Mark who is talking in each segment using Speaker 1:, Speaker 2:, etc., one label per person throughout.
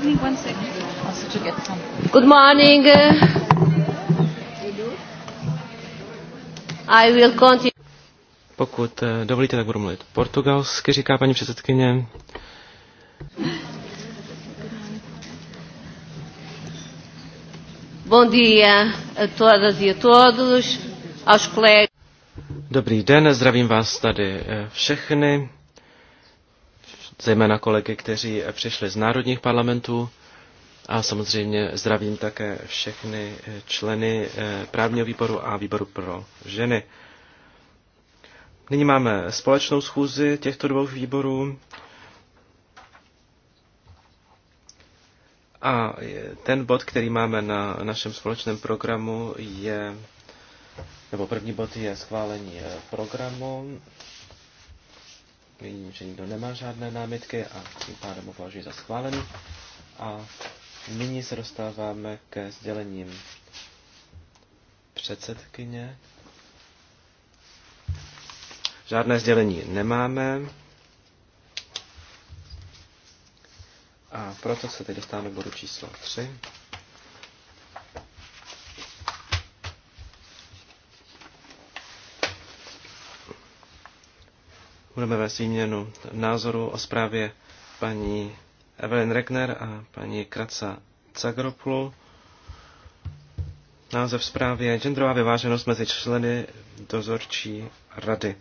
Speaker 1: give one second also to get some. Good morning. I will continue.
Speaker 2: Pokud eh, dovolíte, tak budu mluvit portugalsky, říká paní předsedkyně.
Speaker 1: Bom dia a todas e a todos, aos colegas.
Speaker 2: Dobrý den, zdravím vás tady eh, všechny zejména kolegy, kteří přišli z národních parlamentů a samozřejmě zdravím také všechny členy eh, právního výboru a výboru pro ženy. Nyní máme společnou schůzi těchto dvou výborů. A ten bod, který máme na našem společném programu, je, nebo první bod je schválení eh, programu. Vidím, že nikdo nemá žádné námitky a tím pádem ho považuji za schválený. A nyní se dostáváme ke sdělením předsedkyně. Žádné sdělení nemáme. A proto se teď dostáváme k bodu číslo 3. Budeme vést výměnu názoru o zprávě paní Evelyn Regner a paní Kraca Cagroplu. Název zprávy je Genderová vyváženost mezi členy dozorčí rady, e,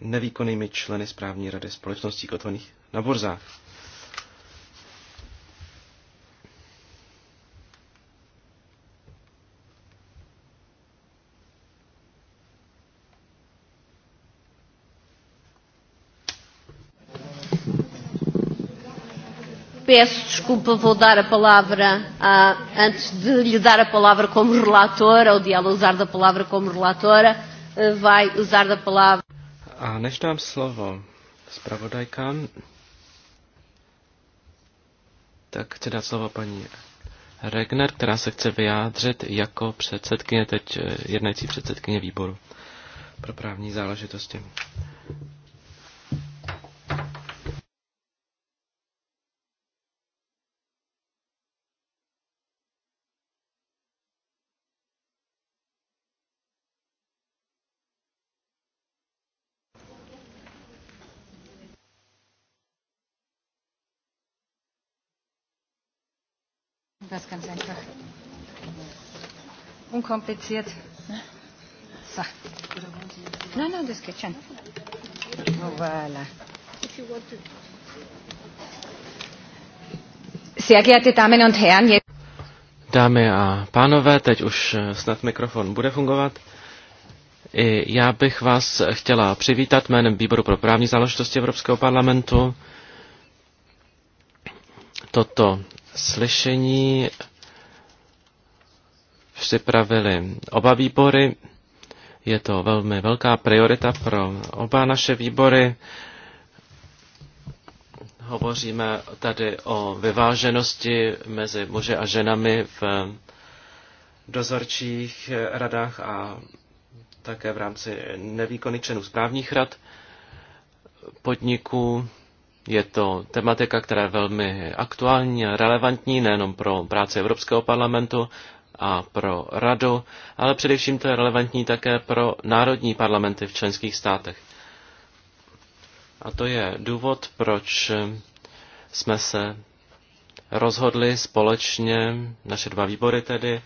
Speaker 2: nevýkonnými členy správní rady společností kotovaných na burzách.
Speaker 1: Peço desculpa, vou dar a palavra, a, antes de lhe dar a palavra como relatora, ou de ela usar da palavra como relatora, eh, vai usar da palavra.
Speaker 2: A než dám slovo zpravodajkám, tak chci dát slovo paní Regner, která se chce vyjádřit jako předsedkyně, teď eh, jednající předsedkyně výboru pro právní záležitosti.
Speaker 1: ganz einfach. Unkompliziert. So. Nein, no, nein, no, das geht schon. No, voilà. Sehr geehrte Damen und Herren, jetzt
Speaker 2: Dámy a pánové, teď už snad mikrofon bude fungovat. I já bych vás chtěla přivítat jménem Výboru pro právní záležitosti Evropského parlamentu toto slyšení připravili oba výbory. Je to velmi velká priorita pro oba naše výbory. Hovoříme tady o vyváženosti mezi muži a ženami v dozorčích radách a také v rámci nevýkonných členů správních rad podniků. Je to tematika, která je velmi aktuální a relevantní nejenom pro práci Evropského parlamentu a pro radu, ale především to je relevantní také pro národní parlamenty v členských státech. A to je důvod, proč jsme se rozhodli společně, naše dva výbory tedy,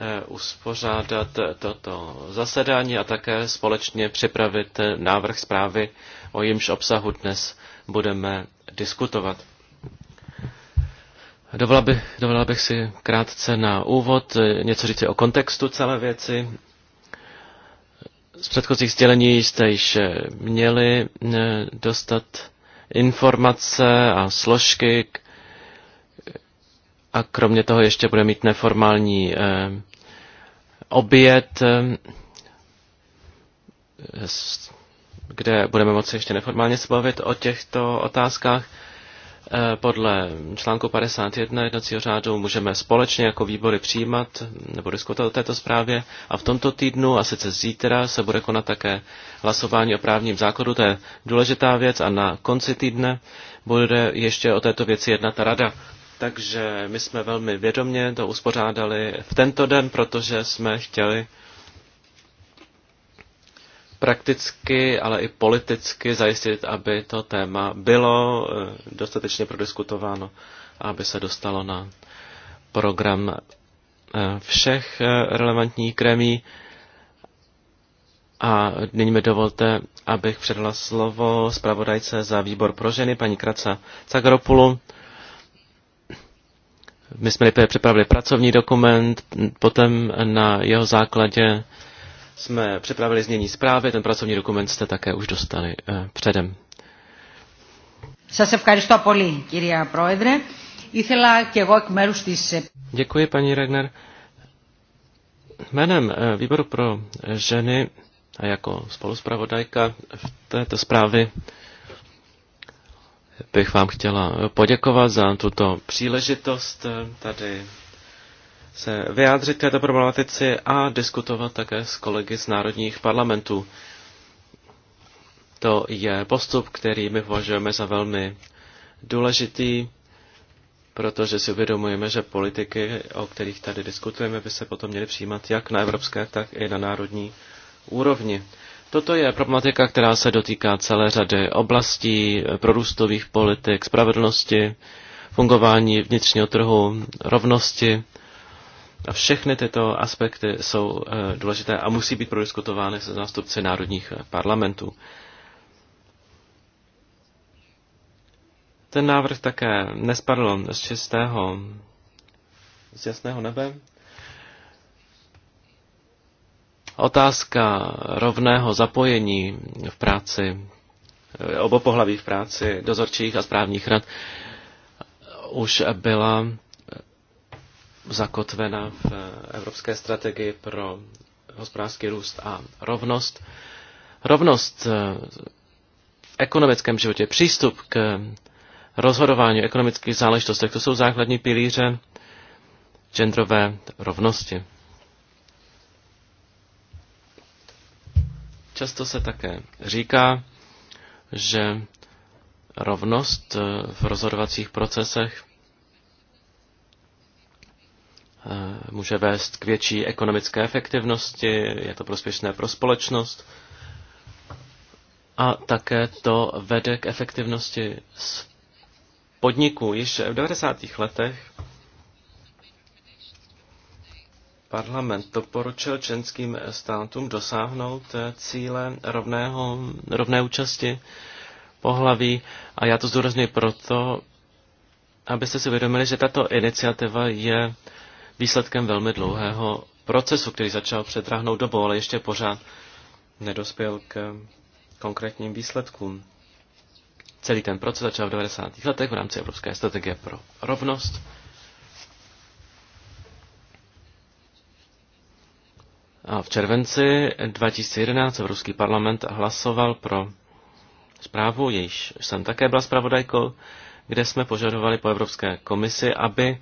Speaker 2: eh, uspořádat toto zasedání a také společně připravit návrh zprávy, o jimž obsahu dnes budeme diskutovat. Dovolila, bych, dovolila bych si krátce na úvod něco říci o kontextu celé věci. Z předchozích sdělení jste již měli eh, dostat informace a složky a kromě toho ještě bude mít neformální eh, oběd eh, kde budeme moci ještě neformálně se bavit o těchto otázkách. Eh, podle článku 51 jednacího řádu můžeme společně jako výbory přijímat nebo diskutovat o této zprávě. A v tomto týdnu, a sice zítra, se bude konat také hlasování o právním základu. To je důležitá věc a na konci týdne bude ještě o této věci jednat rada. Takže my jsme velmi vědomě to uspořádali v tento den, protože jsme chtěli prakticky, ale i politicky zajistit, aby to téma bylo eh, dostatečně prodiskutováno a aby se dostalo na program eh, všech eh, relevantních kremí. A nyní mi dovolte, abych předala slovo zpravodajce za výbor pro ženy, paní Kraca Cagropulu. My jsme nejprve připravili pracovní dokument, potom na jeho základě jsme připravili změní zprávy, ten pracovní dokument jste také už dostali eh, předem. Děkuji, paní Regner. Jménem eh, výboru pro ženy a jako spoluspravodajka v této zprávě bych vám chtěla poděkovat za tuto příležitost eh, tady se vyjádřit k této problematici a diskutovat také s kolegy z národních parlamentů. To je postup, který my považujeme za velmi důležitý, protože si uvědomujeme, že politiky, o kterých tady diskutujeme, by se potom měly přijímat jak na evropské, tak i na národní úrovni. Toto je problematika, která se dotýká celé řady oblastí, prorůstových politik, spravedlnosti, fungování vnitřního trhu, rovnosti a všechny tyto aspekty jsou eh, důležité a musí být prodiskutovány se zástupci národních eh, parlamentů. Ten návrh také nespadl z čistého, z jasného nebe. Otázka rovného zapojení v práci, eh, obopohlaví v práci dozorčích a správních rad už byla zakotvena v eh, Evropské strategii pro hospodářský růst a rovnost. Rovnost eh, v ekonomickém životě, přístup k rozhodování ekonomických záležitostech, to jsou základní pilíře genderové rovnosti. Často se také říká, že rovnost eh, v rozhodovacích procesech Eh, může vést k větší ekonomické efektivnosti, je to prospěšné pro společnost a také to vede k efektivnosti podniků. Již v 90. letech parlament doporučil členským státům dosáhnout eh, cíle rovného, rovné účasti pohlaví a já to zdůraznuju proto, abyste si uvědomili, že tato iniciativa je výsledkem velmi dlouhého procesu, který začal před drahnou dobou, ale ještě pořád nedospěl k konkrétním výsledkům. Celý ten proces začal v 90. letech v rámci Evropské strategie pro rovnost. A v červenci 2011 Evropský parlament hlasoval pro zprávu, jejíž jsem také byla zpravodajkou, kde jsme požadovali po Evropské komisi, aby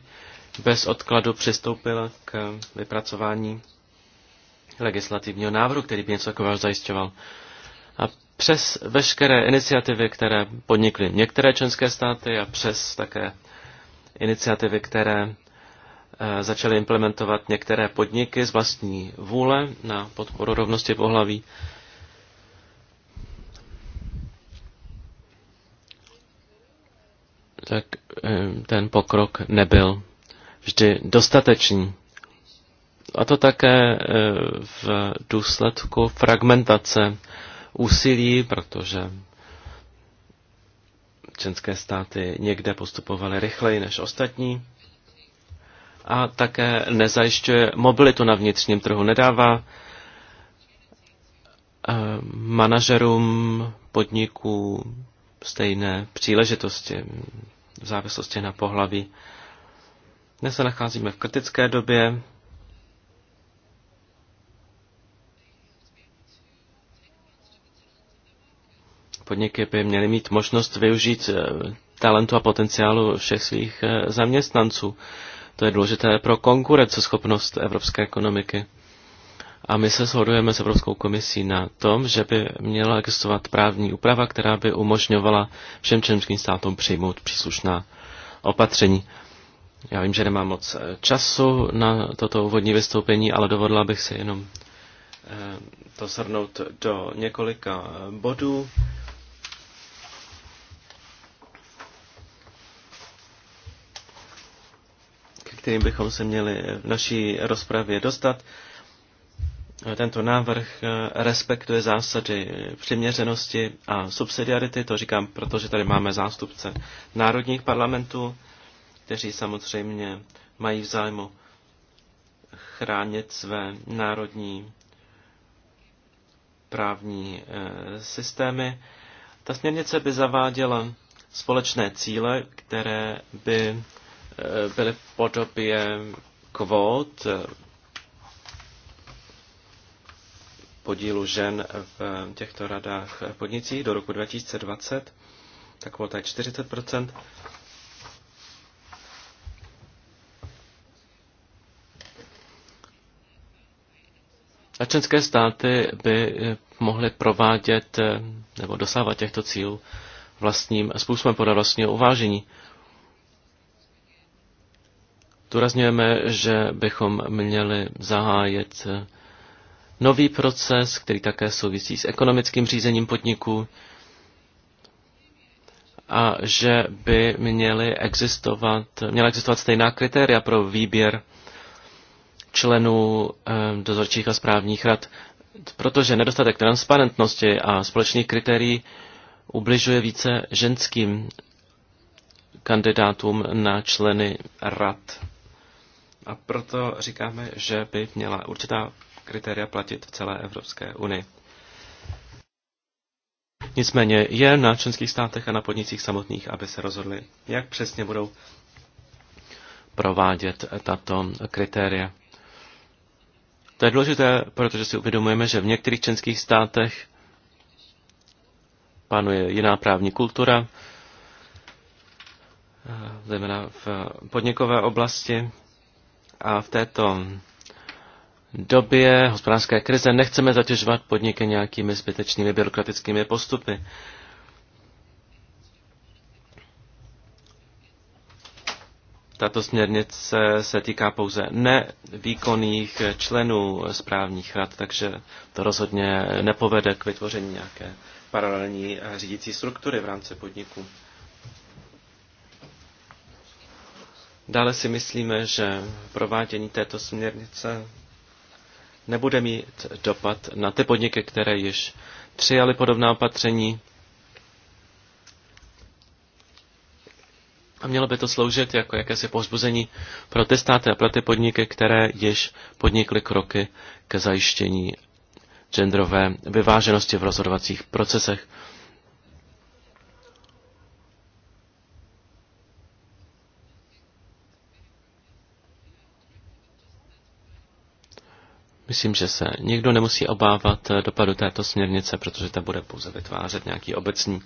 Speaker 2: bez odkladu přistoupil k vypracování legislativního návrhu, který by něco takového zajišťoval. A přes veškeré iniciativy, které podnikly některé členské státy a přes také iniciativy, které eh, začaly implementovat některé podniky z vlastní vůle na podporu rovnosti pohlaví. Tak eh, ten pokrok nebyl vždy dostatečný. A to také e, v důsledku fragmentace úsilí, protože členské státy někde postupovaly rychleji než ostatní a také nezajišťuje mobilitu na vnitřním trhu, nedává e, manažerům podniků stejné příležitosti v závislosti na pohlaví. Dnes se nacházíme v kritické době. Podniky by měly mít možnost využít eh, talentu a potenciálu všech svých eh, zaměstnanců. To je důležité pro konkurenceschopnost evropské ekonomiky. A my se shodujeme s Evropskou komisí na tom, že by měla existovat právní úprava, která by umožňovala všem členským státům přijmout příslušná opatření. Já vím, že nemám moc eh, času na toto úvodní vystoupení, ale dovolila bych si jenom eh, to shrnout do několika eh, bodů. kterým bychom se měli v naší rozpravě dostat. Tento návrh respektuje zásady přiměřenosti a subsidiarity, to říkám, protože tady máme zástupce národních parlamentů kteří samozřejmě mají v zájmu chránit své národní právní eh, systémy. Ta směrnice by zaváděla společné cíle, které by eh, byly v podobě kvót eh, podílu žen v těchto radách podnicích do roku 2020, tak kvota je 40 A členské státy by eh, mohly provádět eh, nebo dosávat těchto cílů vlastním způsobem podle vlastního uvážení. Důrazňujeme, že bychom měli zahájit eh, nový proces, který také souvisí s ekonomickým řízením podniků a že by měly existovat, měla existovat stejná kritéria pro výběr členů eh, dozorčích a správních rad, protože nedostatek transparentnosti a společných kritérií ubližuje více ženským kandidátům na členy rad. A proto říkáme, že by měla určitá kritéria platit v celé Evropské unii. Nicméně je na členských státech a na podnicích samotných, aby se rozhodli, jak přesně budou provádět tato kritéria. To je důležité, protože si uvědomujeme, že v některých členských státech panuje jiná právní kultura, zejména v podnikové oblasti. A v této době hospodářské krize nechceme zatěžovat podniky nějakými zbytečnými byrokratickými postupy. Tato směrnice se týká pouze nevýkonných členů správních rad, takže to rozhodně nepovede k vytvoření nějaké paralelní řídící struktury v rámci podniku. Dále si myslíme, že provádění této směrnice nebude mít dopad na ty podniky, které již přijali podobná opatření A mělo by to sloužit jako jakési povzbuzení pro ty státy a pro ty podniky, které již podnikly kroky ke zajištění genderové vyváženosti v rozhodovacích procesech. Myslím, že se nikdo nemusí obávat dopadu této směrnice, protože ta bude pouze vytvářet nějaký obecný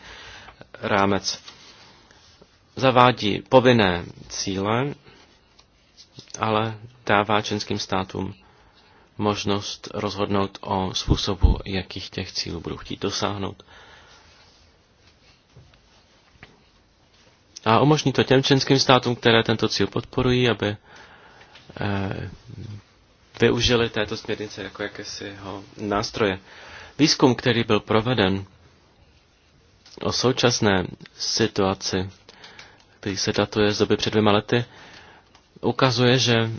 Speaker 2: rámec zavádí povinné cíle, ale dává členským státům možnost rozhodnout o způsobu, jakých těch cílů budou chtít dosáhnout. A umožní to těm členským státům, které tento cíl podporují, aby eh, využili této směrnice jako jakésiho nástroje. Výzkum, který byl proveden o současné situaci který se datuje z doby před dvěma lety, ukazuje, že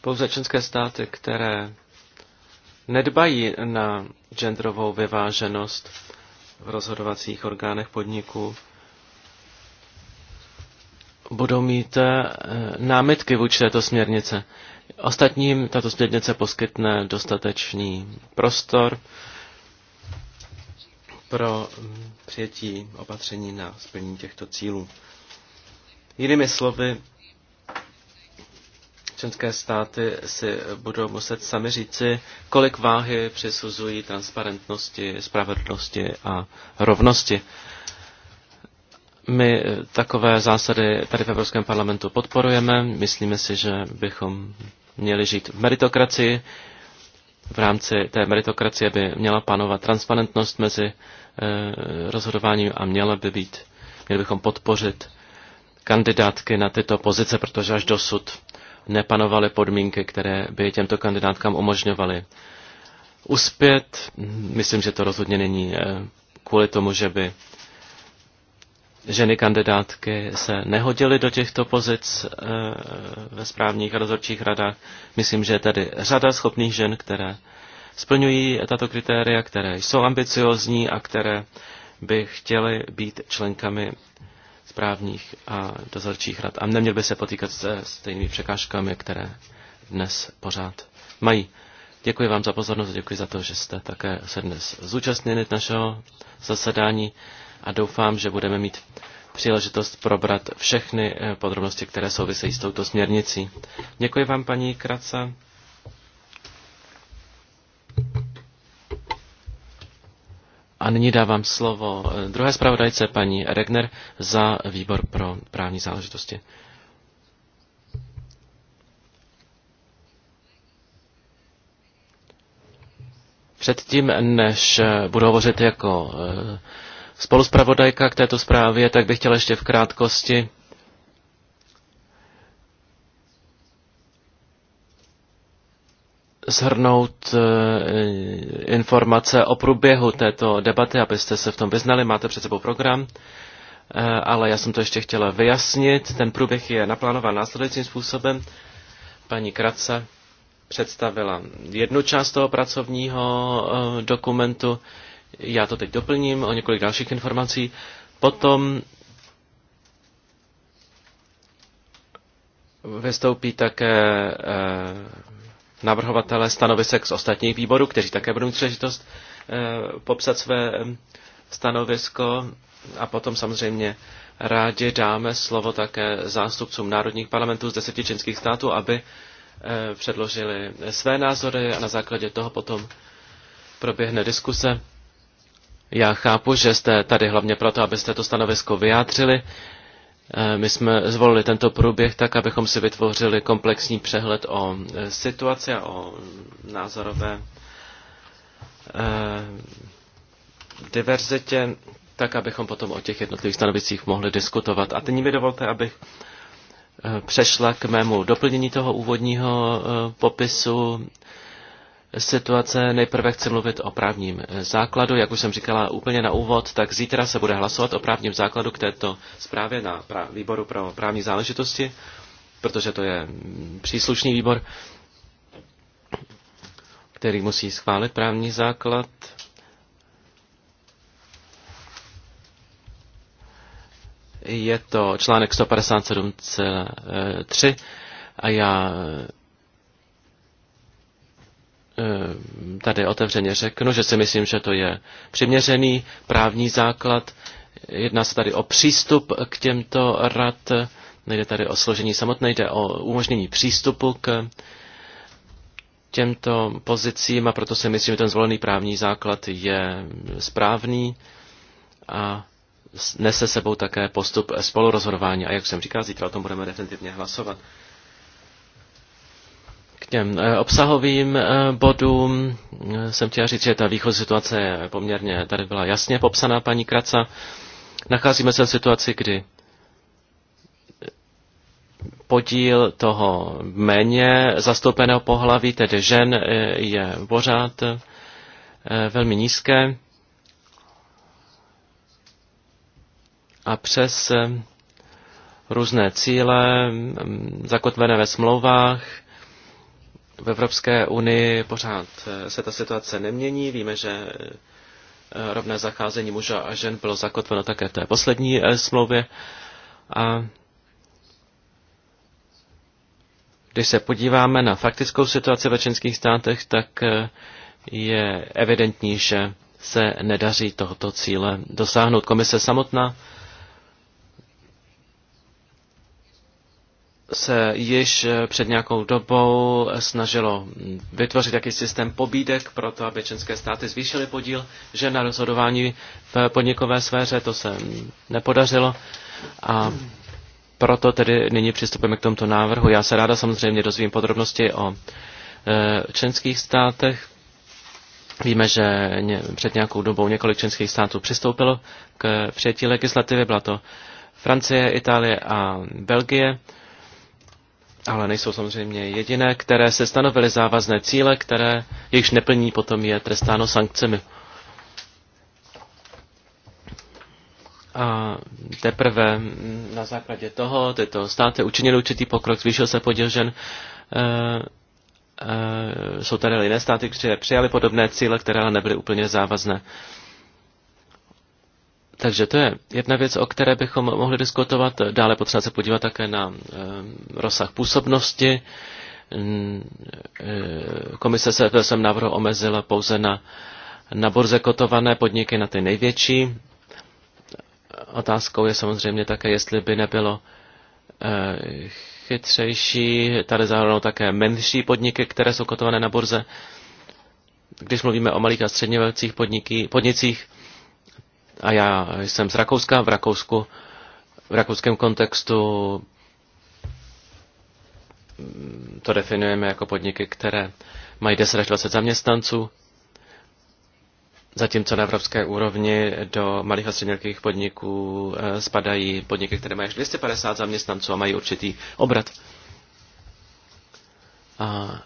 Speaker 2: pouze členské státy, které nedbají na genderovou vyváženost v rozhodovacích orgánech podniků, budou mít eh, námitky vůči této směrnice. Ostatním tato směrnice poskytne dostatečný prostor pro přijetí opatření na splnění těchto cílů. Jinými slovy, členské státy si budou muset sami říci, kolik váhy přisuzují transparentnosti, spravedlnosti a rovnosti. My takové zásady tady v Evropském parlamentu podporujeme. Myslíme si, že bychom měli žít v meritokracii, v rámci té meritokracie by měla panovat transparentnost mezi eh, rozhodováním a měla by být, měli bychom podpořit kandidátky na tyto pozice, protože až dosud nepanovaly podmínky, které by těmto kandidátkám umožňovaly uspět. Myslím, že to rozhodně není eh, kvůli tomu, že by ženy kandidátky se nehodily do těchto pozic eh, ve správních a rozhodčích radách. Myslím, že je tady řada schopných žen, které splňují tato kritéria, které jsou ambiciozní a které by chtěly být členkami správních a dozorčích rad a neměl by se potýkat se stejnými překážkami, které dnes pořád mají. Děkuji vám za pozornost, děkuji za to, že jste také se dnes zúčastnili našeho zasedání a doufám, že budeme mít příležitost probrat všechny eh, podrobnosti, které souvisejí s touto směrnicí. Děkuji vám, paní Kraca. A nyní dávám slovo eh, druhé zpravodajce, paní Regner, za výbor pro právní záležitosti. Předtím, než eh, budu hovořit jako spoluzpravodajka k této zprávě, tak bych chtěla ještě v krátkosti zhrnout eh, informace o průběhu této debaty, abyste se v tom vyznali. Máte před sebou program, eh, ale já jsem to ještě chtěla vyjasnit. Ten průběh je naplánován následujícím způsobem. Paní Kratce představila jednu část toho pracovního eh, dokumentu, já to teď doplním o několik dalších informací. Potom vystoupí také eh, navrhovatele stanovisek z ostatních výborů, kteří také budou mít příležitost eh, popsat své eh, stanovisko a potom samozřejmě rádi dáme slovo také zástupcům národních parlamentů z deseti čínských států, aby předložili své názory a na základě toho potom proběhne diskuse. Já chápu, že jste tady hlavně proto, abyste to stanovisko vyjádřili. Eh, my jsme zvolili tento průběh tak, abychom si vytvořili komplexní přehled o eh, situaci a o názorové eh, diverzitě, tak, abychom potom o těch jednotlivých stanovicích mohli diskutovat. A teď mi dovolte, abych přešla k mému doplnění toho úvodního popisu situace. Nejprve chci mluvit o právním eh, základu. Jak už jsem říkala úplně na úvod, tak zítra se bude hlasovat o právním základu k této zprávě na výboru pro právní záležitosti, protože to je mm, příslušný výbor, který musí schválit právní základ. Je to článek 157.3 eh, a já eh, Eh, tady otevřeně řeknu, že si myslím, že to je přiměřený právní základ. Jedná se tady o přístup k těmto rad, nejde tady o složení samotné, jde o umožnění přístupu k těmto pozicím a proto si myslím, že ten zvolený právní základ je správný a nese sebou také postup spolurozhodování. A jak jsem říkal, zítra o tom budeme definitivně hlasovat těm eh, obsahovým eh, bodům eh, jsem chtěl říct, že ta výchozí situace je poměrně, tady byla jasně popsaná paní Kraca. Nacházíme se v situaci, kdy podíl toho méně zastoupeného pohlaví, tedy žen, je pořád velmi nízké. A přes různé cíle mm, zakotvené ve smlouvách, v Evropské unii pořád eh, se ta situace nemění. Víme, že eh, rovné zacházení muža a žen bylo zakotveno také v té poslední eh, smlouvě. A když se podíváme na faktickou situaci ve členských státech, tak je evidentní, že se nedaří tohoto cíle dosáhnout. Komise samotná se již eh, před nějakou dobou snažilo vytvořit jaký systém pobídek pro to, aby členské státy zvýšily podíl žen na rozhodování v podnikové sféře. To se nepodařilo a proto tedy nyní přistupujeme k tomuto návrhu. Já se ráda samozřejmě dozvím podrobnosti o eh, českých státech. Víme, že před nějakou dobou několik českých států přistoupilo k přijetí legislativy. Byla to Francie, Itálie a Belgie ale nejsou samozřejmě jediné, které se stanovily závazné cíle, které jejichž neplní potom je trestáno sankcemi. A teprve na základě toho tyto státy učinily určitý pokrok, zvýšil se podíl žen. E, e, jsou tady jiné státy, které přijali podobné cíle, které ale nebyly úplně závazné. E, takže to je jedna věc, o které bychom mohli diskutovat. Dále potřeba se podívat také na eh, rozsah působnosti. Eh, komise se ve svém návrhu omezila pouze na, na borze kotované podniky, na ty největší. Otázkou je samozřejmě také, jestli by nebylo eh, chytřejší tady zahrnout také menší podniky, které jsou kotované na borze. Když mluvíme o malých a středně velkých podnicích, a já jsem z Rakouska, v Rakousku, v rakouském kontextu mm, to definujeme jako podniky, které mají 10 až 20 zaměstnanců, zatímco na evropské úrovni do malých a středních podniků eh, spadají podniky, které mají až 250 zaměstnanců a mají určitý obrat. A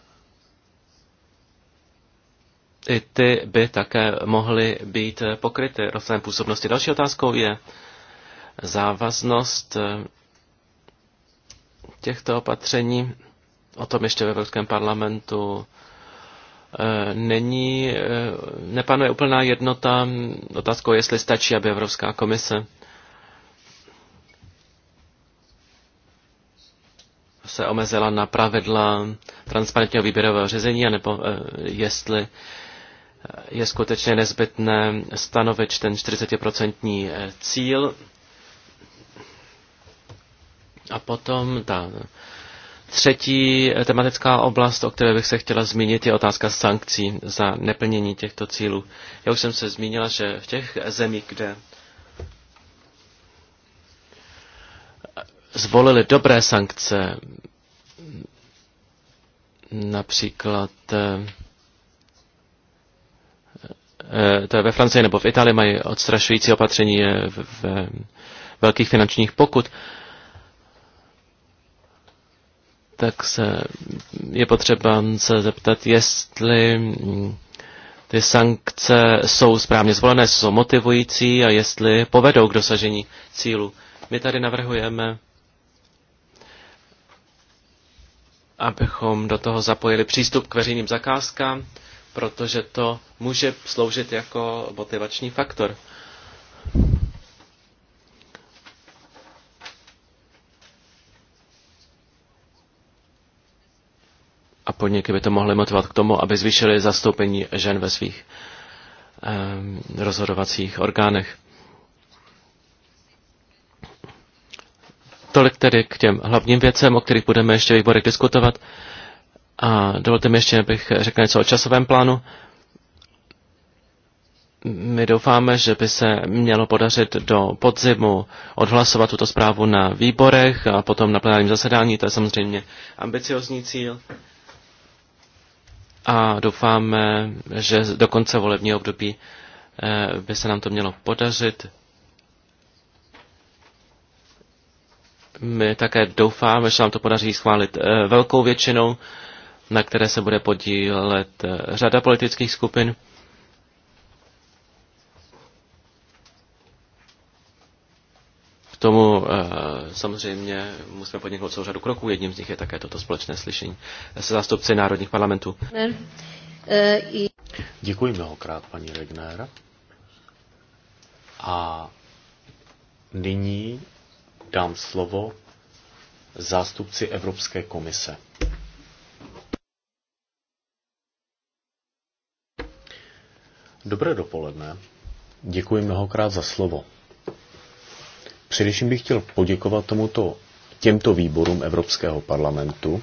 Speaker 2: i ty by také mohly být pokryty rozsahem působnosti. Další otázkou je závaznost eh, těchto opatření. O tom ještě ve Evropském parlamentu eh, není, eh, nepanuje úplná jednota. Otázkou je, jestli stačí, aby Evropská komise se omezila na pravidla transparentního výběrového řízení, anebo jestli je skutečně nezbytné stanovit ten 40% eh, cíl a potom ta třetí eh, tematická oblast, o které bych se chtěla zmínit, je otázka sankcí za neplnění těchto cílů. Já už jsem se zmínila, že v těch zemích, kde zvolili dobré sankce, například eh, Eh, to je ve Francii nebo v Itálii mají odstrašující opatření v, v velkých finančních pokut, tak se, je potřeba se zeptat, jestli ty sankce jsou správně zvolené, jsou motivující a jestli povedou k dosažení cílu. My tady navrhujeme, abychom do toho zapojili přístup k veřejným zakázkám, protože to může sloužit jako motivační faktor. A podniky by to mohly motivovat k tomu, aby zvýšili zastoupení žen ve svých um, rozhodovacích orgánech. Tolik tedy k těm hlavním věcem, o kterých budeme ještě výborek diskutovat. A dovolte mi ještě, abych řekl něco o časovém plánu. My doufáme, že by se mělo podařit do podzimu odhlasovat tuto zprávu na výborech a potom na plenárním zasedání. To je samozřejmě ambiciozní cíl. A doufáme, že do konce volebního období eh, by se nám to mělo podařit. My také doufáme, že nám to podaří schválit eh, velkou většinou na které se bude podílet eh, řada politických skupin. K tomu eh, samozřejmě musíme podniknout celou řadu kroků. Jedním z nich je také toto společné slyšení se zástupci národních parlamentů.
Speaker 3: Děkuji mnohokrát, paní Regner. A nyní dám slovo zástupci Evropské komise. Dobré dopoledne. Děkuji mnohokrát za slovo. Především bych chtěl poděkovat tomuto, těmto výborům Evropského parlamentu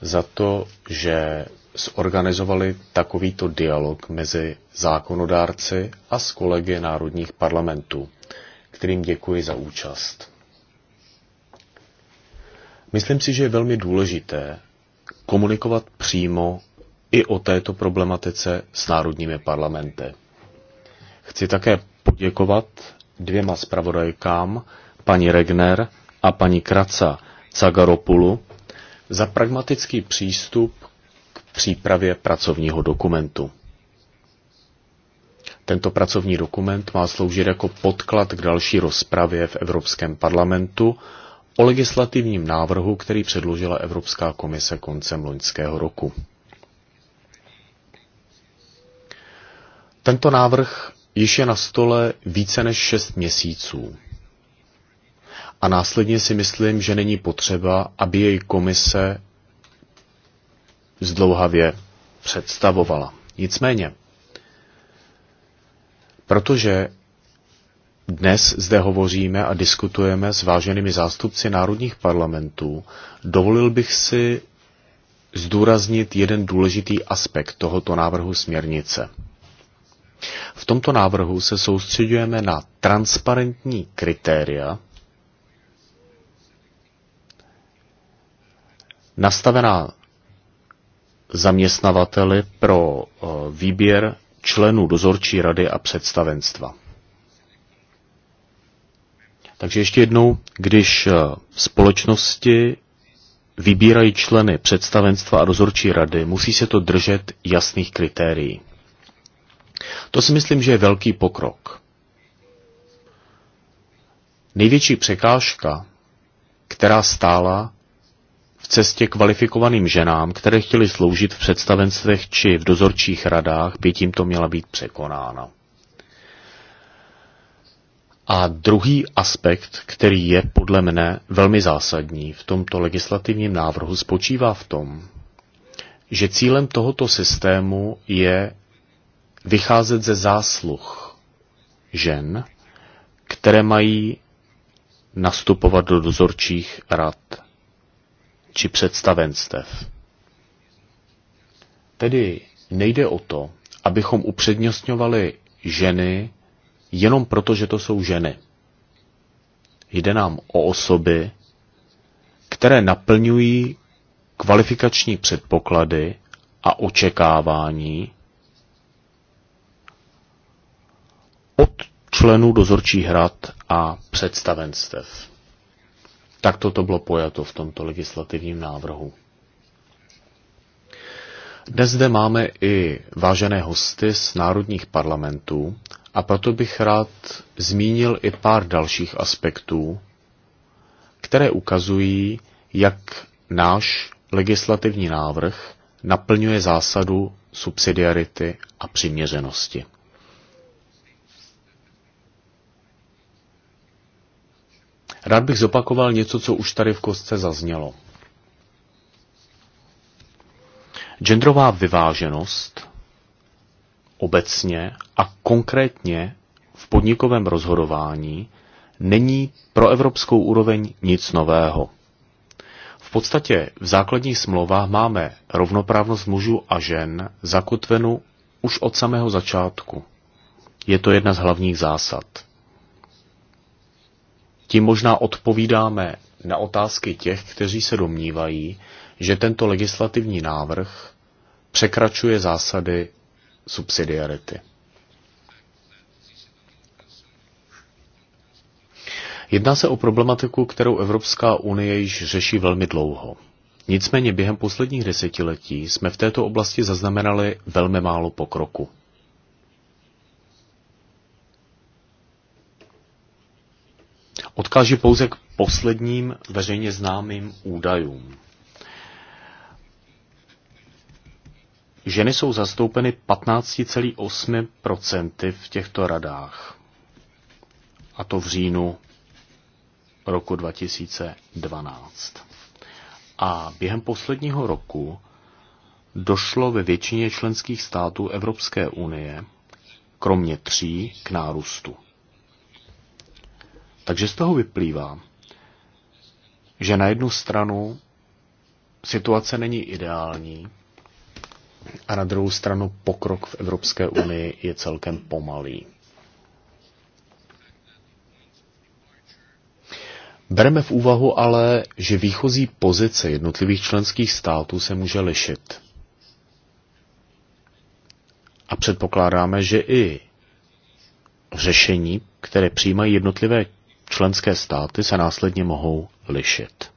Speaker 3: za to, že zorganizovali takovýto dialog mezi zákonodárci a s kolegy národních parlamentů, kterým děkuji za účast. Myslím si, že je velmi důležité komunikovat přímo i o této problematice s národními parlamenty. Chci také poděkovat dvěma zpravodajkám, paní Regner a paní Kraca Cagaropulu, za pragmatický přístup k přípravě pracovního dokumentu. Tento pracovní dokument má sloužit jako podklad k další rozpravě v Evropském parlamentu o legislativním návrhu, který předložila Evropská komise koncem loňského roku. Tento návrh již je na stole více než šest měsíců. A následně si myslím, že není potřeba, aby jej komise zdlouhavě představovala. Nicméně, protože dnes zde hovoříme a diskutujeme s váženými zástupci národních parlamentů, dovolil bych si zdůraznit jeden důležitý aspekt tohoto návrhu směrnice. V tomto návrhu se soustředujeme na transparentní kritéria, nastavená zaměstnavateli pro eh, výběr členů dozorčí rady a představenstva. Takže ještě jednou, když eh, společnosti vybírají členy představenstva a dozorčí rady, musí se to držet jasných kritérií. To si myslím, že je velký pokrok. Největší překážka, která stála v cestě kvalifikovaným ženám, které chtěly sloužit v představenstvech či v dozorčích radách, by tímto měla být překonána. A druhý aspekt, který je podle mne velmi zásadní v tomto legislativním návrhu, spočívá v tom, že cílem tohoto systému je vycházet ze zásluh žen, které mají nastupovat do dozorčích rad či představenstev. Tedy nejde o to, abychom upřednostňovali ženy jenom proto, že to jsou ženy. Jde nám o osoby, které naplňují kvalifikační předpoklady a očekávání, členů dozorčích rad a představenstev. Tak toto bylo pojato v tomto legislativním návrhu. Dnes zde máme i vážené hosty z národních parlamentů a proto bych rád zmínil i pár dalších aspektů, které ukazují, jak náš legislativní návrh naplňuje zásadu subsidiarity a přiměřenosti. Rád bych zopakoval něco, co už tady v kostce zaznělo. Genderová vyváženost obecně a konkrétně v podnikovém rozhodování není pro evropskou úroveň nic nového. V podstatě v základních smlouvách máme rovnoprávnost mužů a žen zakotvenu už od samého začátku. Je to jedna z hlavních zásad. Tím možná odpovídáme na otázky těch, kteří se domnívají, že tento legislativní návrh překračuje zásady subsidiarity. Jedná se o problematiku, kterou Evropská unie již řeší velmi dlouho. Nicméně během posledních desetiletí jsme v této oblasti zaznamenali velmi málo pokroku. Odkážu pouze k posledním veřejně známým údajům. Ženy jsou zastoupeny 15,8% v těchto radách. A to v říjnu roku 2012. A během posledního roku došlo ve většině členských států Evropské unie, kromě tří, k nárůstu. Takže z toho vyplývá, že na jednu stranu situace není ideální a na druhou stranu pokrok v Evropské unii je celkem pomalý. Bereme v úvahu ale, že výchozí pozice jednotlivých členských států se může lišit. A předpokládáme, že i řešení, které přijímají jednotlivé Členské státy se následně mohou lišit.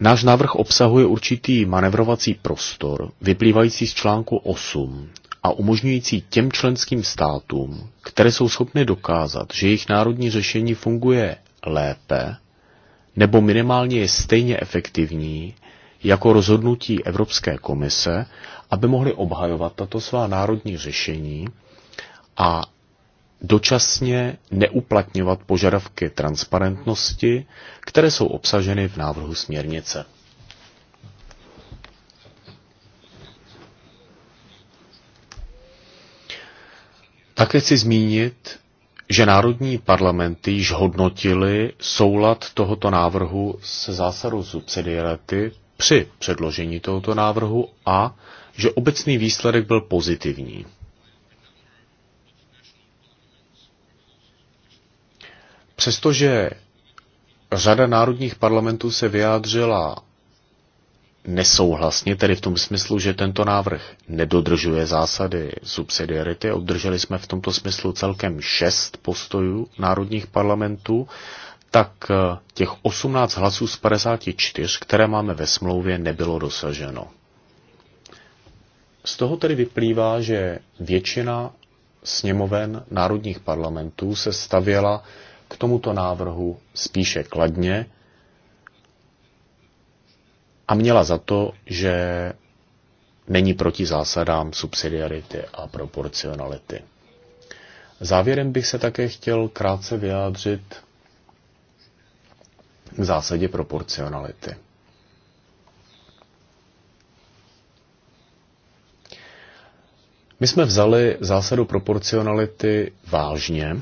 Speaker 3: Náš návrh obsahuje určitý manevrovací prostor, vyplývající z článku 8 a umožňující těm členským státům, které jsou schopny dokázat, že jejich národní řešení funguje lépe nebo minimálně je stejně efektivní jako rozhodnutí Evropské komise, aby mohli obhajovat tato svá národní řešení a dočasně neuplatňovat požadavky transparentnosti, které jsou obsaženy v návrhu směrnice. Také chci zmínit, že národní parlamenty již hodnotili soulad tohoto návrhu se zásadou subsidiarity při předložení tohoto návrhu a že obecný výsledek byl pozitivní. Přestože řada národních parlamentů se vyjádřila nesouhlasně, tedy v tom smyslu, že tento návrh nedodržuje zásady subsidiarity. Obdrželi jsme v tomto smyslu celkem šest postojů národních parlamentů, tak eh, těch 18 hlasů z 54, které máme ve smlouvě, nebylo dosaženo. Z toho tedy vyplývá, že většina sněmoven národních parlamentů se stavěla k tomuto návrhu spíše kladně a měla za to, že není proti zásadám subsidiarity a proporcionality. Závěrem bych se také chtěl krátce vyjádřit k zásadě proporcionality. My jsme vzali zásadu proporcionality vážně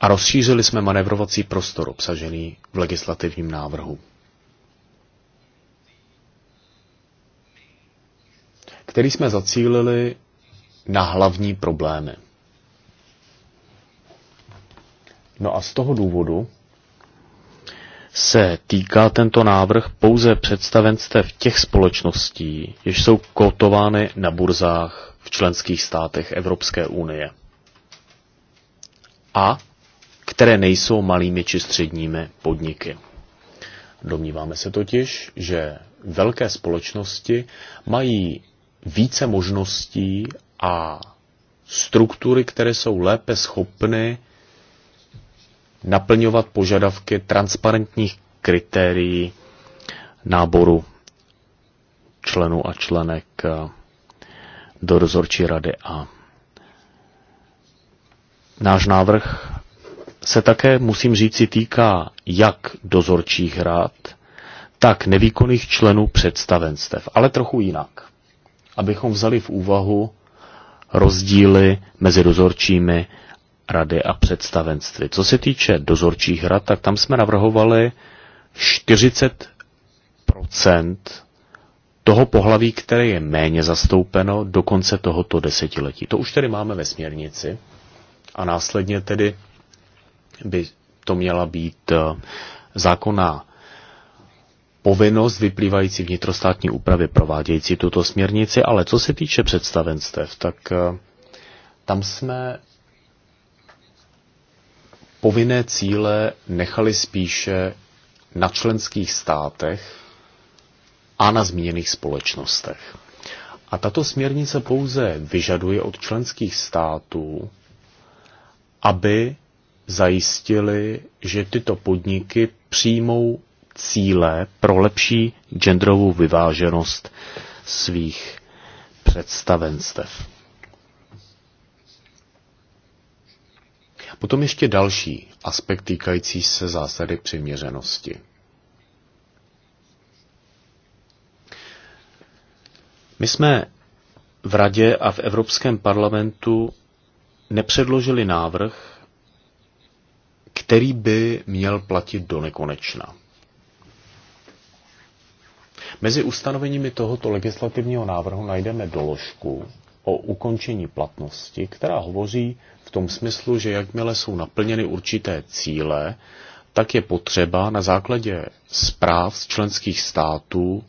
Speaker 3: a rozšířili jsme manevrovací prostor obsažený v legislativním návrhu. který jsme zacílili na hlavní problémy. No a z toho důvodu se týká tento návrh pouze představenstev těch společností, jež jsou kotovány na burzách v členských státech Evropské unie. A které nejsou malými či středními podniky. Domníváme se totiž, že velké společnosti mají více možností a struktury, které jsou lépe schopny naplňovat požadavky transparentních kritérií náboru členů a členek eh, do dozorčí rady a náš návrh se také, musím říci, týká jak dozorčích rád, tak nevýkonných členů představenstev, ale trochu jinak. Abychom vzali v úvahu rozdíly mezi dozorčími rady a představenství. Co se týče dozorčích rad, tak tam jsme navrhovali 40 toho pohlaví, které je méně zastoupeno do konce tohoto desetiletí. To už tedy máme ve směrnici a následně tedy by to měla být eh, zákonná povinnost vyplývající vnitrostátní úpravy provádějící tuto směrnici, ale co se týče představenstev, tak eh, tam jsme povinné cíle nechali spíše na členských státech a na zmíněných společnostech. A tato směrnice pouze vyžaduje od členských států, aby zajistili, že tyto podniky přijmou cíle pro lepší genderovou vyváženost svých představenstev. Potom ještě další aspekt týkající se zásady přiměřenosti. My jsme v Radě a v Evropském parlamentu nepředložili návrh, který by měl platit do nekonečna. Mezi ustanoveními tohoto legislativního návrhu najdeme doložku o ukončení platnosti, která hovoří v tom smyslu, že jakmile jsou naplněny určité cíle, tak je potřeba na základě zpráv z členských států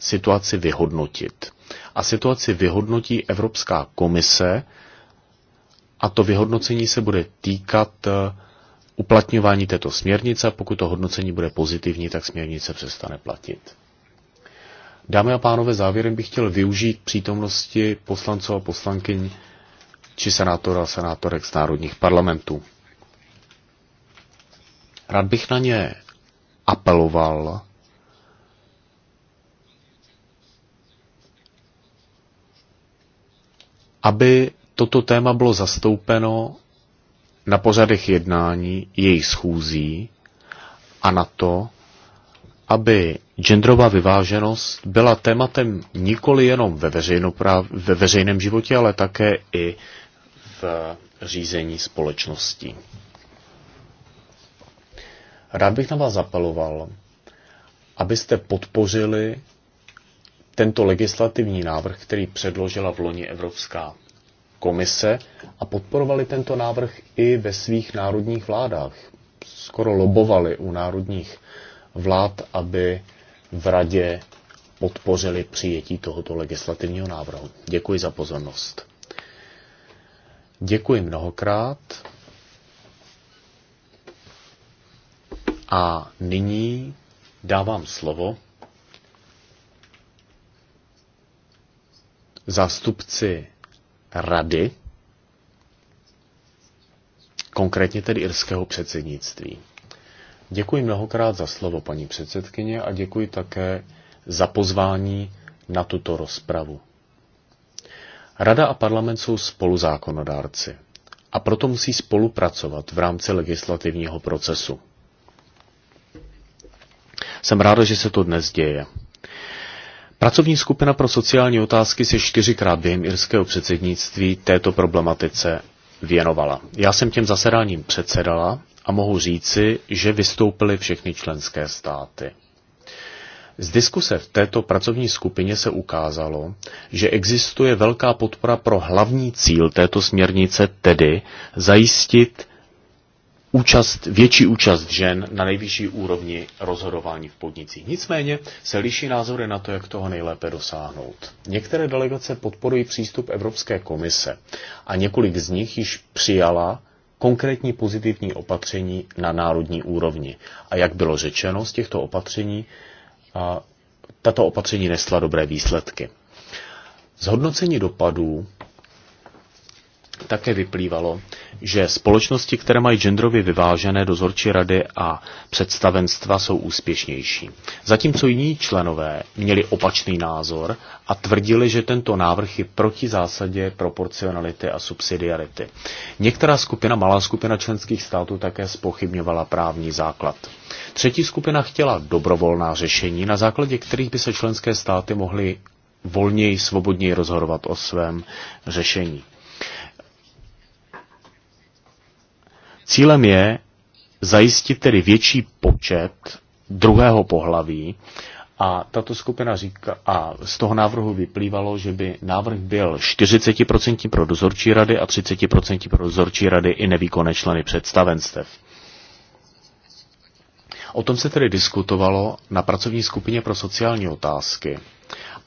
Speaker 3: situaci vyhodnotit. A situaci vyhodnotí Evropská komise a to vyhodnocení se bude týkat eh, uplatňování této směrnice a pokud to hodnocení bude pozitivní, tak směrnice přestane platit. Dámy a pánové, závěrem bych chtěl využít přítomnosti poslanců a poslankyň či senátora a senátorek z národních parlamentů. Rád bych na ně apeloval, aby toto téma bylo zastoupeno na pořadech jednání jejich schůzí a na to, aby genderová vyváženost byla tématem nikoli jenom ve, ve veřejném životě, ale také i v řízení společnosti. Rád bych na vás zapeloval, abyste podpořili tento legislativní návrh, který předložila v loni Evropská komise a podporovali tento návrh i ve svých národních vládách. Skoro lobovali u národních vlád, aby v radě podpořili přijetí tohoto legislativního návrhu. Děkuji za pozornost. Děkuji mnohokrát. A nyní dávám slovo zástupci rady, konkrétně tedy irského předsednictví. Děkuji mnohokrát za slovo, paní předsedkyně, a děkuji také za pozvání na tuto rozpravu. Rada a parlament jsou spoluzákonodárci a proto musí spolupracovat v rámci legislativního procesu. Jsem ráda, že se to dnes děje. Pracovní skupina pro sociální otázky se čtyřikrát během irského předsednictví této problematice věnovala. Já jsem těm zasedáním předsedala a mohu říci, že vystoupily všechny členské státy. Z diskuse v této pracovní skupině se ukázalo, že existuje velká podpora pro hlavní cíl této směrnice, tedy zajistit účast, větší účast žen na nejvyšší úrovni rozhodování v podnicích. Nicméně se liší názory na to, jak toho nejlépe dosáhnout. Některé delegace podporují přístup Evropské komise a několik z nich již přijala konkrétní pozitivní opatření na národní úrovni. A jak bylo řečeno, z těchto opatření a, tato opatření nesla dobré výsledky. Zhodnocení dopadů také vyplývalo, že společnosti, které mají genderově vyvážené dozorčí rady a představenstva, jsou úspěšnější. Zatímco jiní členové měli opačný názor a tvrdili, že tento návrh je proti zásadě proporcionality a subsidiarity. Některá skupina, malá skupina členských států, také spochybňovala právní základ. Třetí skupina chtěla dobrovolná řešení, na základě kterých by se členské státy mohly volněji, svobodněji rozhodovat o svém řešení. Cílem je zajistit tedy větší počet druhého pohlaví a tato skupina říká, a z toho návrhu vyplývalo, že by návrh byl 40% pro dozorčí rady a 30% pro dozorčí rady i nevýkonné členy představenstev. O tom se tedy diskutovalo na pracovní skupině pro sociální otázky.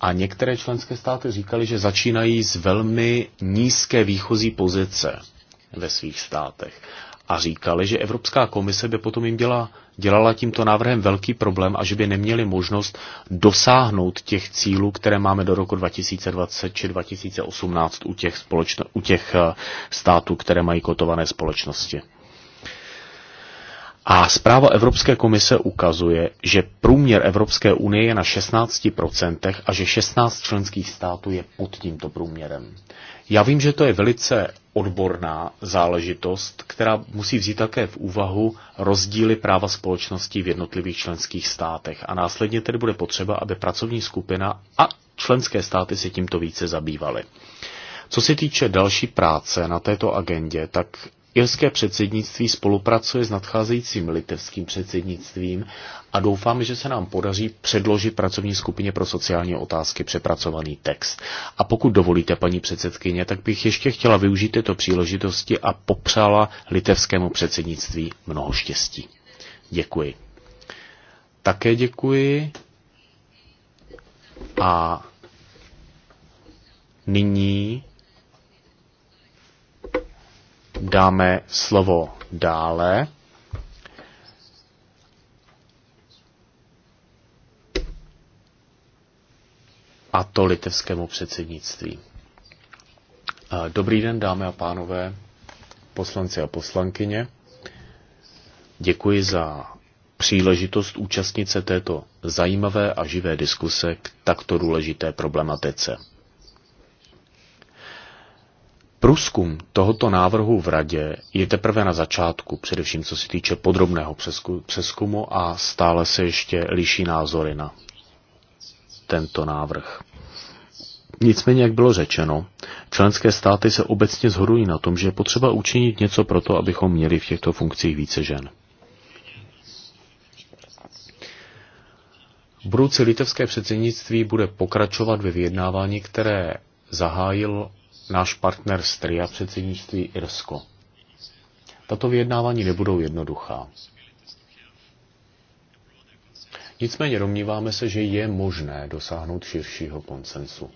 Speaker 3: A některé členské státy říkali, že začínají z velmi nízké výchozí pozice ve svých státech a říkali, že Evropská komise by potom jim děla, dělala tímto návrhem velký problém a že by neměli možnost dosáhnout těch cílů, které máme do roku 2020 či 2018 u těch, společno, u těch eh, států, které mají kotované společnosti. A zpráva Evropské komise ukazuje, že průměr Evropské unie je na 16% a že 16 členských států je pod tímto průměrem. Já vím, že to je velice odborná záležitost, která musí vzít také v úvahu rozdíly práva společnosti v jednotlivých členských státech. A následně tedy bude potřeba, aby pracovní skupina a členské státy se tímto více zabývaly. Co se týče další práce na této agendě, tak Irské předsednictví spolupracuje s nadcházejícím litevským předsednictvím a doufáme, že se nám podaří předložit pracovní skupině pro sociální otázky přepracovaný text. A pokud dovolíte, paní předsedkyně, tak bych ještě chtěla využít této příležitosti a popřála litevskému předsednictví mnoho štěstí. Děkuji. Také děkuji. A nyní dáme slovo dále. A to litevskému předsednictví. Eh, dobrý den, dámy a pánové, poslanci a poslankyně. Děkuji za příležitost účastnit se této zajímavé a živé diskuse k takto důležité problematice. Průzkum tohoto návrhu v radě je teprve na začátku, především co se týče podrobného přeskumu a stále se ještě liší názory na tento návrh. Nicméně, jak bylo řečeno, členské státy se obecně zhodují na tom, že je potřeba učinit něco pro to, abychom měli v těchto funkcích více žen. Budoucí litevské předsednictví bude pokračovat ve vyjednávání, které zahájil náš partner z TRIA předsednictví Irsko. Tato vyjednávání nebudou jednoduchá. Nicméně domníváme se, že je možné dosáhnout širšího konsensu.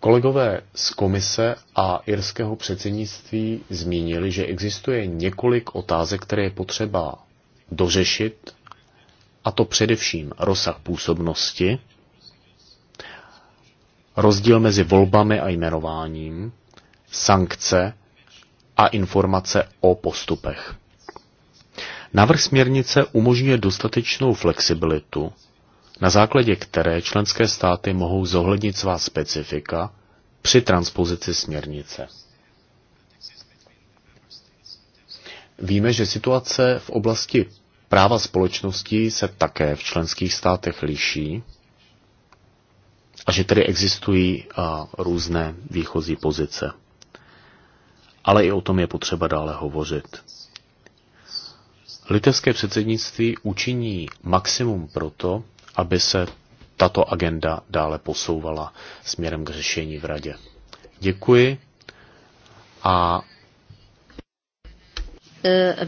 Speaker 3: Kolegové z komise a irského předsednictví zmínili, že existuje několik otázek, které je potřeba dořešit, a to především rozsah působnosti rozdíl mezi volbami a jmenováním, sankce a informace o postupech. Návrh směrnice umožňuje dostatečnou flexibilitu, na základě které členské státy mohou zohlednit svá specifika při transpozici směrnice. Víme, že situace v oblasti práva společnosti se také v členských státech liší a že tedy existují různé výchozí pozice. Ale i o tom je potřeba dále hovořit. Litevské předsednictví učiní maximum proto, aby se tato agenda dále posouvala směrem k řešení v radě. Děkuji a
Speaker 1: eh,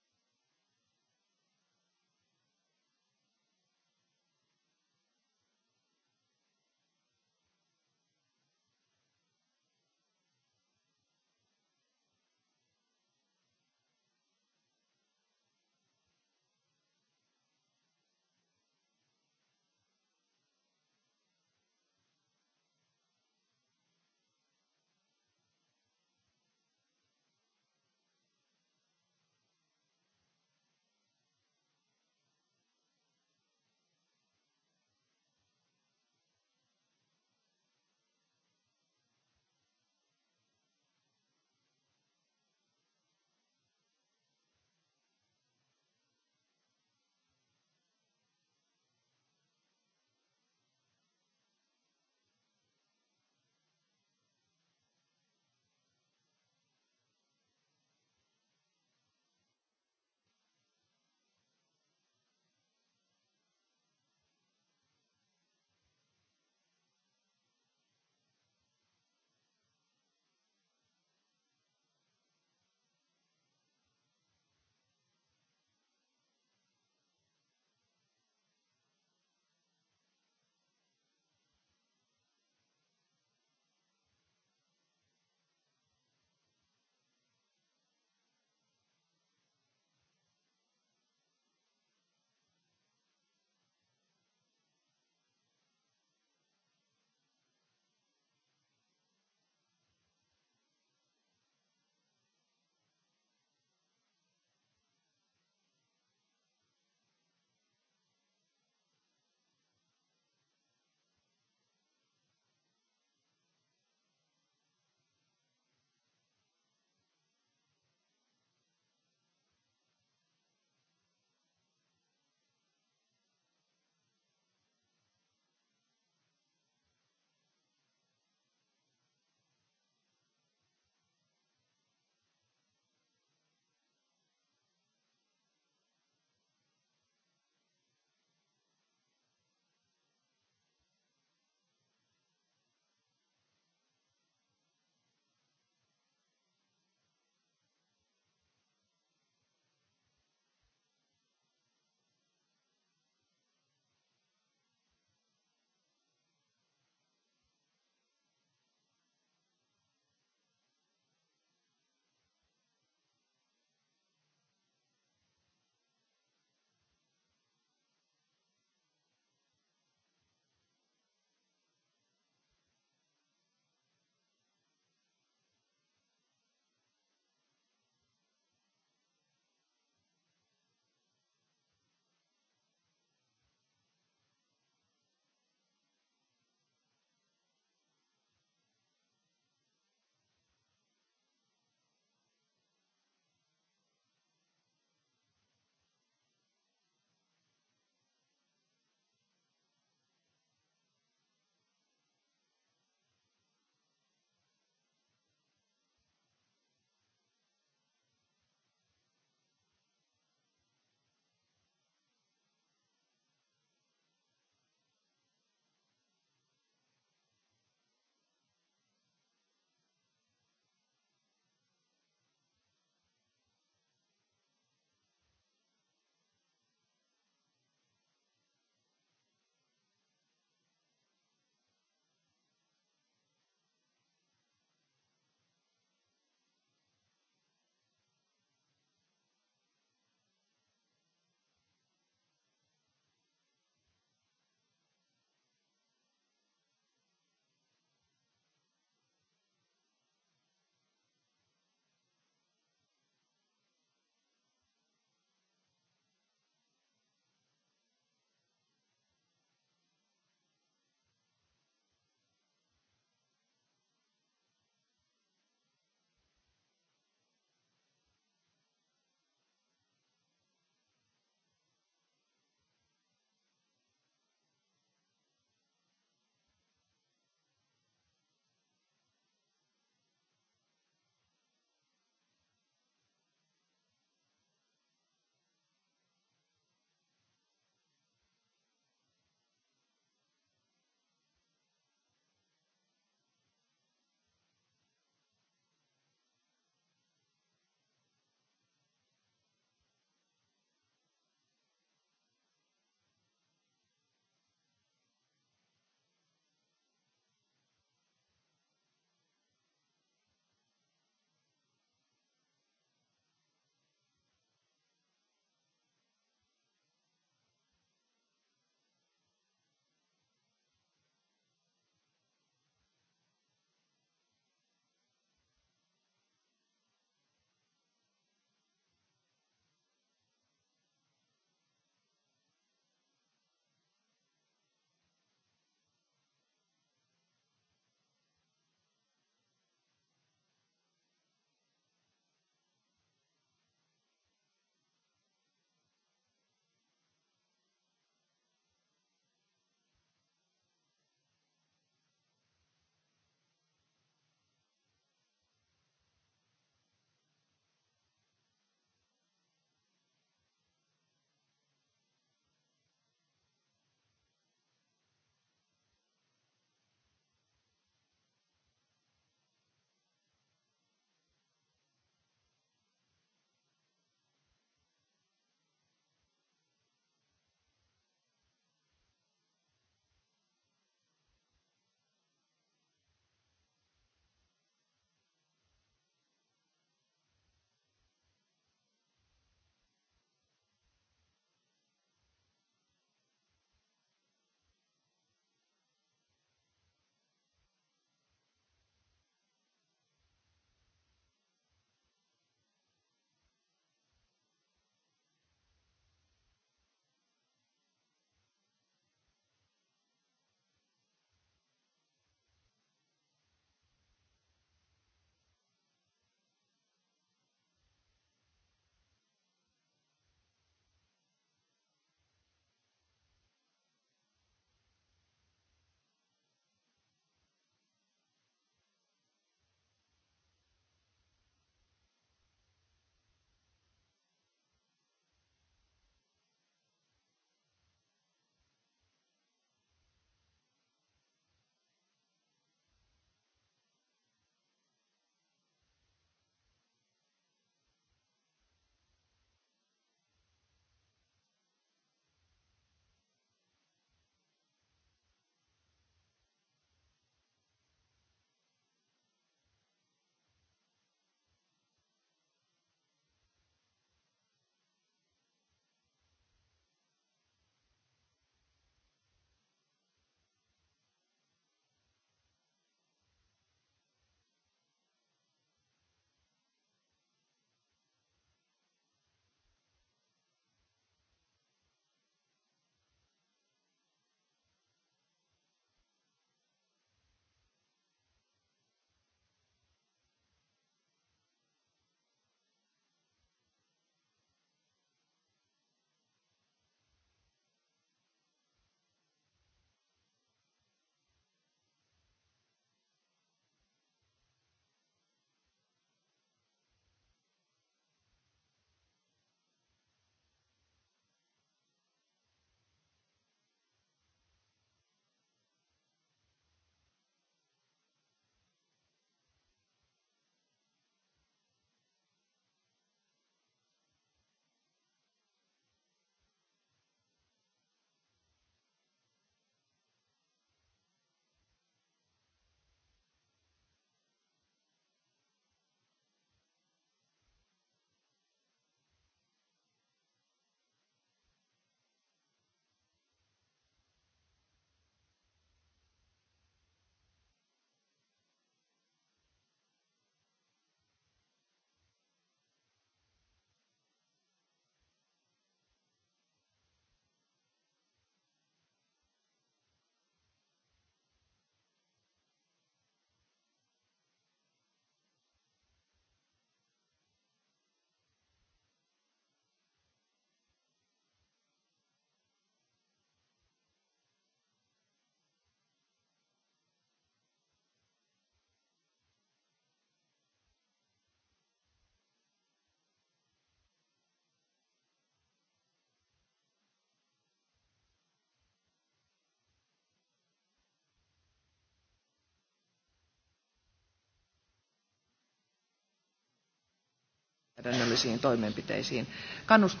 Speaker 1: lainsäädännöllisiin toimenpiteisiin. Kannustan.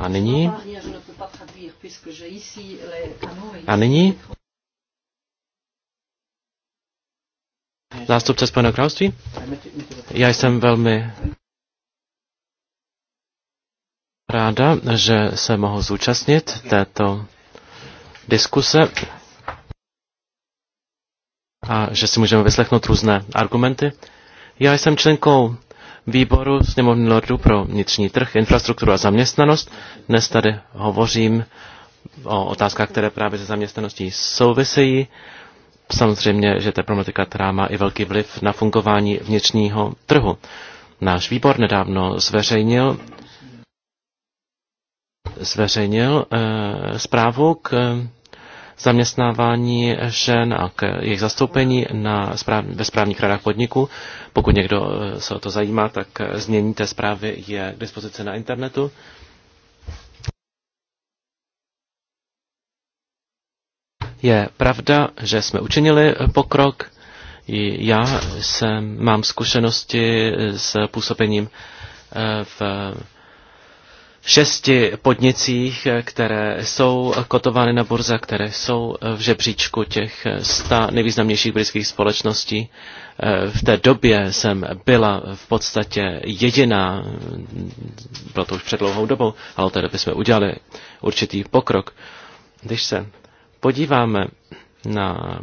Speaker 2: A nyní? A nyní? Zástupce Spojeného království? Já jsem velmi ráda, že se mohu zúčastnit této diskuse a že si můžeme vyslechnout různé argumenty. Já jsem členkou výboru sněmovny Lordu pro vnitřní trh, infrastrukturu a zaměstnanost. Dnes tady hovořím o otázkách, které právě se zaměstnaností souvisejí. Samozřejmě, že to je problematika, která má i velký vliv na fungování vnitřního trhu. Náš výbor nedávno zveřejnil zveřejnil eh, zprávu k eh, zaměstnávání žen a k jejich zastoupení na správ, ve správních radách podniku. Pokud někdo eh, se o to zajímá, tak změní té zprávy je k dispozici na internetu. Je pravda, že jsme učinili pokrok. Já jsem, mám zkušenosti s působením v šesti podnicích, které jsou kotovány na burze, které jsou v žebříčku těch sta nejvýznamnějších britských společností. Eh, v té době jsem byla v podstatě jediná, bylo to už před dlouhou dobou, ale od té doby jsme udělali určitý pokrok. Když se podíváme na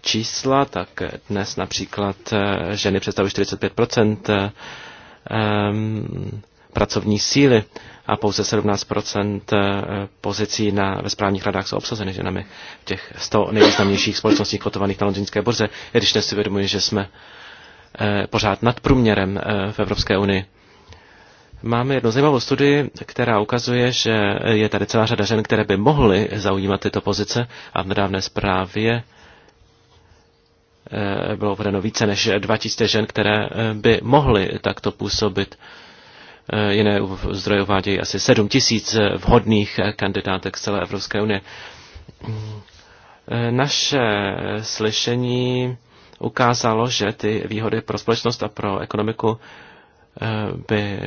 Speaker 2: čísla, tak dnes například eh, ženy představují 45 eh, pracovní síly a pouze 17 eh, pozicí na, ve správních radách jsou obsazeny ženami v těch 100 nejvýznamnějších společností kotovaných na londýnské borze, i když dnes si vědomuji, že jsme eh, pořád nad průměrem eh, v Evropské unii. Máme jednu zajímavou studii, která ukazuje, že je tady celá řada žen, které by mohly zaujímat tyto pozice a v nedávné zprávě bylo uvedeno více než 2000 žen, které by mohly takto působit Eh, jiné zdroje uvádějí asi 7 tisíc eh, vhodných eh, kandidátek z celé Evropské unie. Naše slyšení ukázalo, že ty výhody pro společnost a pro ekonomiku by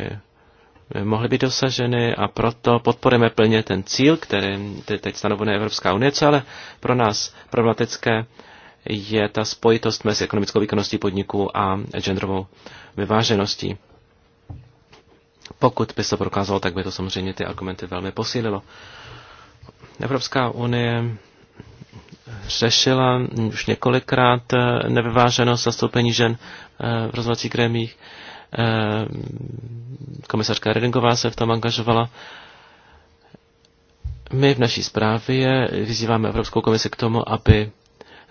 Speaker 2: mohly být dosaženy a proto podporujeme plně ten cíl, který teď stanovuje Evropská unie, co ale pro nás problematické je ta spojitost mezi ekonomickou výkonností podniků a genderovou vyvážeností. Pokud by se prokázalo, tak by to samozřejmě ty argumenty velmi posílilo. Evropská unie řešila už několikrát eh, nevyváženost zastoupení žen eh, v rozhodovacích grémích. Eh, komisařka Redingová se v tom angažovala. My v naší zprávě vyzýváme Evropskou komisi k tomu, aby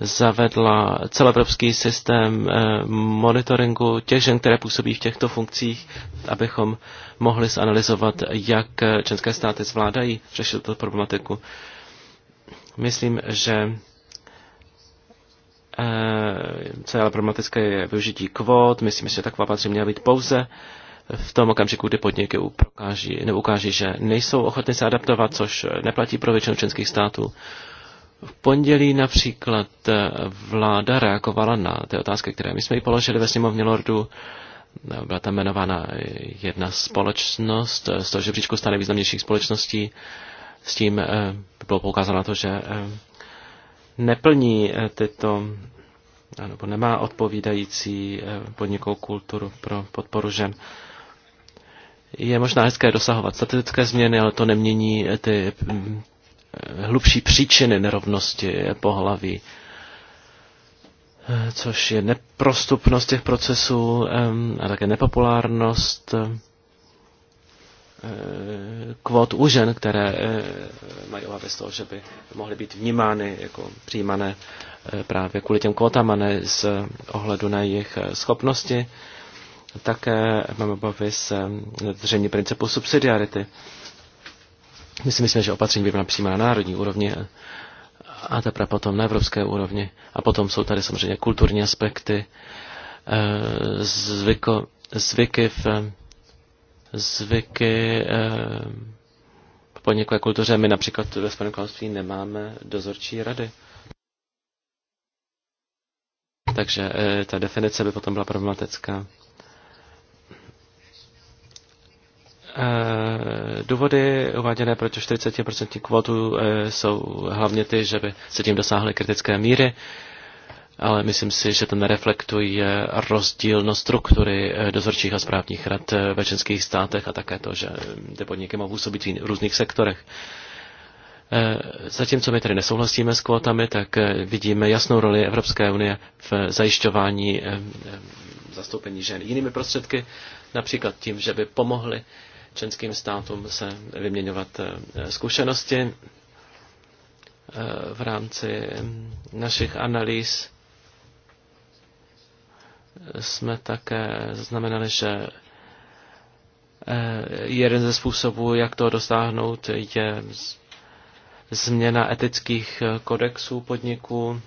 Speaker 2: zavedla celoevropský systém eh, monitoringu těch žen, které působí v těchto funkcích, abychom mohli zanalizovat, jak členské státy zvládají řešit tuto problematiku. Myslím, že eh, co je ale problematické, je využití kvót. Myslím, že taková patří měla být pouze v tom okamžiku, kdy podniky ukáží, neukáží, že nejsou ochotny se adaptovat, což neplatí pro většinu členských států. V pondělí například eh, vláda reagovala na ty otázky, které my jsme jí položili ve sněmovně Lordu. Eh, byla tam jmenována jedna společnost, eh, z toho žebříčku stále významnějších společností. S tím bylo poukázáno na to, že neplní tyto nebo nemá odpovídající podnikovou kulturu pro podporu žen. Je možná hezké dosahovat statistické změny, ale to nemění ty mm, hlubší příčiny nerovnosti pohlaví, což je neprostupnost těch procesů a také nepopulárnost kvot u žen, které mají obavy z toho, že by mohly být vnímány jako přijímané eh, právě kvůli těm kvotám, a ne z ohledu na jejich eh, schopnosti. Také mám obavy z dodržení eh, principu subsidiarity. My si myslíme, že opatření by byla přímo na národní úrovni a teprve potom na evropské úrovni. A potom jsou tady samozřejmě kulturní aspekty, e, zvyko, zvyky v zvyky e, v podnikové kultuře. My například ve Spojeném království nemáme dozorčí rady. Takže e, ta definice by potom byla problematická. Důvody uváděné proti 40% kvotu eh, jsou hlavně ty, že by se tím dosáhly kritické míry, ale myslím si, že to nereflektuje rozdílnost struktury eh, dozorčích a správních rad eh, ve členských státech a také to, že ty podniky mohou působit v různých sektorech. Zatímco my tady nesouhlasíme s kvotami, tak vidíme jasnou roli Evropské unie v zajišťování zastoupení žen jinými prostředky, například tím, že by pomohly členským státům se vyměňovat eh, zkušenosti eh, v rámci našich analýz. Jsme také zaznamenali, že eh, jeden ze způsobů, jak to dosáhnout, je změna etických kodexů podniků,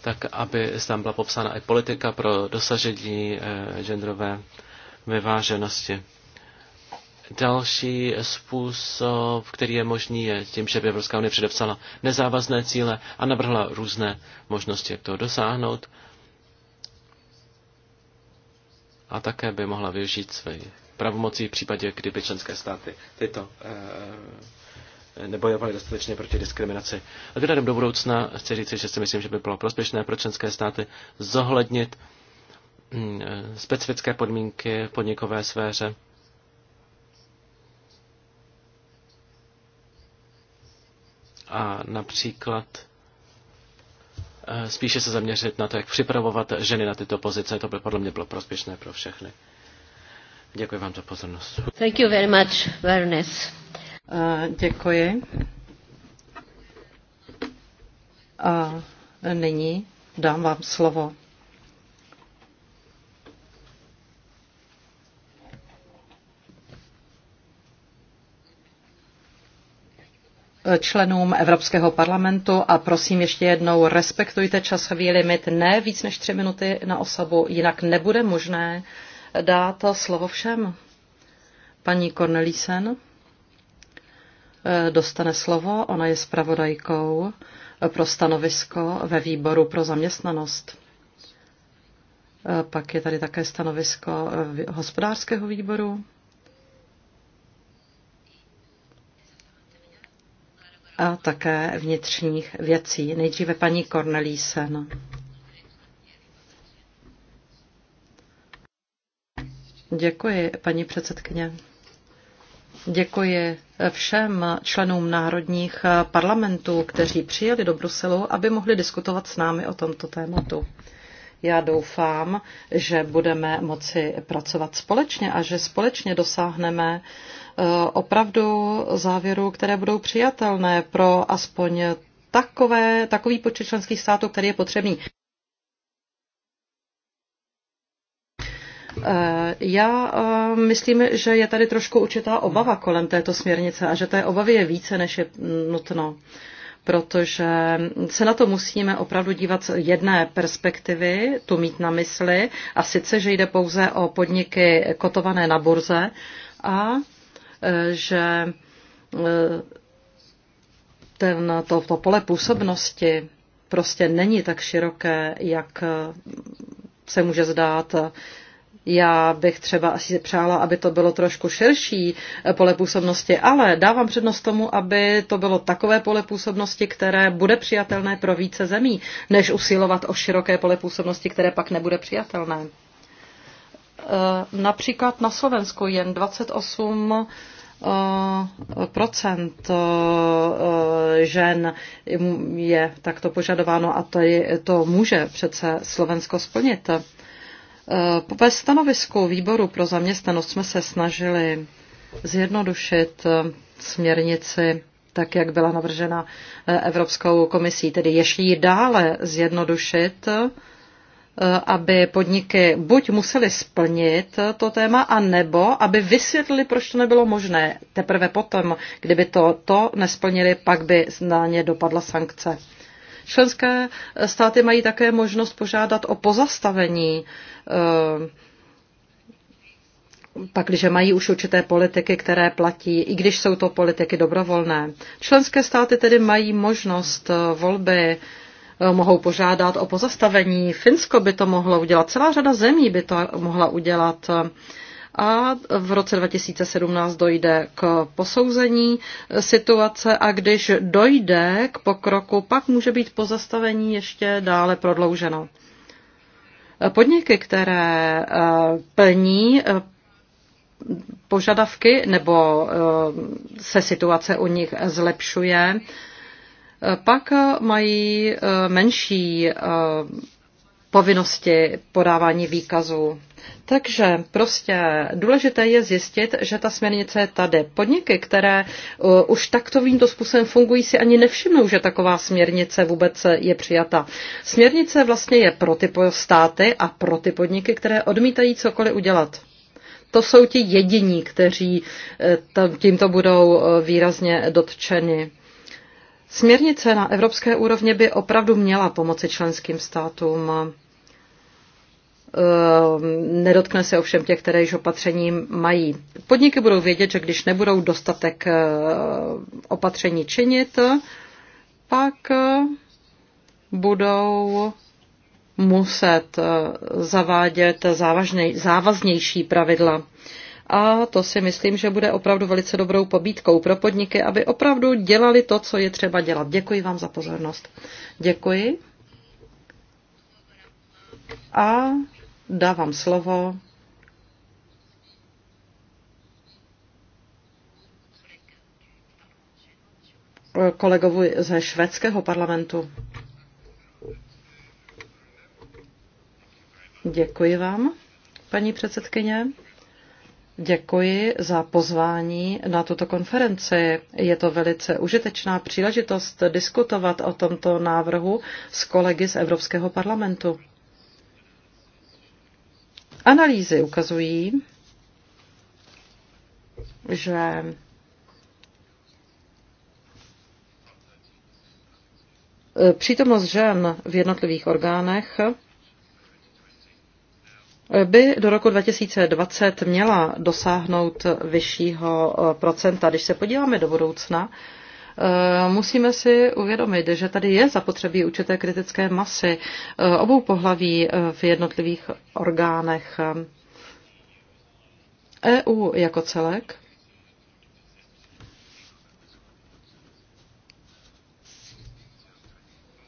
Speaker 2: tak aby tam byla popsána i politika pro dosažení genderové vyváženosti. Další způsob, který je možný, je tím, že by Evropská unie předepsala nezávazné cíle a navrhla různé možnosti, jak toho dosáhnout. A také by mohla využít své pravomocí v případě, kdyby členské státy tyto e, nebojovaly dostatečně proti diskriminaci. A vzhledem do budoucna chci říct, že si myslím, že by bylo prospěšné pro členské státy zohlednit mm, eh, specifické podmínky v podnikové sféře a například eh, spíše se zaměřit na to, jak připravovat ženy na tyto pozice. To by podle mě bylo prospěšné pro všechny. Děkuji vám za pozornost.
Speaker 1: Thank you very much, Baroness. Uh, děkuji. A nyní dám vám slovo. členům Evropského parlamentu a prosím ještě jednou, respektujte časový limit, ne víc než tři minuty na osobu, jinak nebude možné dát slovo všem. Paní Cornelisen eh, dostane slovo, ona je zpravodajkou eh, pro stanovisko ve výboru pro zaměstnanost. Eh, pak je tady také stanovisko hospodářského výboru. a také vnitřních věcí. Nejdříve paní Cornelísen. Děkuji, paní předsedkyně. Děkuji všem členům národních parlamentů, kteří přijeli do Bruselu, aby mohli diskutovat s námi o tomto tématu. Já doufám, že budeme moci pracovat společně a že společně dosáhneme eh, opravdu závěrů, které budou přijatelné pro aspoň takové, takový počet členských států, který je potřebný. Eh, já eh, myslím, že je tady trošku určitá obava kolem této směrnice a že té obavy je více, než je nutno protože se na to musíme opravdu dívat z jedné perspektivy, tu mít na mysli, a sice, že jde pouze o podniky kotované na burze a e, že e, ten, to, to pole působnosti prostě není tak široké, jak se může zdát já bych třeba asi přála, aby to bylo trošku širší eh, pole působnosti, ale dávám přednost tomu, aby to bylo takové pole působnosti, které bude přijatelné pro více zemí, než usilovat o široké pole působnosti, které pak nebude přijatelné. Eh, například na Slovensku jen 28 eh, procent žen je takto požadováno a to, je, to může přece Slovensko splnit. Eh, ve stanovisku výboru pro zaměstnanost jsme se snažili zjednodušit eh, směrnici tak, jak byla navržena eh, Evropskou komisí, tedy ještě ji dále zjednodušit, aby podniky buď museli splnit to téma, anebo aby vysvětlili, proč to nebylo možné. Teprve potom, kdyby to, to nesplnili, pak by na ně dopadla sankce. Členské státy mají také možnost požádat o pozastavení eh, pak, když mají už určité politiky, které platí, i když jsou to politiky dobrovolné. Členské státy tedy mají možnost eh, volby, eh, mohou požádat o pozastavení. Finsko by to mohlo udělat, celá řada zemí by to mohla udělat a v roce 2017 dojde k posouzení situace a když dojde k pokroku, pak může být pozastavení ještě dále prodlouženo. Podniky, které eh, plní eh, požadavky nebo eh, se situace u nich zlepšuje, pak mají menší povinnosti podávání výkazu. Takže prostě důležité je zjistit, že ta směrnice je tady. Podniky, které uh, už takto vímto způsobem fungují, si ani nevšimnou, že taková směrnice vůbec je přijata. Směrnice vlastně je pro ty státy a pro ty podniky, které odmítají cokoliv udělat. To jsou ti jediní, kteří uh, tímto budou uh, výrazně dotčeni. Směrnice na evropské úrovni by opravdu měla pomoci členským státům Eh, nedotkne se ovšem těch, které již opatření mají. Podniky budou vědět, že když nebudou dostatek eh, opatření činit, pak eh, budou muset zavádět závažnej, závaznější pravidla. A to si myslím, že bude opravdu velice dobrou pobídkou pro podniky, aby opravdu dělali to, co je třeba dělat. Děkuji vám za pozornost. Děkuji. A dávám slovo kolegovu ze švédského parlamentu. Děkuji vám, paní předsedkyně. Děkuji za pozvání na tuto konferenci. Je to velice užitečná příležitost diskutovat o tomto návrhu s kolegy z Evropského parlamentu. Analýzy ukazují, že přítomnost žen v jednotlivých orgánech by do roku 2020 měla dosáhnout vyššího procenta. Když se podíváme do budoucna, Eh, musíme si uvědomit, že tady je zapotřebí určité kritické masy eh, obou pohlaví eh, v jednotlivých orgánech. EU e jako celek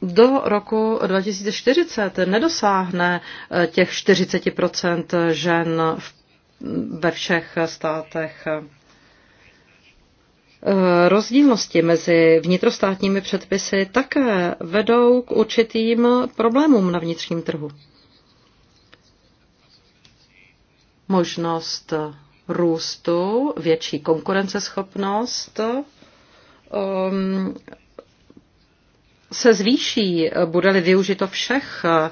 Speaker 1: do roku 2040 nedosáhne těch 40 žen ve všech státech. Eh, rozdílnosti mezi vnitrostátními předpisy také vedou k určitým problémům na vnitřním trhu. Možnost růstu, větší konkurenceschopnost ehm, se zvýší, bude-li využito všech eh,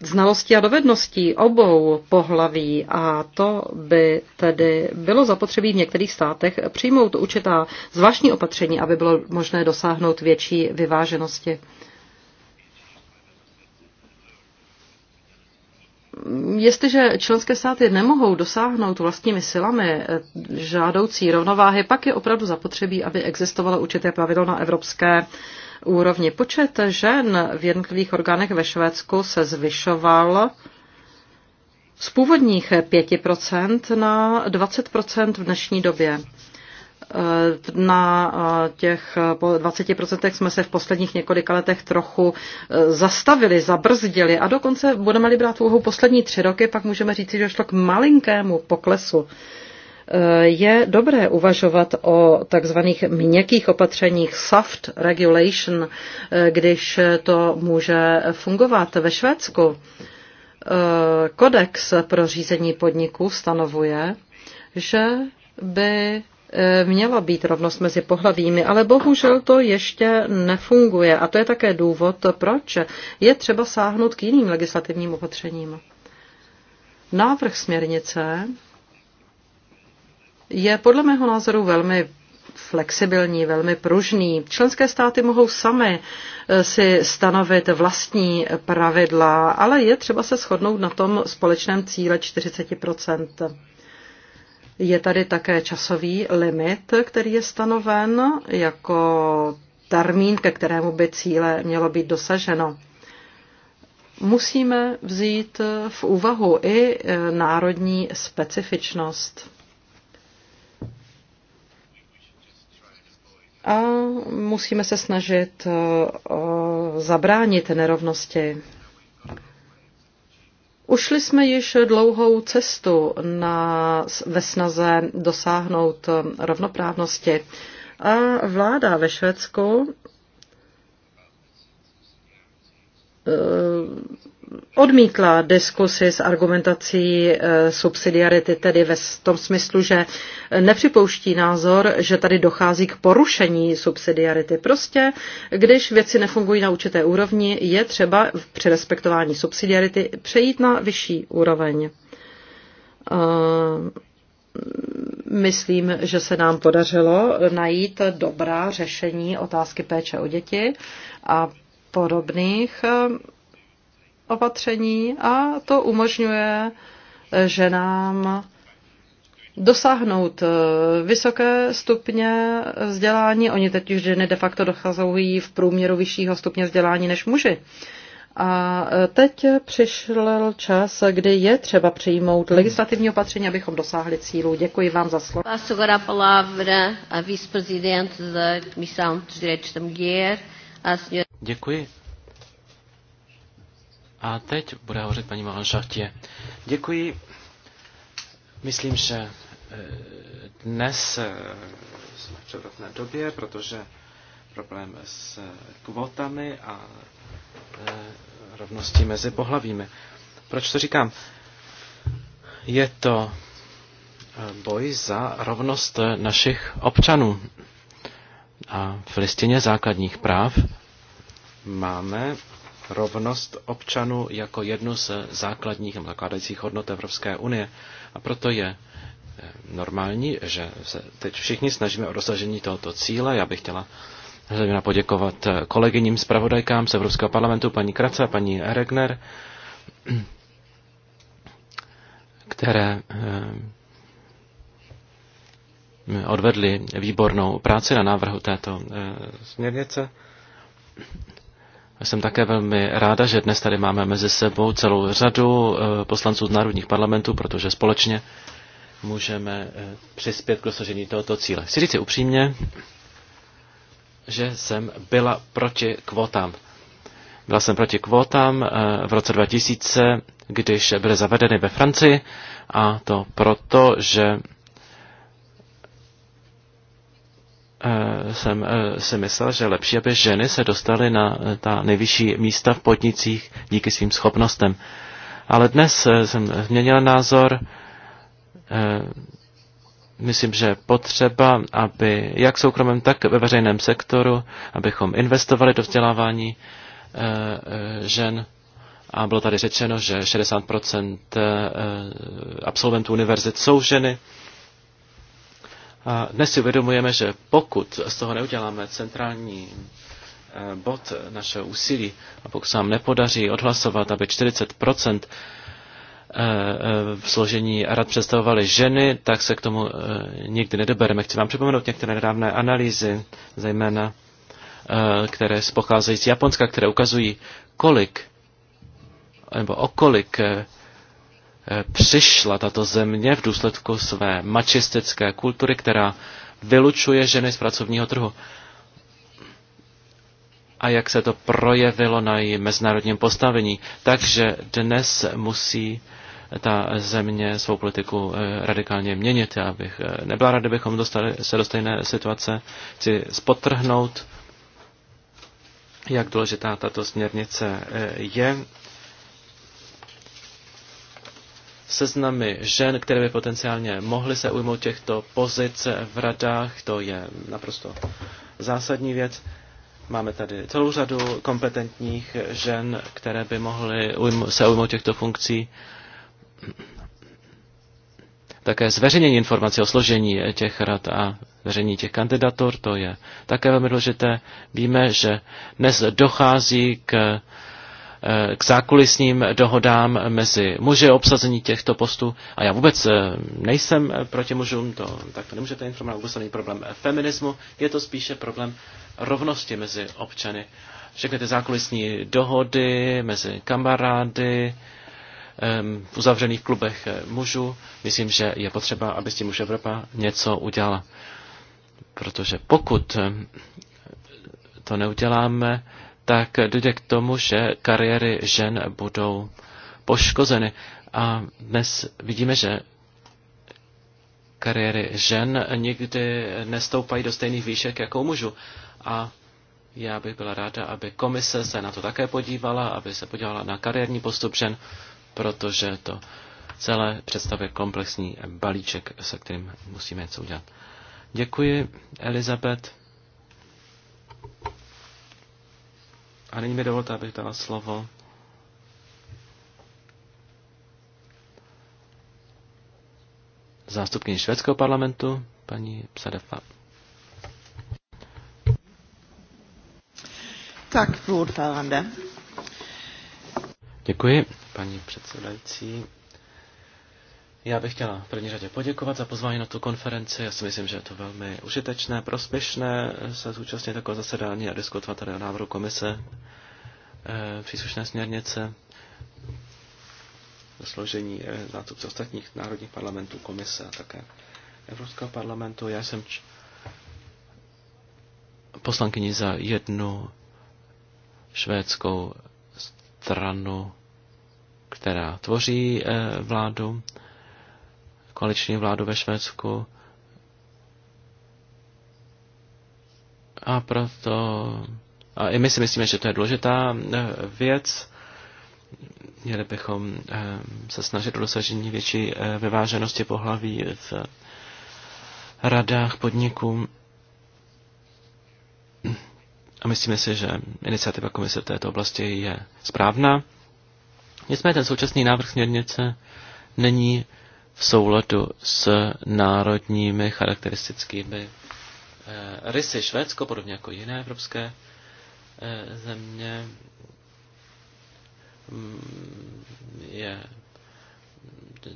Speaker 1: Znalosti a dovedností obou pohlaví a to by tedy bylo zapotřebí v některých státech přijmout určitá zvláštní opatření, aby bylo možné dosáhnout větší vyváženosti. Jestliže členské státy nemohou dosáhnout vlastními silami eh, žádoucí rovnováhy, pak je opravdu zapotřebí, aby existovalo určité pravidlo na evropské úrovni. Počet žen v jednotlivých orgánech ve Švédsku se zvyšoval z původních 5% na 20% v dnešní době. Na těch 20% jsme se v posledních několika letech trochu zastavili, zabrzdili a dokonce budeme-li brát úhou poslední tři roky, pak můžeme říct, že šlo k malinkému poklesu je dobré uvažovat o takzvaných měkkých opatřeních, soft regulation, když to může fungovat ve Švédsku. Eh, kodex pro řízení podniků stanovuje, že by eh, měla být rovnost mezi pohlavími, ale bohužel to ještě nefunguje. A to je také důvod, proč je třeba sáhnout k jiným legislativním opatřením. Návrh směrnice je podle mého názoru velmi flexibilní, velmi pružný. Členské státy mohou sami eh, si stanovit vlastní pravidla, ale je třeba se shodnout na tom společném cíle 40 Je tady také časový limit, který je stanoven jako termín, ke kterému by cíle mělo být dosaženo. Musíme vzít v úvahu i eh, národní specifičnost. a musíme se snažit eh, zabránit nerovnosti. Ušli jsme již dlouhou cestu na, ve snaze dosáhnout eh, rovnoprávnosti. A vláda ve Švédsku eh, odmítla diskusy s argumentací eh, subsidiarity, tedy ve tom smyslu, že nepřipouští názor, že tady dochází k porušení subsidiarity. Prostě, když věci nefungují na určité úrovni, je třeba při respektování subsidiarity přejít na vyšší úroveň. Eh, myslím, že se nám podařilo najít dobrá řešení otázky péče o děti a podobných opatření a to umožňuje eh, ženám dosáhnout eh, vysoké stupně vzdělání. Oni teď už ženy de facto dochazují v průměru vyššího stupně vzdělání než muži. A eh, teď přišel čas, kdy je třeba přijmout legislativní opatření, abychom dosáhli cílů. Děkuji vám za slovo.
Speaker 3: Passo agora a palavra a vice-presidente da Comissão dos Direitos da Mulher, senhora...
Speaker 2: Děkuji. A teď bude hovořit paní Mohan Šachtě. Děkuji. Myslím, že e, dnes e, jsme v převratné době, protože problém s e, kvotami a rovností mezi pohlavími. Proč to říkám? Je to boj za rovnost našich občanů. A v listině základních práv máme rovnost občanů jako jednu z základních a zakládajících hodnot Evropské unie. A proto je eh, normální, že se teď všichni snažíme o dosažení tohoto cíle. Já bych chtěla zejména poděkovat eh, kolegyním zpravodajkám z Evropského parlamentu, paní Krace a paní Regner, které eh, odvedli výbornou práci na návrhu této směrnice. Jsem také velmi ráda, že dnes tady máme mezi sebou celou řadu eh, poslanců z národních parlamentů, protože společně můžeme eh, přispět k dosažení tohoto cíle. Chci říct si upřímně, že jsem byla proti kvótám. Byla jsem proti kvótám eh, v roce 2000, když byly zavedeny ve Francii a to proto, že Eh, jsem eh, si myslel, že lepší, aby ženy se dostaly na eh, ta nejvyšší místa v podnicích díky svým schopnostem. Ale dnes jsem změnil názor. Myslím, že potřeba, aby jak v soukromém, tak ve veřejném sektoru, abychom investovali do vzdělávání žen. A bylo tady řečeno, že 60 absolventů univerzit jsou ženy dnes si uvědomujeme, že pokud z toho neuděláme centrální eh, bod našeho úsilí a pokud se nám nepodaří odhlasovat, aby 40 eh, eh, v složení rad představovaly ženy, tak se k tomu nikdy nedobereme. Chci vám připomenout některé nedávné analýzy, zejména které pocházejí z Japonska, které ukazují, kolik nebo o kolik přišla tato země v důsledku své mačistické kultury, která vylučuje ženy z pracovního trhu. A jak se to projevilo na její mezinárodním postavení. Takže dnes musí ta země svou politiku eh, radikálně měnit. Já bych eh, nebyla rád, kdybychom dostali, se do stejné situace. Chci spotrhnout, jak důležitá tato směrnice eh, je seznamy žen, které by potenciálně mohly se ujmout těchto pozic v radách, to je naprosto zásadní věc. Máme tady celou řadu kompetentních žen, které by mohly se ujmout těchto funkcí. Také zveřejnění informací o složení těch rad a zveřejnění těch kandidatur, to je také velmi důležité. Víme, že dnes dochází k Eh, k zákulisním dohodám mezi muži obsazení těchto postů. A já vůbec eh, nejsem eh, proti mužům, to, tak to nemůžete informovat, vůbec není problém feminismu, je to spíše problém rovnosti mezi občany. Všechny ty zákulisní dohody mezi kamarády, v uzavřených klubech mužů, myslím, že je potřeba, aby s tím už Evropa něco udělala. Protože pokud to neuděláme, tak dojde k tomu, že kariéry žen budou poškozeny. A dnes vidíme, že kariéry žen nikdy nestoupají do stejných výšek jako mužů. A já bych byla ráda, aby komise se na to také podívala, aby se podívala na kariérní postup žen, protože to celé představuje komplexní balíček, se kterým musíme něco udělat. Děkuji, Elizabeth. A nyní mi dovolte, abych dala slovo zástupkyni švédského parlamentu, paní Psadefa. Tak, Děkuji, paní předsedající. Já bych chtěla v první řadě poděkovat za pozvání na tu konferenci. Já si myslím, že je to velmi užitečné, prospěšné se zúčastnit takové zasedání a diskutovat tady o návrhu komise e, příslušné směrnice složení eh, zástupců ostatních národních parlamentů, komise a také Evropského parlamentu. Já jsem č- poslankyní za jednu švédskou stranu, která tvoří eh, vládu koaliční vládu ve Švédsku. A proto, a i my si myslíme, že to je důležitá eh, věc, měli bychom eh, se snažit o dosažení větší eh, vyváženosti pohlaví v radách podniků. A myslíme si, že iniciativa komise v této oblasti je správná. Nicméně ten současný návrh směrnice není v souladu s národními charakteristickými eh, rysy. Švédsko, podobně jako jiné evropské eh, země, mm, je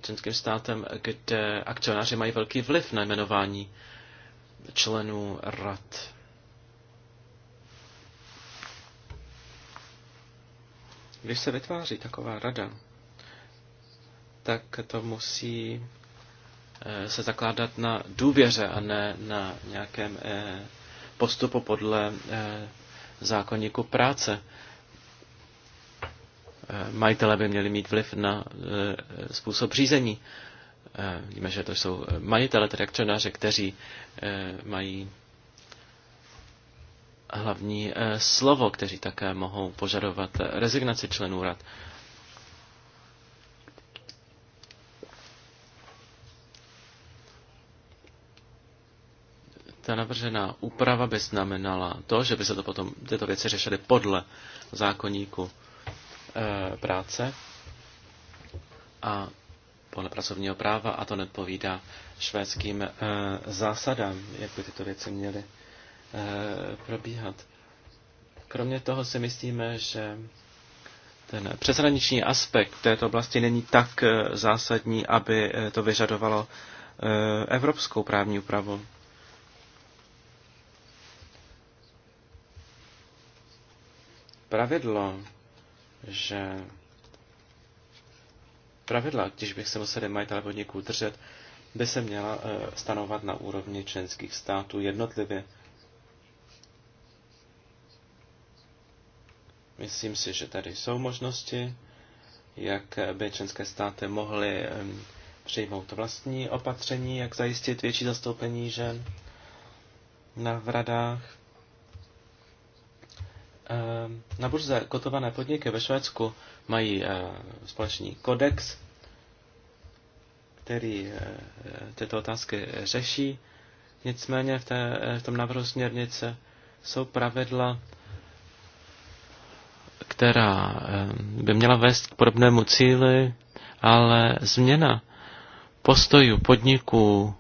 Speaker 2: členským státem, kde akcionáři mají velký vliv na jmenování členů rad. Když se vytváří taková rada, tak to musí eh, se zakládat na důvěře a ne na nějakém eh, postupu podle eh, zákonníku práce. Majitele by měli mít vliv na způsob řízení. Víme, že to jsou majitele, tedy akcionáři, kteří mají hlavní slovo, kteří také mohou požadovat rezignaci členů rad. ta navržená úprava by znamenala to, že by se to potom tyto věci řešily podle zákoníku e, práce a podle pracovního práva a to nepovídá švédským e, zásadám, jak by tyto věci měly e, probíhat. Kromě toho si myslíme, že ten přeshraniční aspekt této oblasti není tak zásadní, aby to vyžadovalo evropskou právní úpravu. pravidlo, že pravidla, když bych se museli majitele podniků držet, by se měla eh, stanovat na úrovni členských států jednotlivě. Myslím si, že tady jsou možnosti, jak by členské státy mohly přijmout vlastní opatření, jak zajistit větší zastoupení žen na v radách. Eh, na burze kotované podniky ve Švédsku mají eh, společný kodex, který eh, tyto otázky řeší. Nicméně v, té, v tom návrhu směrnice jsou pravidla, která by měla vést k podobnému cíli, ale změna postojů podniků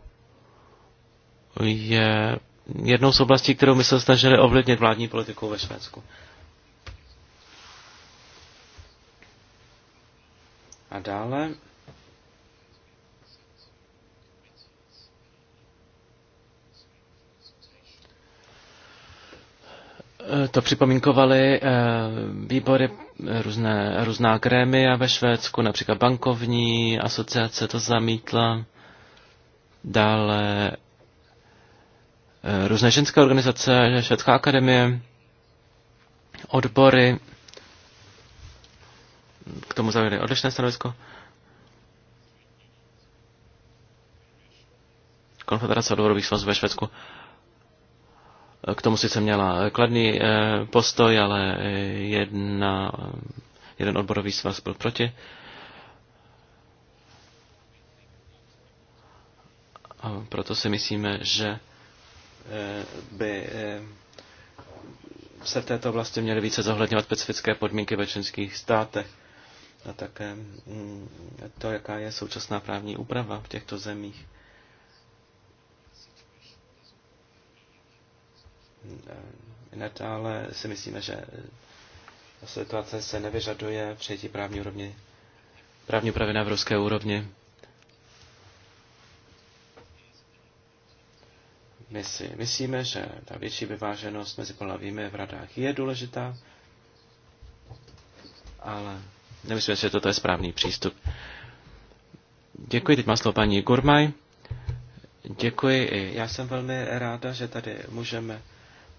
Speaker 2: je jednou z oblastí, kterou my se snažili ovlivnit vládní politikou ve Švédsku. A dále eh, to připomínkovaly eh, výbory eh, různé, různá grémia ve Švédsku, například bankovní asociace to zamítla, dále Eh, různé ženské organizace, Švédská akademie, odbory k tomu zavěli odlišné stanovisko. Konfederace odborových svazů ve Švédsku eh, k tomu sice měla eh, kladný postoj, ale jedna, jeden odborový svaz byl proti. A proto si myslíme, že Eh, by eh, se v této oblasti měly více zohledňovat specifické podmínky ve členských státech a také mm, to, jaká je současná právní úprava v těchto zemích. Eh, Nadále si myslíme, že situace se nevyžaduje přijetí právní úrovni, právní úpravy na evropské úrovni. My si myslíme, že ta větší vyváženost mezi pohlavími v radách je důležitá, ale nemyslím, že toto je správný přístup. Děkuji, teď má slovo paní Gurmaj. Děkuji, já jsem velmi ráda, že tady můžeme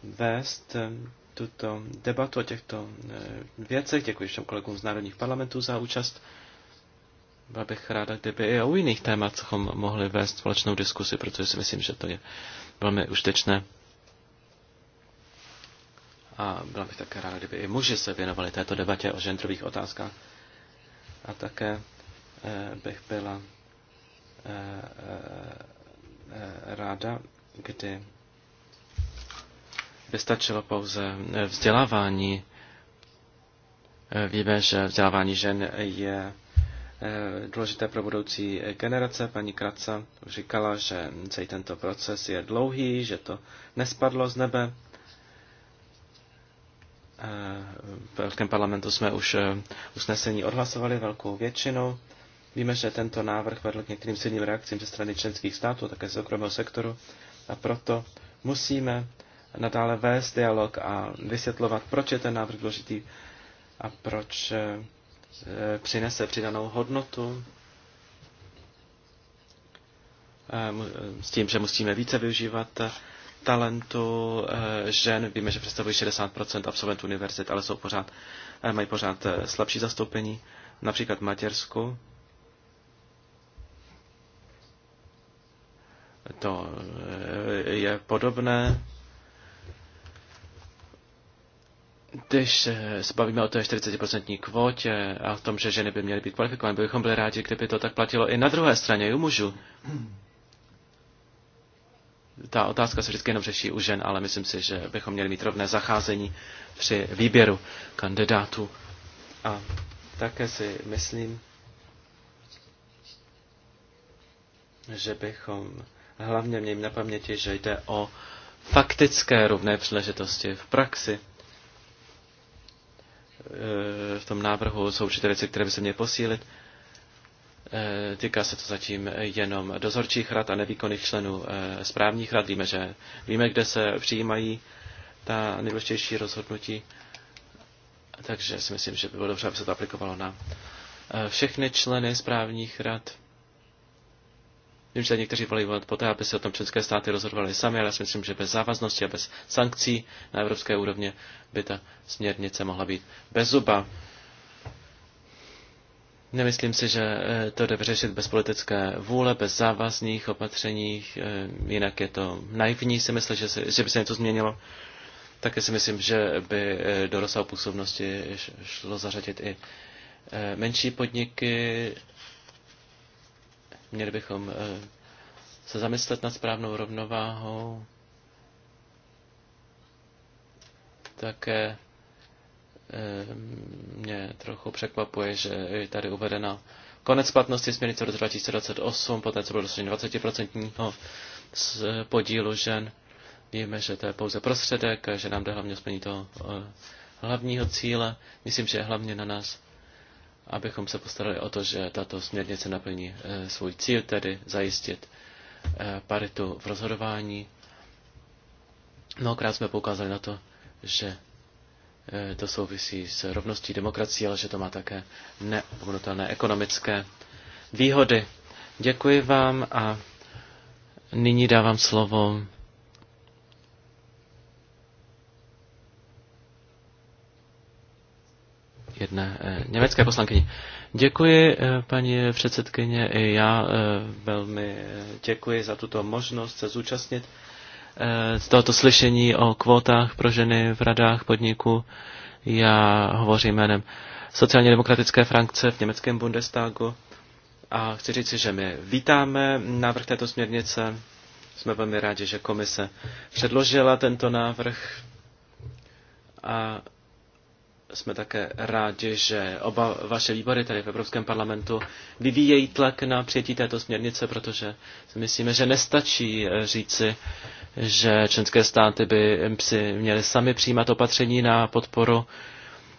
Speaker 2: vést eh, tuto debatu o těchto eh, věcech. Děkuji všem kolegům z národních parlamentů za účast. Byla bych ráda, kdyby i o jiných témat mohli vést společnou diskusi, protože si myslím, že to je velmi užtečné. A byla bych také ráda, kdyby i muži se věnovali této debatě o genderových otázkách. A také eh, bych byla eh, eh, ráda, kdy by stačilo pouze vzdělávání. Víme, že vzdělávání žen je Eh, důležité pro budoucí eh, generace. Paní Kraca říkala, že celý tento proces je dlouhý, že to nespadlo z nebe. Eh, v Evropském parlamentu jsme už usnesení odhlasovali velkou většinou. Víme, že tento návrh vedl k některým silným reakcím ze strany členských států, také okromého sektoru, a proto musíme nadále vést dialog a vysvětlovat, proč je ten návrh důležitý a proč Eh, přinese přidanou hodnotu eh, eh, s tím, že musíme více využívat talentu žen. Víme, že představují 60% absolventů univerzit, ale jsou pořád, mají pořád slabší zastoupení, například v Maďarsku. To je podobné. Když eh, se bavíme o té 40% kvotě a o tom, že ženy by měly být kvalifikované, bychom byli rádi, kdyby to tak platilo i na druhé straně, i u mužů. Ta otázka se vždycky jenom řeší u žen, ale myslím si, že bychom měli mít rovné zacházení při výběru kandidátů. A také si myslím, že bychom hlavně měli na paměti, že jde o faktické rovné příležitosti v praxi. Eh, v tom návrhu jsou určité věci, které by se měly posílit. Eh, týká se to zatím jenom dozorčích rad a nevýkonných členů eh, správních rad. Víme, že víme, kde se přijímají ta nejdůležitější rozhodnutí. Takže si myslím, že by bylo dobře, aby se to aplikovalo na všechny členy správních rad. Vím, že někteří volají poté, aby se o tom členské státy rozhodovaly sami, ale já si myslím, že bez závaznosti a bez sankcí na evropské úrovně by ta směrnice mohla být bez zuba. Nemyslím si, že eh, to jde vyřešit bez politické vůle, bez závazných opatření, eh, jinak je to naivní si myslím, že, si, že by se něco změnilo. Také si myslím, že by eh, do rozsahu působnosti šlo zařadit i menší podniky, Měli bychom eh, se zamyslet nad správnou rovnováhou. Také eh, mě trochu překvapuje, že je tady uvedena konec platnosti směrnice roce 2028, poté co bylo dosaženo 20% eh, podílu žen. Víme, že to je pouze prostředek, že nám jde hlavně splnit toho hlavního cíle. Myslím, že je hlavně na nás abychom se postarali o to, že tato směrnice naplní eh, svůj cíl, tedy zajistit eh, paritu v rozhodování. Mnohokrát jsme poukázali na to, že eh, to souvisí s rovností demokracie, ale že to má také neopomenutelné ekonomické výhody. Děkuji vám a nyní dávám slovo jedné eh, německé poslankyni. Děkuji, eh, paní předsedkyně, i já eh, velmi děkuji za tuto možnost se zúčastnit z tohoto slyšení o kvótách pro ženy v radách podniků. Já hovořím jménem sociálně demokratické frankce v německém Bundestagu a chci říct, že my vítáme návrh této směrnice. Jsme velmi rádi, že komise předložila tento návrh a jsme také rádi, že oba vaše výbory tady v Evropském parlamentu vyvíjejí tlak na přijetí této směrnice, protože si myslíme, že nestačí eh, říci, že členské státy by si měly sami přijímat opatření na podporu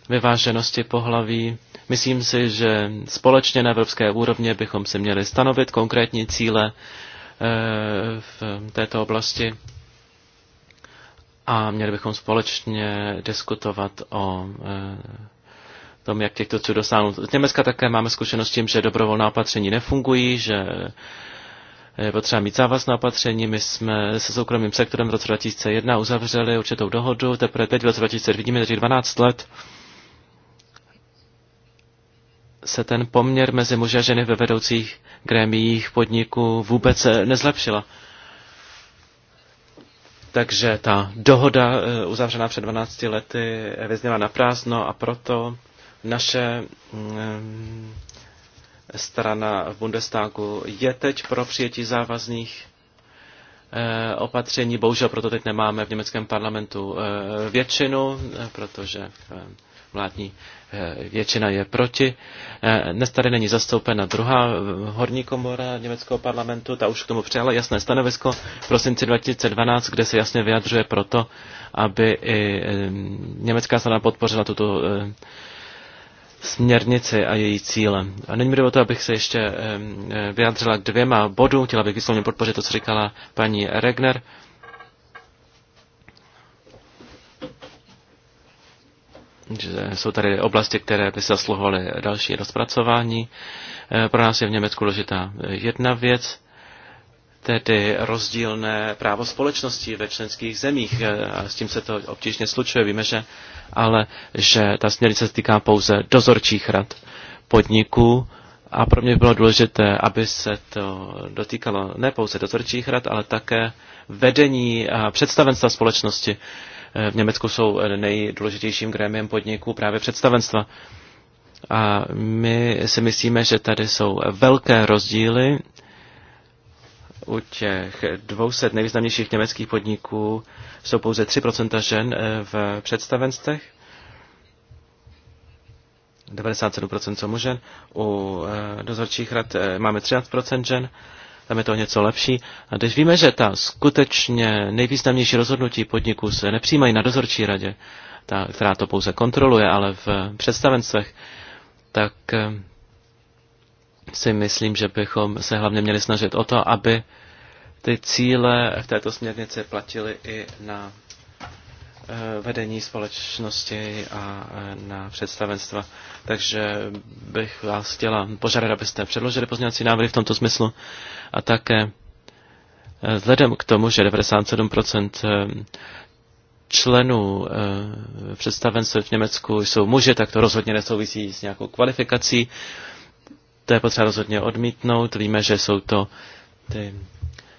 Speaker 2: vyváženosti pohlaví. Myslím si, že společně na evropské úrovně bychom si měli stanovit konkrétní cíle eh, v této oblasti a měli bychom společně diskutovat o e, tom, jak těchto cílů dosáhnout. Z Německa také máme zkušenost s tím, že dobrovolná opatření nefungují, že je potřeba mít závazná opatření. My jsme se soukromým sektorem v roce 2001 uzavřeli určitou dohodu, teprve teď v roce 2000 vidíme, že 12 let se ten poměr mezi muži a ženy ve vedoucích grémiích podniků vůbec nezlepšila. Takže ta dohoda eh, uzavřená před 12 lety vyzněla na prázdno a proto naše mm, strana v Bundestagu je teď pro přijetí závazných eh, opatření. Bohužel proto teď nemáme v německém parlamentu eh, většinu, protože vládní eh, většina je proti. Eh, dnes tady není zastoupena druhá horní komora německého parlamentu, ta už k tomu přijala jasné stanovisko v prosinci 2012, kde se jasně vyjadřuje proto, aby i německá strana podpořila tuto eh, směrnici a její cíle. A není mi dovolte, abych se ještě vyjádřila k dvěma bodům. Chtěla bych výslovně podpořit to, co říkala paní Regner. že jsou tady oblasti, které by zasluhovaly další rozpracování. Eh, pro nás je v Německu důležitá eh, jedna věc, tedy rozdílné právo společnosti ve členských zemích. Eh, a s tím se to obtížně slučuje. Víme, že ale že ta směrnice se týká pouze dozorčích rad podniků a pro mě bylo důležité, aby se to dotýkalo ne pouze dozorčích rad, ale také vedení a představenstva společnosti v Německu jsou nejdůležitějším grémiem podniků právě představenstva. A my si myslíme, že tady jsou velké rozdíly u těch 200 nejvýznamnějších německých podniků jsou pouze 3% žen eh, v představenstech, 97% jsou mužen, u eh, dozorčích rad eh, máme 13% žen tam je to něco lepší. A když víme, že ta skutečně nejvýznamnější rozhodnutí podniku se nepřijímají na dozorčí radě, ta, která to pouze kontroluje, ale v představenstvech, tak eh, si myslím, že bychom se hlavně měli snažit o to, aby ty cíle v této směrnici platily i na vedení společnosti a e, na představenstva. Takže bych vás chtěla požádat, abyste předložili pozměňovací návrhy v tomto smyslu a také e, vzhledem k tomu, že 97% e, členů představenstva v Německu jsou muži, tak to rozhodně nesouvisí s nějakou kvalifikací. To je potřeba rozhodně odmítnout. Víme, že jsou to ty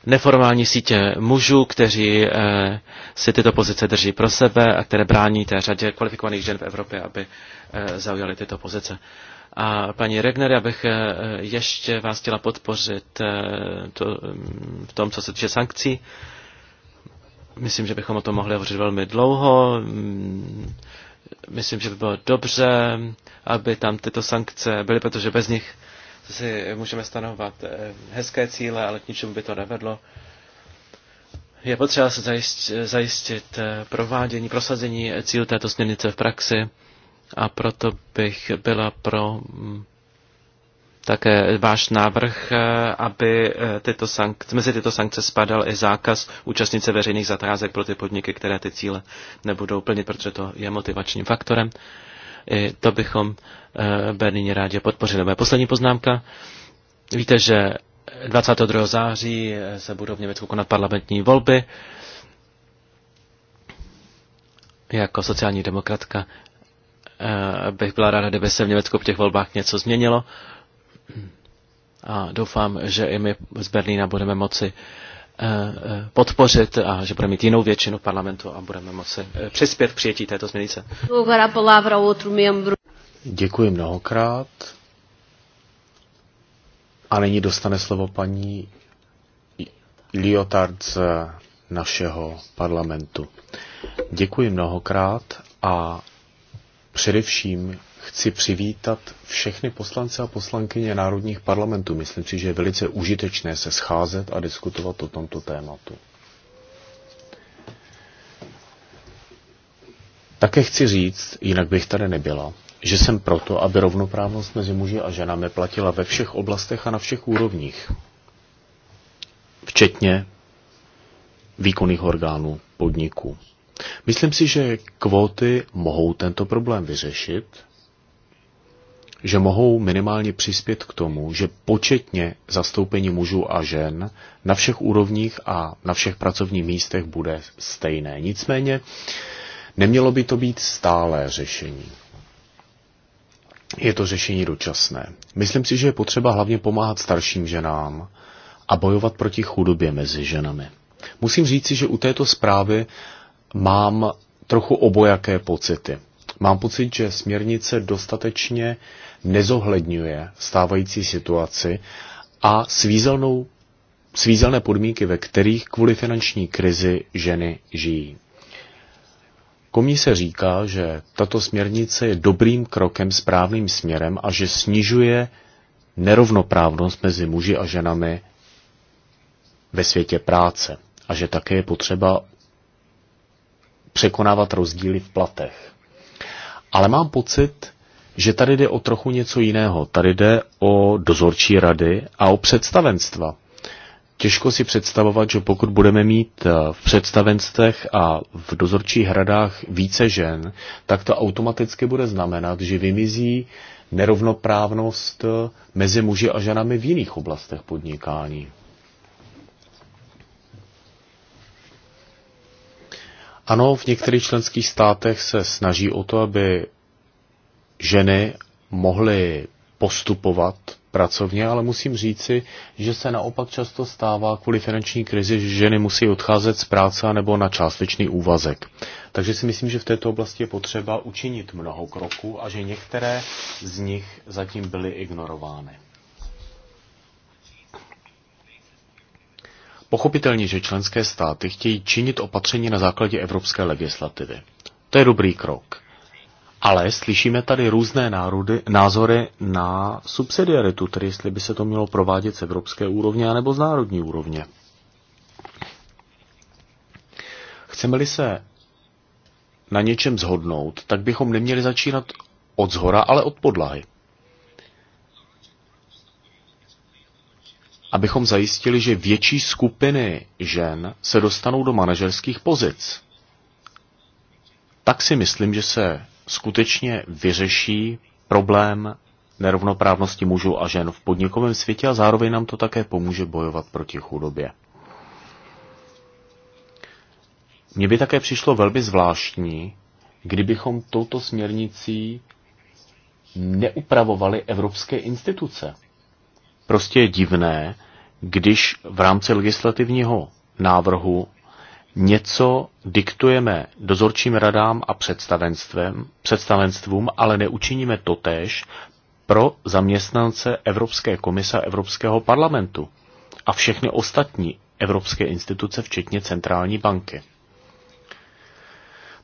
Speaker 2: neformální sítě mužů, kteří eh, si tyto pozice drží pro sebe a které brání té řadě kvalifikovaných žen v Evropě, aby eh, zaujali tyto pozice. A paní Regner, já bych eh, ještě vás chtěla podpořit to, mm, v tom, co se týče sankcí. Myslím, že bychom o tom mohli hovořit velmi dlouho. Mm, myslím, že by bylo dobře, aby tam tyto sankce byly, protože bez nich si můžeme stanovat eh, hezké cíle, ale k ničemu by to nevedlo. Je potřeba se zajistit, zajistit eh, provádění, prosazení cílů této směrnice v praxi a proto bych byla pro mm, také váš návrh, eh, aby tyto sankce, mezi tyto sankce spadal i zákaz účastnice veřejných zatázek pro ty podniky, které ty cíle nebudou plnit, protože to je motivačním faktorem. I to bychom Eh, Berlíně rádi podpořili. Moje poslední poznámka. Víte, že 22. září eh, se budou v Německu konat parlamentní volby. Jako sociální demokratka eh, bych byla ráda, kdyby se v Německu v těch volbách něco změnilo. A doufám, že i my z Berlína budeme moci podpořit a že budeme mít jinou většinu parlamentu a budeme moci přispět k přijetí této změnice.
Speaker 3: Děkuji mnohokrát. A nyní dostane slovo paní Lyotard z našeho parlamentu. Děkuji mnohokrát a především chci přivítat všechny poslance a poslankyně národních parlamentů. Myslím si, že je velice užitečné se scházet a diskutovat o tomto tématu. Také chci říct, jinak bych tady nebyla, že jsem proto, aby rovnoprávnost mezi muži a ženami platila ve všech oblastech a na všech úrovních, včetně výkonných orgánů podniků. Myslím si, že kvóty mohou tento problém vyřešit, že mohou minimálně přispět k tomu, že početně zastoupení mužů a žen na všech úrovních a na všech pracovních místech bude stejné. Nicméně nemělo by to být stálé řešení je to řešení dočasné. Myslím si, že je potřeba hlavně pomáhat starším ženám a bojovat proti chudobě mezi ženami. Musím říci, že u této zprávy mám trochu obojaké pocity. Mám pocit, že směrnice dostatečně nezohledňuje stávající situaci a svízelnou, svízelné podmínky, ve kterých kvůli finanční krizi ženy žijí. Komise říká, že tato směrnice je dobrým krokem správným směrem a že snižuje nerovnoprávnost mezi muži a ženami ve světě práce a že také je potřeba překonávat rozdíly v platech. Ale mám pocit, že tady jde o trochu něco jiného. Tady jde o dozorčí rady a o představenstva těžko si představovat, že pokud budeme mít eh, v představenstvech a v dozorčích hradách více žen, tak to automaticky bude znamenat, že vymizí nerovnoprávnost eh, mezi muži a ženami v jiných oblastech podnikání. Ano, v některých členských státech se snaží o to, aby ženy mohly postupovat pracovně, ale musím říci, že se naopak často stává kvůli finanční krizi, že ženy musí odcházet z práce nebo na částečný úvazek. Takže si myslím, že v této oblasti je potřeba učinit mnoho kroků a že některé z nich zatím byly ignorovány. Pochopitelně, že členské státy chtějí činit opatření na základě evropské legislativy. To je dobrý krok. Ale slyšíme tady různé národy, názory na subsidiaritu, tedy jestli by se to mělo provádět z evropské úrovně nebo z národní úrovně. Chceme-li se na něčem zhodnout, tak bychom neměli začínat od zhora, ale od podlahy. Abychom zajistili, že větší skupiny žen se dostanou do manažerských pozic. Tak si myslím, že se skutečně vyřeší problém nerovnoprávnosti mužů a žen v podnikovém světě a zároveň nám to také pomůže bojovat proti chudobě. Mně by také přišlo velmi zvláštní, kdybychom touto směrnicí neupravovali evropské instituce. Prostě je divné, když v rámci legislativního návrhu něco diktujeme dozorčím radám a představenstvem, představenstvům, ale neučiníme totéž pro zaměstnance Evropské komise a Evropského parlamentu a všechny ostatní evropské instituce, včetně centrální banky.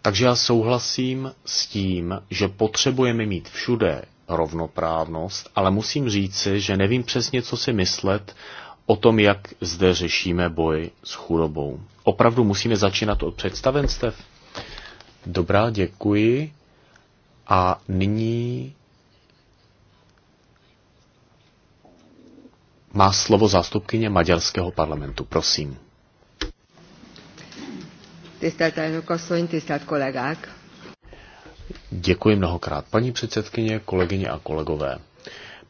Speaker 3: Takže já souhlasím s tím, že potřebujeme mít všude rovnoprávnost, ale musím říci, že nevím přesně, co si myslet o tom, jak zde řešíme boj s chudobou. Opravdu musíme začínat od představenstev? Dobrá, děkuji. A nyní má slovo zástupkyně Maďarského parlamentu. Prosím. Děkuji mnohokrát, paní předsedkyně, kolegyně a kolegové.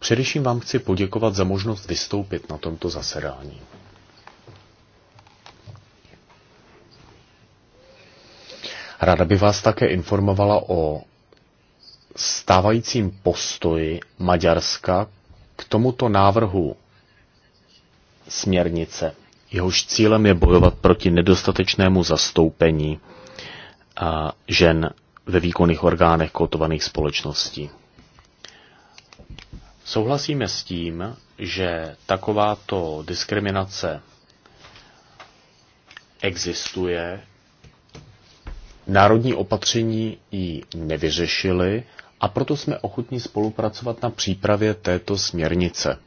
Speaker 3: Především vám chci poděkovat za možnost vystoupit na tomto zasedání. Rada by vás také informovala o stávajícím postoji Maďarska k tomuto návrhu směrnice. Jehož cílem je bojovat proti nedostatečnému zastoupení žen ve výkonných orgánech kotovaných společností. Souhlasíme s tím, že takováto diskriminace existuje, národní opatření ji nevyřešili a proto jsme ochotní spolupracovat na přípravě této směrnice,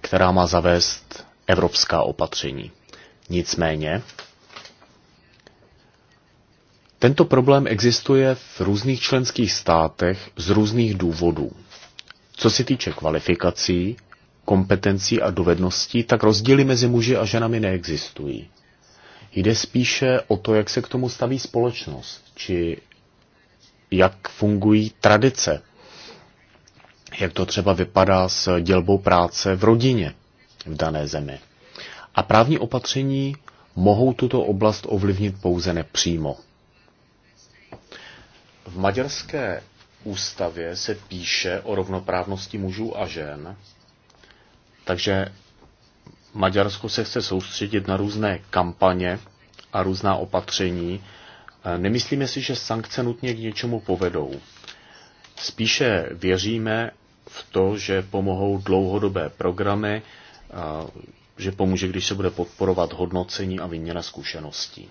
Speaker 3: která má zavést evropská opatření. Nicméně, tento problém existuje v různých členských státech z různých důvodů. Co se týče kvalifikací, kompetencí a dovedností, tak rozdíly mezi muži a ženami neexistují. Jde spíše o to, jak se k tomu staví společnost, či jak fungují tradice, jak to třeba vypadá s dělbou práce v rodině v dané zemi. A právní opatření mohou tuto oblast ovlivnit pouze nepřímo. V maďarské ústavě se píše o rovnoprávnosti mužů a žen, takže Maďarsko se chce soustředit na různé kampaně a různá opatření. E, nemyslíme si, že sankce nutně k něčemu povedou. Spíše věříme v to, že pomohou dlouhodobé programy, e, že pomůže, když se bude podporovat hodnocení a výměna zkušeností.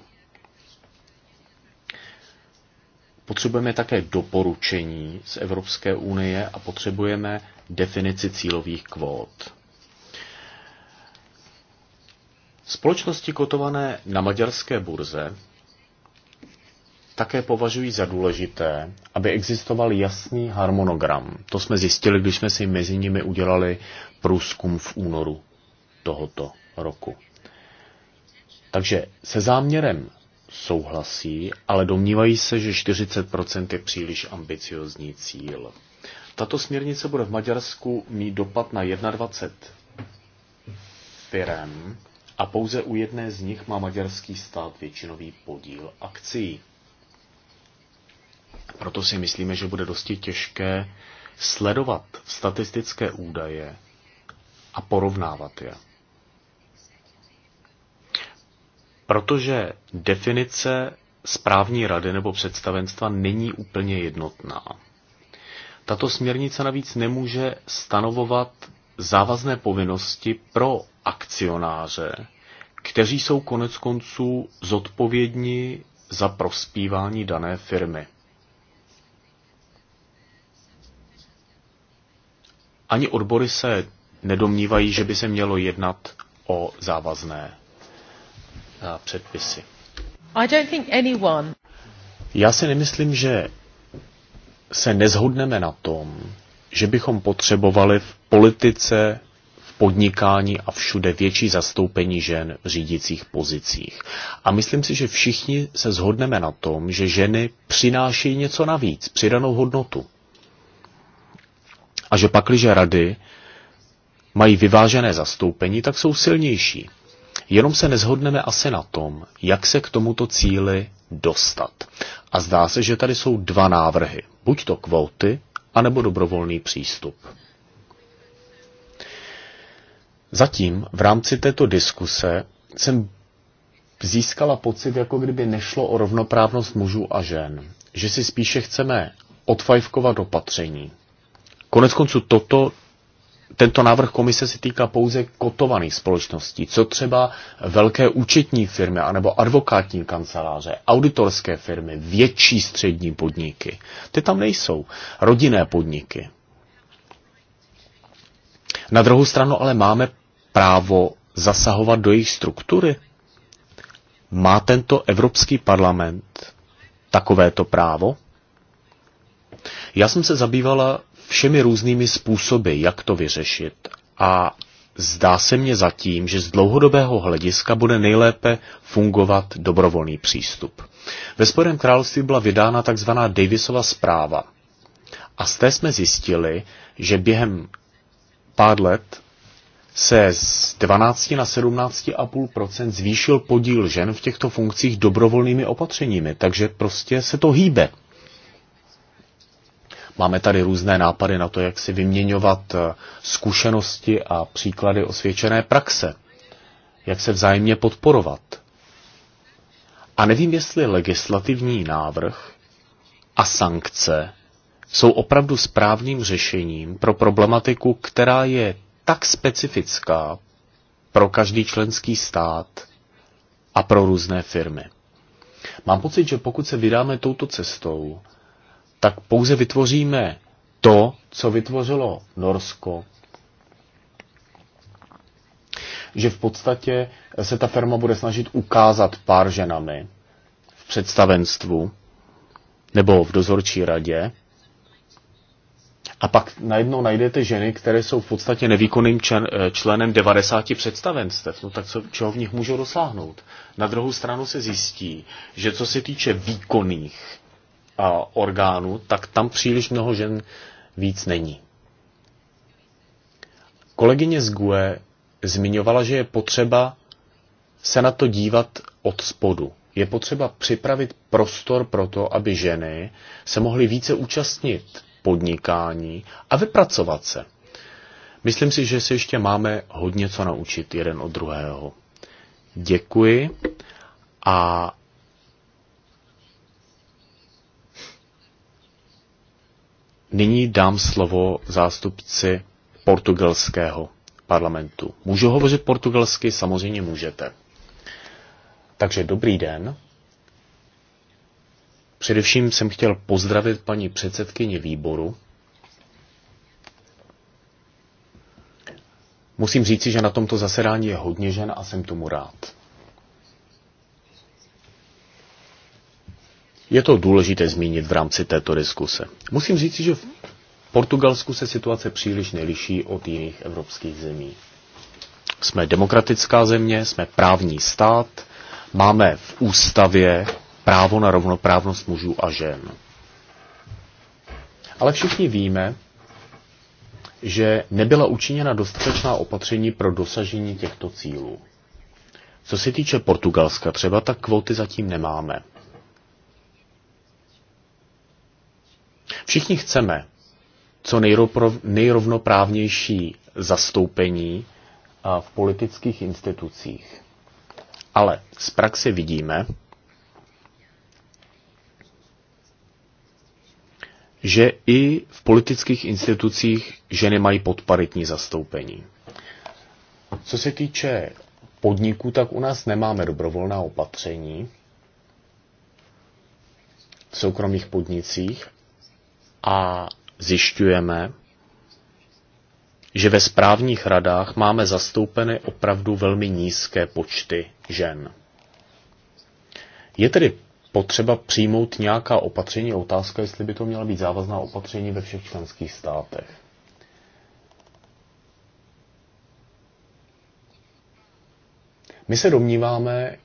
Speaker 3: Potřebujeme také doporučení z Evropské unie a potřebujeme definici cílových kvót. Společnosti kotované na maďarské burze také považují za důležité, aby existoval jasný harmonogram. To jsme zjistili, když jsme si mezi nimi udělali průzkum v únoru tohoto roku. Takže se záměrem souhlasí, ale domnívají se, že 40% je příliš ambiciozní cíl. Tato směrnice bude v Maďarsku mít dopad na 21 firm a pouze u jedné z nich má maďarský stát většinový podíl akcí. Proto si myslíme, že bude dosti těžké sledovat statistické údaje a porovnávat je. protože definice správní rady nebo představenstva není úplně jednotná. Tato směrnice navíc nemůže stanovovat závazné povinnosti pro akcionáře, kteří jsou konec konců zodpovědní za prospívání dané firmy. Ani odbory se nedomnívají, že by se mělo jednat o závazné předpisy.
Speaker 1: I don't think anyone...
Speaker 3: Já si nemyslím, že se nezhodneme na tom, že bychom potřebovali v politice, v podnikání a všude větší zastoupení žen v řídících pozicích. A myslím si, že všichni se zhodneme na tom, že ženy přinášejí něco navíc, přidanou hodnotu. A že pakliže rady mají vyvážené zastoupení, tak jsou silnější. Jenom se nezhodneme asi na tom, jak se k tomuto cíli dostat. A zdá se, že tady jsou dva návrhy. Buď to kvóty, anebo dobrovolný přístup. Zatím v rámci této diskuse jsem získala pocit, jako kdyby nešlo o rovnoprávnost mužů a žen. Že si spíše chceme odfajfkovat opatření. Konec konců toto tento návrh komise se týká pouze kotovaných společností, co třeba velké účetní firmy, anebo advokátní kanceláře, auditorské firmy, větší střední podniky. Ty tam nejsou. Rodinné podniky. Na druhou stranu ale máme právo zasahovat do jejich struktury. Má tento Evropský parlament takovéto právo? Já jsem se zabývala všemi různými způsoby, jak to vyřešit. A zdá se mně zatím, že z dlouhodobého hlediska bude nejlépe fungovat dobrovolný přístup. Ve Spojeném království byla vydána tzv. Davisova zpráva. A z té jsme zjistili, že během pár let se z 12 na 17,5 zvýšil podíl žen v těchto funkcích dobrovolnými opatřeními, takže prostě se to hýbe. Máme tady různé nápady na to, jak si vyměňovat eh, zkušenosti a příklady osvědčené praxe, jak se vzájemně podporovat. A nevím, jestli legislativní návrh a sankce jsou opravdu správným řešením pro problematiku, která je tak specifická pro každý členský stát a pro různé firmy. Mám pocit, že pokud se vydáme touto cestou, tak pouze vytvoříme to, co vytvořilo Norsko, že v podstatě se ta firma bude snažit ukázat pár ženami v představenstvu nebo v dozorčí radě. A pak najednou najdete ženy, které jsou v podstatě nevýkonným člen, eh, členem 90 představenstev. No tak co, čeho v nich můžou dosáhnout? Na druhou stranu se zjistí, že co se týče výkonných a orgánů, tak tam příliš mnoho žen víc není. Kolegyně z GUE zmiňovala, že je potřeba se na to dívat od spodu. Je potřeba připravit prostor pro to, aby ženy se mohly více účastnit podnikání a vypracovat se. Myslím si, že se ještě máme hodně co naučit jeden od druhého. Děkuji a Nyní dám slovo zástupci portugalského parlamentu. Můžu hovořit portugalsky? Samozřejmě můžete. Takže dobrý den. Především jsem chtěl pozdravit paní předsedkyni výboru. Musím říci, že na tomto zasedání je hodně žen a jsem tomu rád. Je to důležité zmínit v rámci této diskuse. Musím říct, že v Portugalsku se situace příliš neliší od jiných evropských zemí. Jsme demokratická země, jsme právní stát, máme v ústavě právo na rovnoprávnost mužů a žen. Ale všichni víme, že nebyla učiněna dostatečná opatření pro dosažení těchto cílů. Co se týče Portugalska třeba, tak kvóty zatím nemáme. Všichni chceme co nejrovnoprávnější zastoupení v politických institucích. Ale z praxe vidíme, že i v politických institucích ženy mají podparitní zastoupení. Co se týče podniků, tak u nás nemáme dobrovolná opatření v soukromých podnicích a zjišťujeme, že ve správních radách máme zastoupeny opravdu velmi nízké počty žen. Je tedy potřeba přijmout nějaká opatření. Otázka, jestli by to měla být závazná opatření ve všech členských státech. My se domníváme,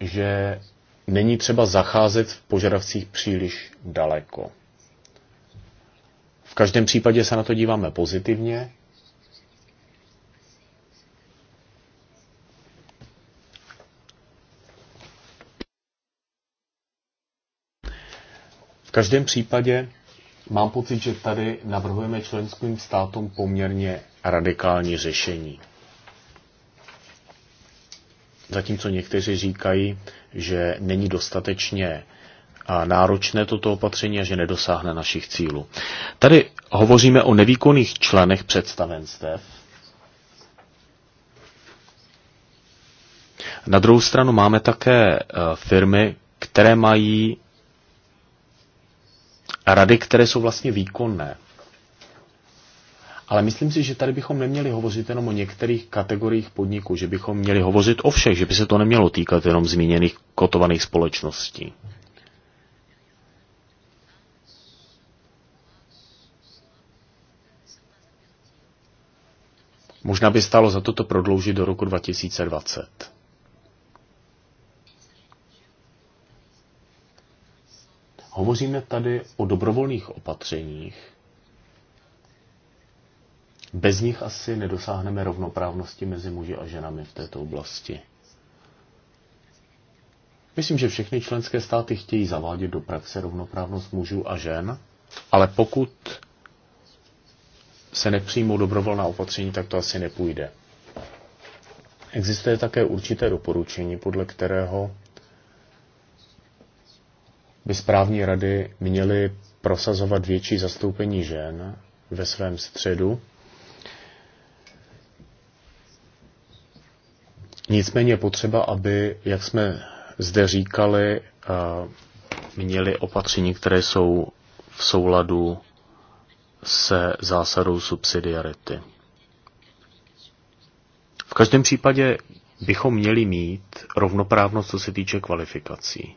Speaker 3: že není třeba zacházet v požadavcích příliš daleko. V každém případě se na to díváme pozitivně. V každém případě mám pocit, že tady navrhujeme členským státům poměrně radikální řešení. Zatímco někteří říkají, že není dostatečně a náročné toto opatření a že nedosáhne našich cílů. Tady hovoříme o nevýkonných členech představenstev. Na druhou stranu máme také e, firmy, které mají rady, které jsou vlastně výkonné. Ale myslím si, že tady bychom neměli hovořit jenom o některých kategoriích podniků, že bychom měli hovořit o všech, že by se to nemělo týkat jenom zmíněných kotovaných společností. Možná by stálo za toto prodloužit do roku 2020. Hovoříme tady o dobrovolných opatřeních, bez nich asi nedosáhneme rovnoprávnosti mezi muži a ženami v této oblasti. Myslím, že všechny členské státy chtějí zavádět do praxe rovnoprávnost mužů a žen, ale pokud se nepřijmou dobrovolná opatření, tak to asi nepůjde. Existuje také určité doporučení, podle kterého by správní rady měly prosazovat větší zastoupení žen ve svém středu Nicméně je potřeba, aby, jak jsme zde říkali, měli opatření, které jsou v souladu se zásadou subsidiarity. V každém případě bychom měli mít rovnoprávnost, co se týče kvalifikací.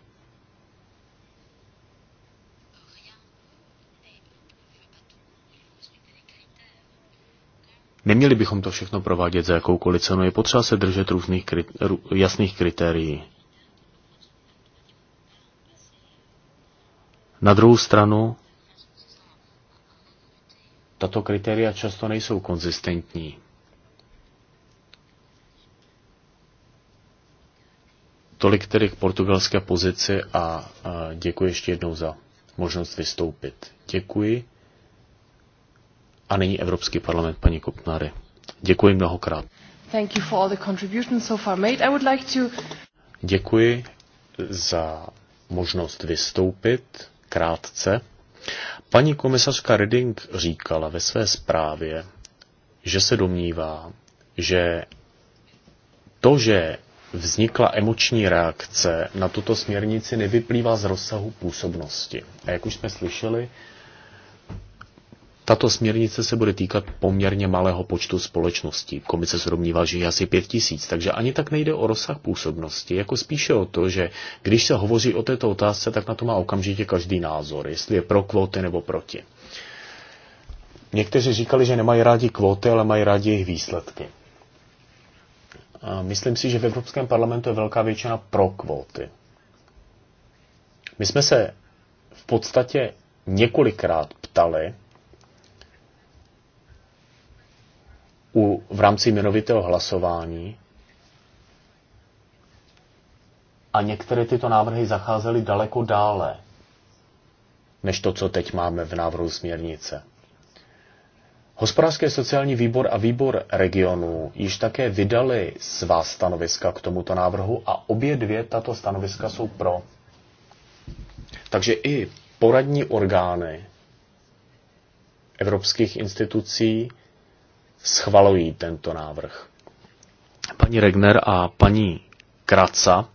Speaker 3: Neměli bychom to všechno provádět za jakoukoliv cenu. Je potřeba se držet různých krit- jasných kritérií. Na druhou stranu, tato kritéria často nejsou konzistentní. Tolik tedy k portugalské pozici a děkuji ještě jednou za možnost vystoupit. Děkuji a nyní Evropský parlament, paní Kopnary. Děkuji mnohokrát.
Speaker 1: Thank you for all the contributions so far made. I would like to...
Speaker 3: Děkuji za možnost vystoupit krátce. Paní komisařka Reding říkala ve své zprávě, že se domnívá, že to, že vznikla emoční reakce na tuto směrnici, nevyplývá z rozsahu působnosti. A jak už jsme slyšeli, tato směrnice se bude týkat poměrně malého počtu společností. Komise se domnívá, že je asi pět tisíc, takže ani tak nejde o rozsah působnosti, jako spíše o to, že když se hovoří o této otázce, tak na to má okamžitě každý názor, jestli je pro kvóty nebo proti. Někteří říkali, že nemají rádi kvóty, ale mají rádi jejich výsledky. A myslím si, že v Evropském parlamentu je velká většina pro kvóty. My jsme se v podstatě několikrát ptali, u, v rámci jmenovitého hlasování. A některé tyto návrhy zacházely daleko dále, než to, co teď máme v návrhu směrnice. Hospodářský sociální výbor a výbor regionů již také vydali svá stanoviska k tomuto návrhu a obě dvě tato stanoviska jsou pro. Takže i poradní orgány evropských institucí schvalují tento návrh. Paní Regner a paní Kraca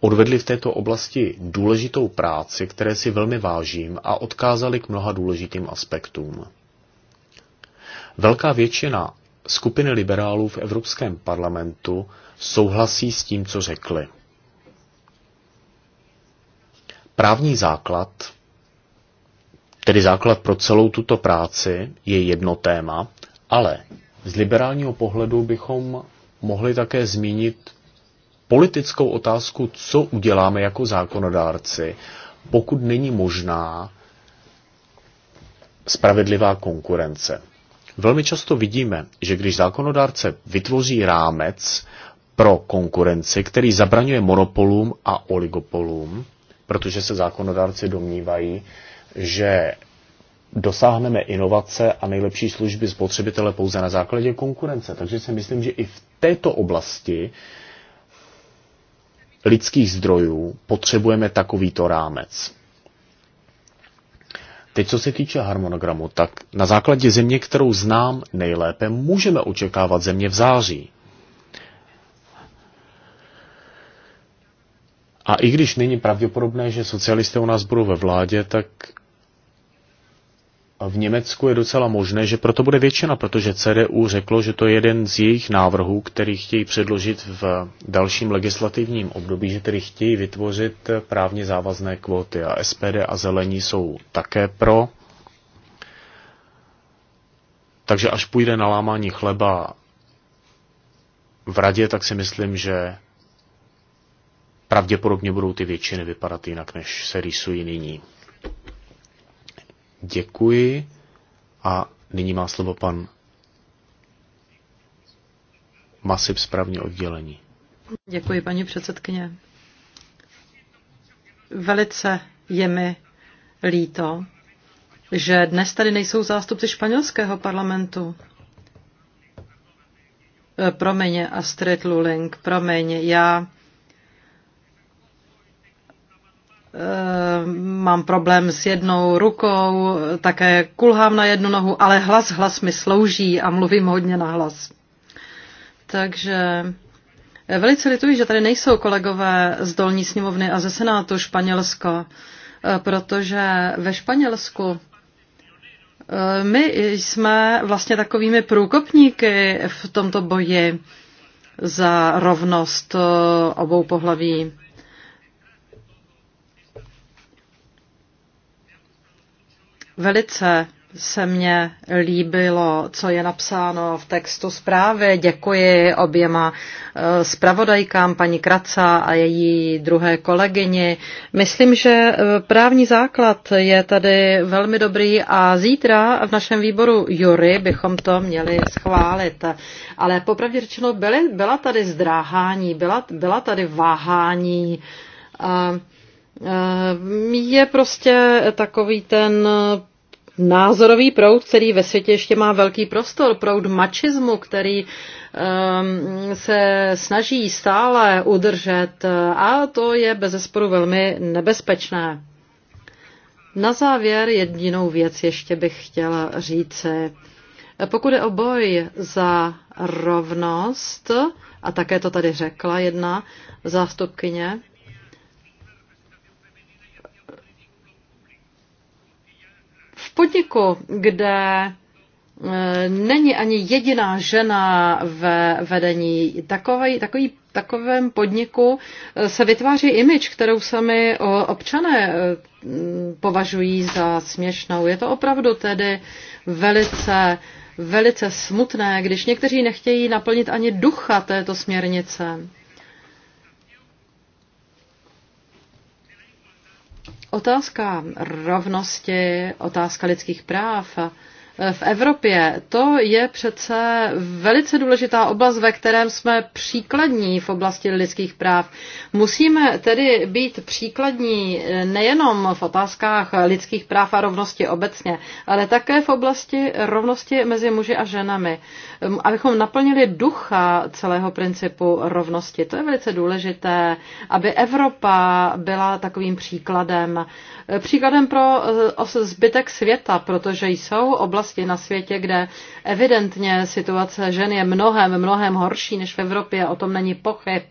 Speaker 3: odvedli v této oblasti důležitou práci, které si velmi vážím a odkázali k mnoha důležitým aspektům. Velká většina skupiny liberálů v Evropském parlamentu souhlasí s tím, co řekli. Právní základ, tedy základ pro celou tuto práci, je jedno téma, ale z liberálního pohledu bychom mohli také zmínit politickou otázku, co uděláme jako zákonodárci, pokud není možná spravedlivá konkurence. Velmi často vidíme, že když zákonodárce vytvoří rámec pro konkurenci, který zabraňuje monopolům a oligopolům, protože se zákonodárci domnívají, že dosáhneme inovace a nejlepší služby spotřebitele pouze na základě konkurence. Takže si myslím, že i v této oblasti lidských zdrojů potřebujeme takovýto rámec. Teď, co se týče harmonogramu, tak na základě země, kterou znám nejlépe, můžeme očekávat země v září. A i když není pravděpodobné, že socialisté u nás budou ve vládě, tak v Německu je docela možné, že proto bude většina, protože CDU řeklo, že to je jeden z jejich návrhů, který chtějí předložit v dalším legislativním období, že tedy chtějí vytvořit právně závazné kvóty a SPD a zelení jsou také pro. Takže až půjde na lámání chleba v radě, tak si myslím, že pravděpodobně budou ty většiny vypadat jinak, než se rýsují nyní. Děkuji a nyní má slovo pan Masip správně oddělení.
Speaker 1: Děkuji, paní předsedkyně. Velice je mi líto, že dnes tady nejsou zástupci španělského parlamentu. E, promiň, Astrid Luling, promiň, já Eh, mám problém s jednou rukou, také kulhám na jednu nohu, ale hlas, hlas mi slouží a mluvím hodně na hlas. Takže eh, velice lituji, že tady nejsou kolegové z dolní sněmovny a ze senátu Španělsko, eh, protože ve Španělsku my jsme vlastně takovými průkopníky v tomto boji za rovnost obou pohlaví. Velice se mně líbilo, co je napsáno v textu zprávy. Děkuji oběma eh, zpravodajkám, paní Kraca a její druhé kolegyni. Myslím, že eh, právní základ je tady velmi dobrý a zítra v našem výboru Jury bychom to měli schválit. Ale popravdě řečeno, byly, byla tady zdráhání, byla, byla tady váhání. Uh, Eh, je prostě takový ten názorový proud, který ve světě ještě má velký prostor, proud mačismu, který eh, se snaží stále udržet eh, a to je bezesporu velmi nebezpečné. Na závěr jedinou věc ještě bych chtěla říci. Pokud je o boj za rovnost, a také to tady řekla jedna zástupkyně, podniku, kde e, není ani jediná žena ve vedení. Takový, takový, takovém podniku e, se vytváří imič, kterou sami občané e, považují za směšnou. Je to opravdu tedy velice, velice smutné, když někteří nechtějí naplnit ani ducha této směrnice. Otázka rovnosti, otázka lidských práv v Evropě, to je přece velice důležitá oblast, ve kterém jsme příkladní v oblasti lidských práv. Musíme tedy být příkladní nejenom v otázkách lidských práv a rovnosti obecně, ale také v oblasti rovnosti mezi muži a ženami, um, abychom naplnili ducha celého principu rovnosti. To je velice důležité, aby Evropa byla takovým příkladem. Příkladem pro eh, zbytek světa, protože jsou oblasti, oblasti na světě, kde evidentně situace žen je mnohem, mnohem horší než v Evropě, o tom není pochyb.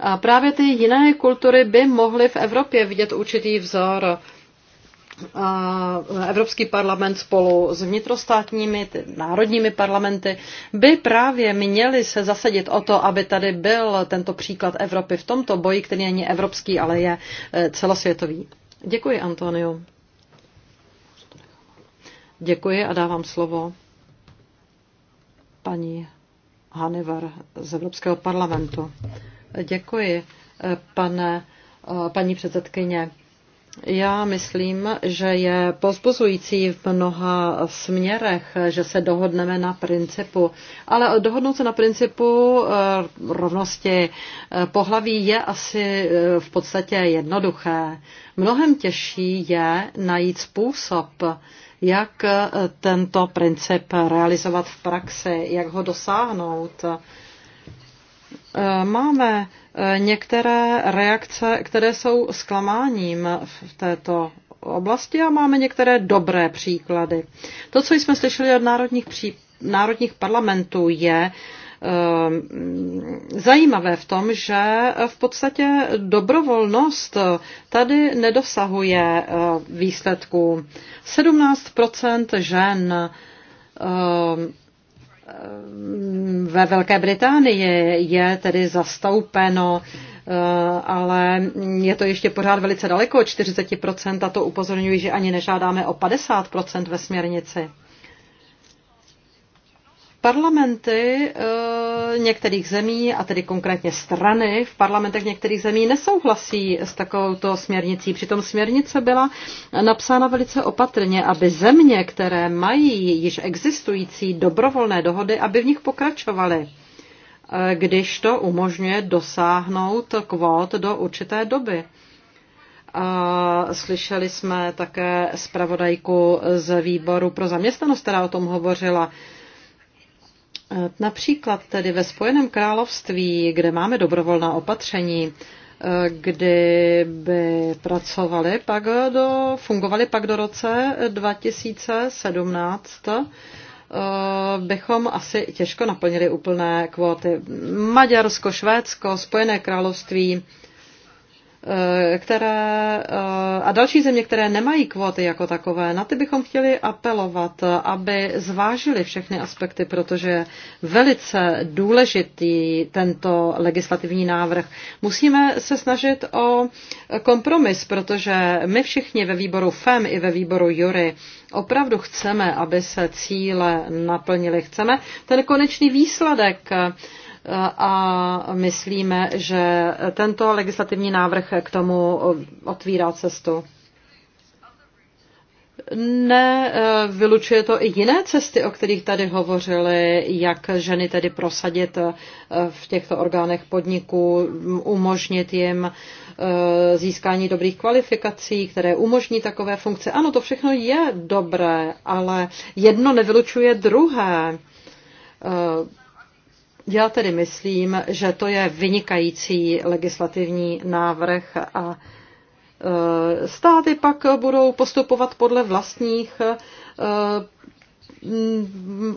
Speaker 1: A právě ty jiné kultury by mohly v Evropě vidět určitý vzor. A Evropský parlament spolu s vnitrostátními, národními parlamenty by právě měli se zasadit o to, aby tady byl tento příklad Evropy v tomto boji, který není evropský, ale je e, celosvětový. Děkuji, Antonio. Děkuji a dávám slovo paní Hanevar z Evropského parlamentu. Děkuji, pane, paní předsedkyně. Já myslím, že je pozbuzující v mnoha směrech, že se dohodneme na principu. Ale dohodnout se na principu eh, rovnosti eh, pohlaví je asi eh, v podstatě jednoduché. Mnohem těžší je najít způsob, jak eh, tento princip realizovat v praxi, jak ho dosáhnout. Eh, máme eh, některé reakce, které jsou zklamáním v této oblasti a máme některé dobré příklady. To, co jsme slyšeli od národních, pří, národních parlamentů, je, Ehm, zajímavé v tom, že v podstatě dobrovolnost tady nedosahuje eh, výsledků. 17 žen ehm, ehm, ve Velké Británii je tedy zastoupeno, eh, ale je to ještě pořád velice daleko 40%, a to upozorňuji, že ani nežádáme o 50% ve směrnici. Parlamenty eh, některých zemí, a tedy konkrétně strany v parlamentech některých zemí nesouhlasí s takovouto směrnicí. Přitom směrnice byla napsána velice opatrně, aby země, které mají již existující dobrovolné dohody, aby v nich pokračovaly eh, když to umožňuje dosáhnout kvót do určité doby. A slyšeli jsme také zpravodajku z výboru pro zaměstnanost, která o tom hovořila. Například tedy ve Spojeném království, kde máme dobrovolná opatření, kdyby pracovali pak do, fungovali pak do roce 2017, eh, bychom asi těžko naplnili úplné kvóty. Maďarsko, Švédsko, Spojené království, Eh, které, eh, a další země, které nemají kvóty jako takové, na ty bychom chtěli apelovat, aby zvážili všechny aspekty, protože je velice důležitý tento legislativní návrh. Musíme se snažit o kompromis, protože my všichni ve výboru FEM i ve výboru JURY opravdu chceme, aby se cíle naplnily. Chceme ten konečný výsledek a myslíme, že tento legislativní návrh k tomu otvírá cestu. Ne, e, vylučuje to i jiné cesty, o kterých tady hovořili, jak ženy tedy prosadit e, v těchto orgánech podniků, umožnit jim e, získání dobrých kvalifikací, které umožní takové funkce. Ano, to všechno je dobré, ale jedno nevylučuje druhé já tedy myslím, že to je vynikající legislativní návrh a e, státy pak budou postupovat podle vlastních e,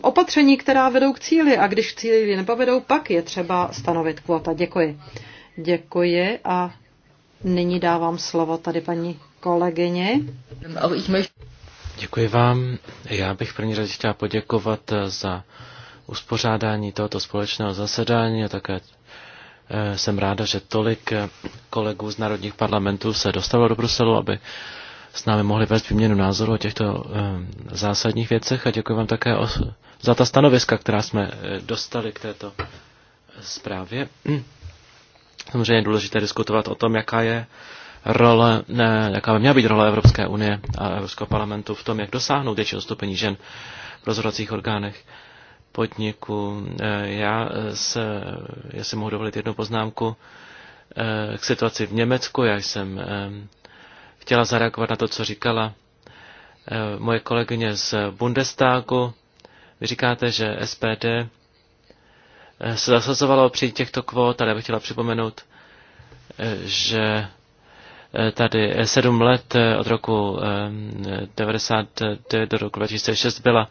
Speaker 1: opatření, která vedou k cíli a když k cíli nepovedou, pak je třeba stanovit kvota. Děkuji. Děkuji a nyní dávám slovo tady paní kolegyně.
Speaker 2: Děkuji vám. Já bych první řadě chtěla poděkovat za uspořádání tohoto společného zasedání a také eh, jsem ráda, že tolik eh, kolegů z národních parlamentů se dostalo do Bruselu, aby s námi mohli vést výměnu názoru o těchto eh, zásadních věcech a děkuji vám také za ta stanoviska, která jsme dostali k této zprávě. Samozřejmě je důležité diskutovat o tom, jaká je role, ne, jaká by měla být role Evropské unie a Evropského parlamentu v tom, jak dosáhnout většího stupení žen v rozhodovacích orgánech podniku. Eh, já eh, se, já si mohu dovolit jednu poznámku eh, k situaci v Německu, já jsem chtěla zareagovat na to, co říkala moje kolegyně z Bundestagu. Vy říkáte, že SPD se zasazovalo při těchto kvót, ale já bych chtěla připomenout, že tady sedm let od roku 1999 do roku 2006 byla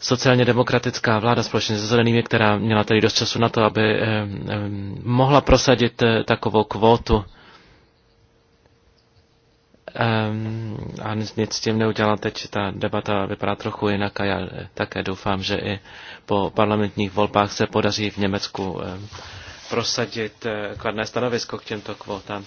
Speaker 2: sociálně demokratická vláda společně se zelenými, která měla tedy dost času na to, aby eh, eh, mohla prosadit eh, takovou kvótu a nic s tím neudělala. Teď ta debata vypadá trochu jinak a já také doufám, že i po parlamentních volbách se podaří v Německu prosadit kladné stanovisko k těmto kvótám.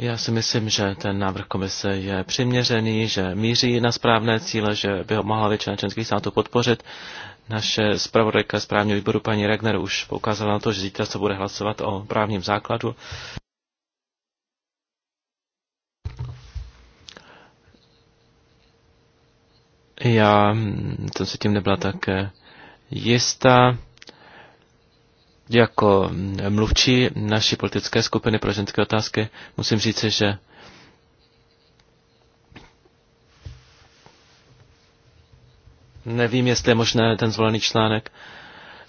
Speaker 2: Já si myslím, že ten návrh komise je přiměřený, že míří na správné cíle, že by ho mohla většina členských států podpořit. Naše zpravodajka správního výboru paní Regner už poukázala na to, že zítra se bude hlasovat o právním základu. Já jsem si tím nebyla tak jistá. Jako mm, mluvčí naší politické skupiny pro ženské otázky musím říci, že nevím, jestli je možné ten zvolený článek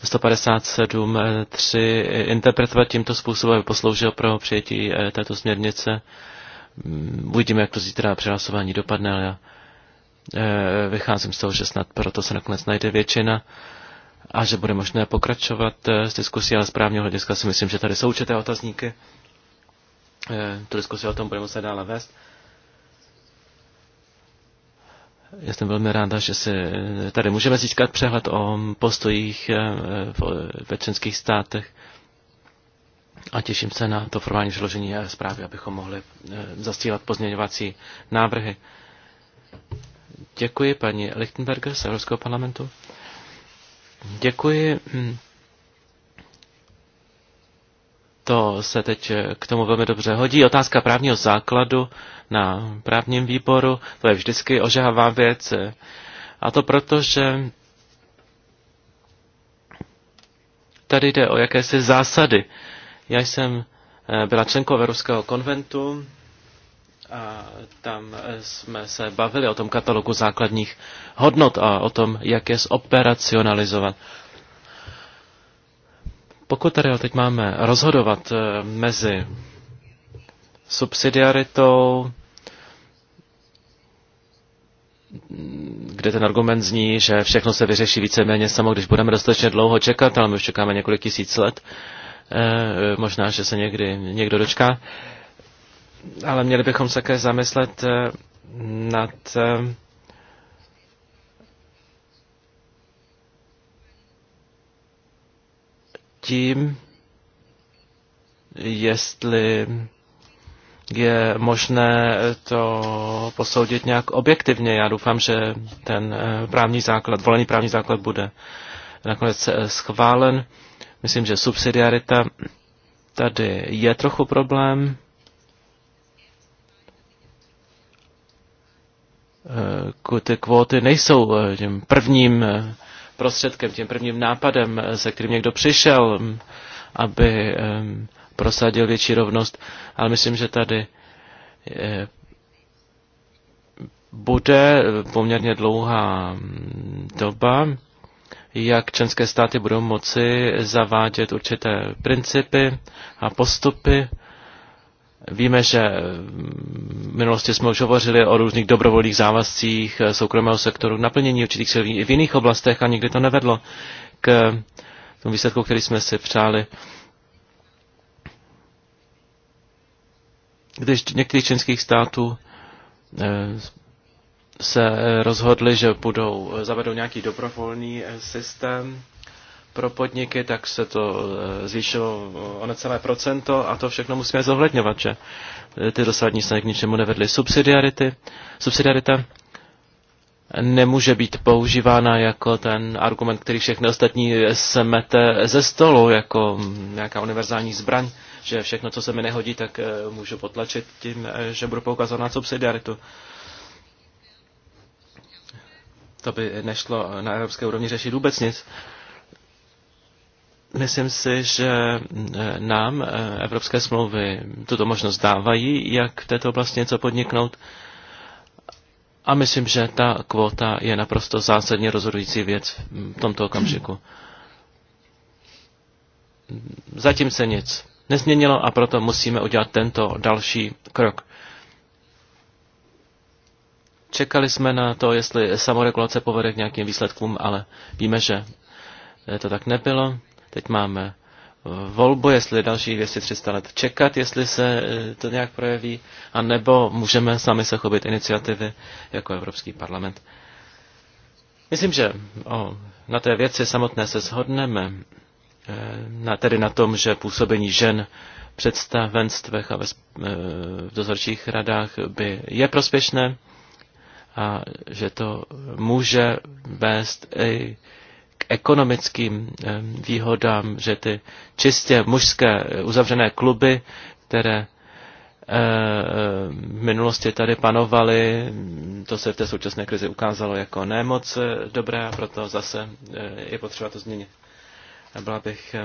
Speaker 2: 157.3 interpretovat tímto způsobem, aby posloužil pro přijetí eh, této směrnice. Mm, uvidíme, jak to zítra při hlasování dopadne, ale já eh, vycházím z toho, že snad proto se nakonec najde většina a že bude možné pokračovat eh, s diskusí, ale správně hlediska si myslím, že tady jsou určité otazníky. Eh, tu diskusi o tom budeme muset dále vést. Já jsem velmi ráda, že si eh, tady můžeme získat přehled o postojích ve členských státech a těším se na to formální přeložení zprávy, abychom mohli zastílat pozměňovací návrhy. Děkuji paní Lichtenberger z Evropského parlamentu. Děkuji. Hm. To se teď k tomu velmi dobře hodí. Otázka právního základu na právním výboru, to je vždycky ožehavá věc. A to proto, že tady jde o jakési zásady. Já jsem eh, byla členkou Evropského konventu a tam jsme se bavili o tom katalogu základních hodnot a o tom, jak je zoperacionalizovat. Pokud tady teď máme rozhodovat eh, mezi subsidiaritou, kde ten argument zní, že všechno se vyřeší víceméně samo, když budeme dostatečně dlouho čekat, ale my už čekáme několik tisíc let, eh, možná, že se někdy někdo dočká, ale měli bychom se také zamyslet eh, nad eh, tím, jestli je možné to posoudit nějak objektivně. Já doufám, že ten eh, právní základ, volený právní základ bude nakonec schválen. Myslím, že subsidiarita tady je trochu problém. Eh, ty kvóty nejsou eh, tím prvním eh, prostředkem, tím prvním nápadem, se kterým někdo přišel, mm, aby prosadil větší rovnost, ale myslím, že tady bude poměrně dlouhá mm, doba, jak členské státy budou moci zavádět určité principy a postupy Víme, že v minulosti jsme už hovořili o různých dobrovolných závazcích eh, soukromého sektoru, naplnění určitých sil i v jiných oblastech a nikdy to nevedlo k eh, tomu výsledku, který jsme si přáli. Když některých členských států eh, se rozhodli, že budou, zavedou nějaký dobrovolný systém, pro podniky, tak se to eh, zvýšilo o necelé procento a to všechno musíme zohledňovat, že eh, ty dosadní snahy k ničemu nevedly. Subsidiarity, subsidiarita nemůže být používána jako ten argument, který všechny ostatní semete ze stolu, jako mm, nějaká univerzální zbraň, že všechno, co se mi nehodí, tak eh, můžu potlačit tím, že budu poukazovat na subsidiaritu. To by nešlo na evropské úrovni řešit vůbec nic. Myslím si, že e, nám e, evropské smlouvy tuto možnost dávají, jak v této oblasti něco podniknout. A myslím, že ta kvota je naprosto zásadně rozhodující věc v tomto okamžiku. Zatím se nic nezměnilo a proto musíme udělat tento další krok. Čekali jsme na to, jestli samoregulace povede k nějakým výsledkům, ale víme, že to tak nebylo. Teď máme eh, volbu, jestli další 200-300 let čekat, jestli se eh, to nějak projeví, anebo můžeme sami se chopit iniciativy jako Evropský parlament. Myslím, že o, na té věci samotné se shodneme, eh, na, tedy na tom, že působení žen v představenstvech a ve, v dozorčích radách by je prospěšné a že to může vést i ekonomickým eh, výhodám, že ty čistě mužské eh, uzavřené kluby, které eh, v minulosti tady panovaly, to se v té současné krizi ukázalo jako nemoc dobré a proto zase je potřeba to změnit. Byla bych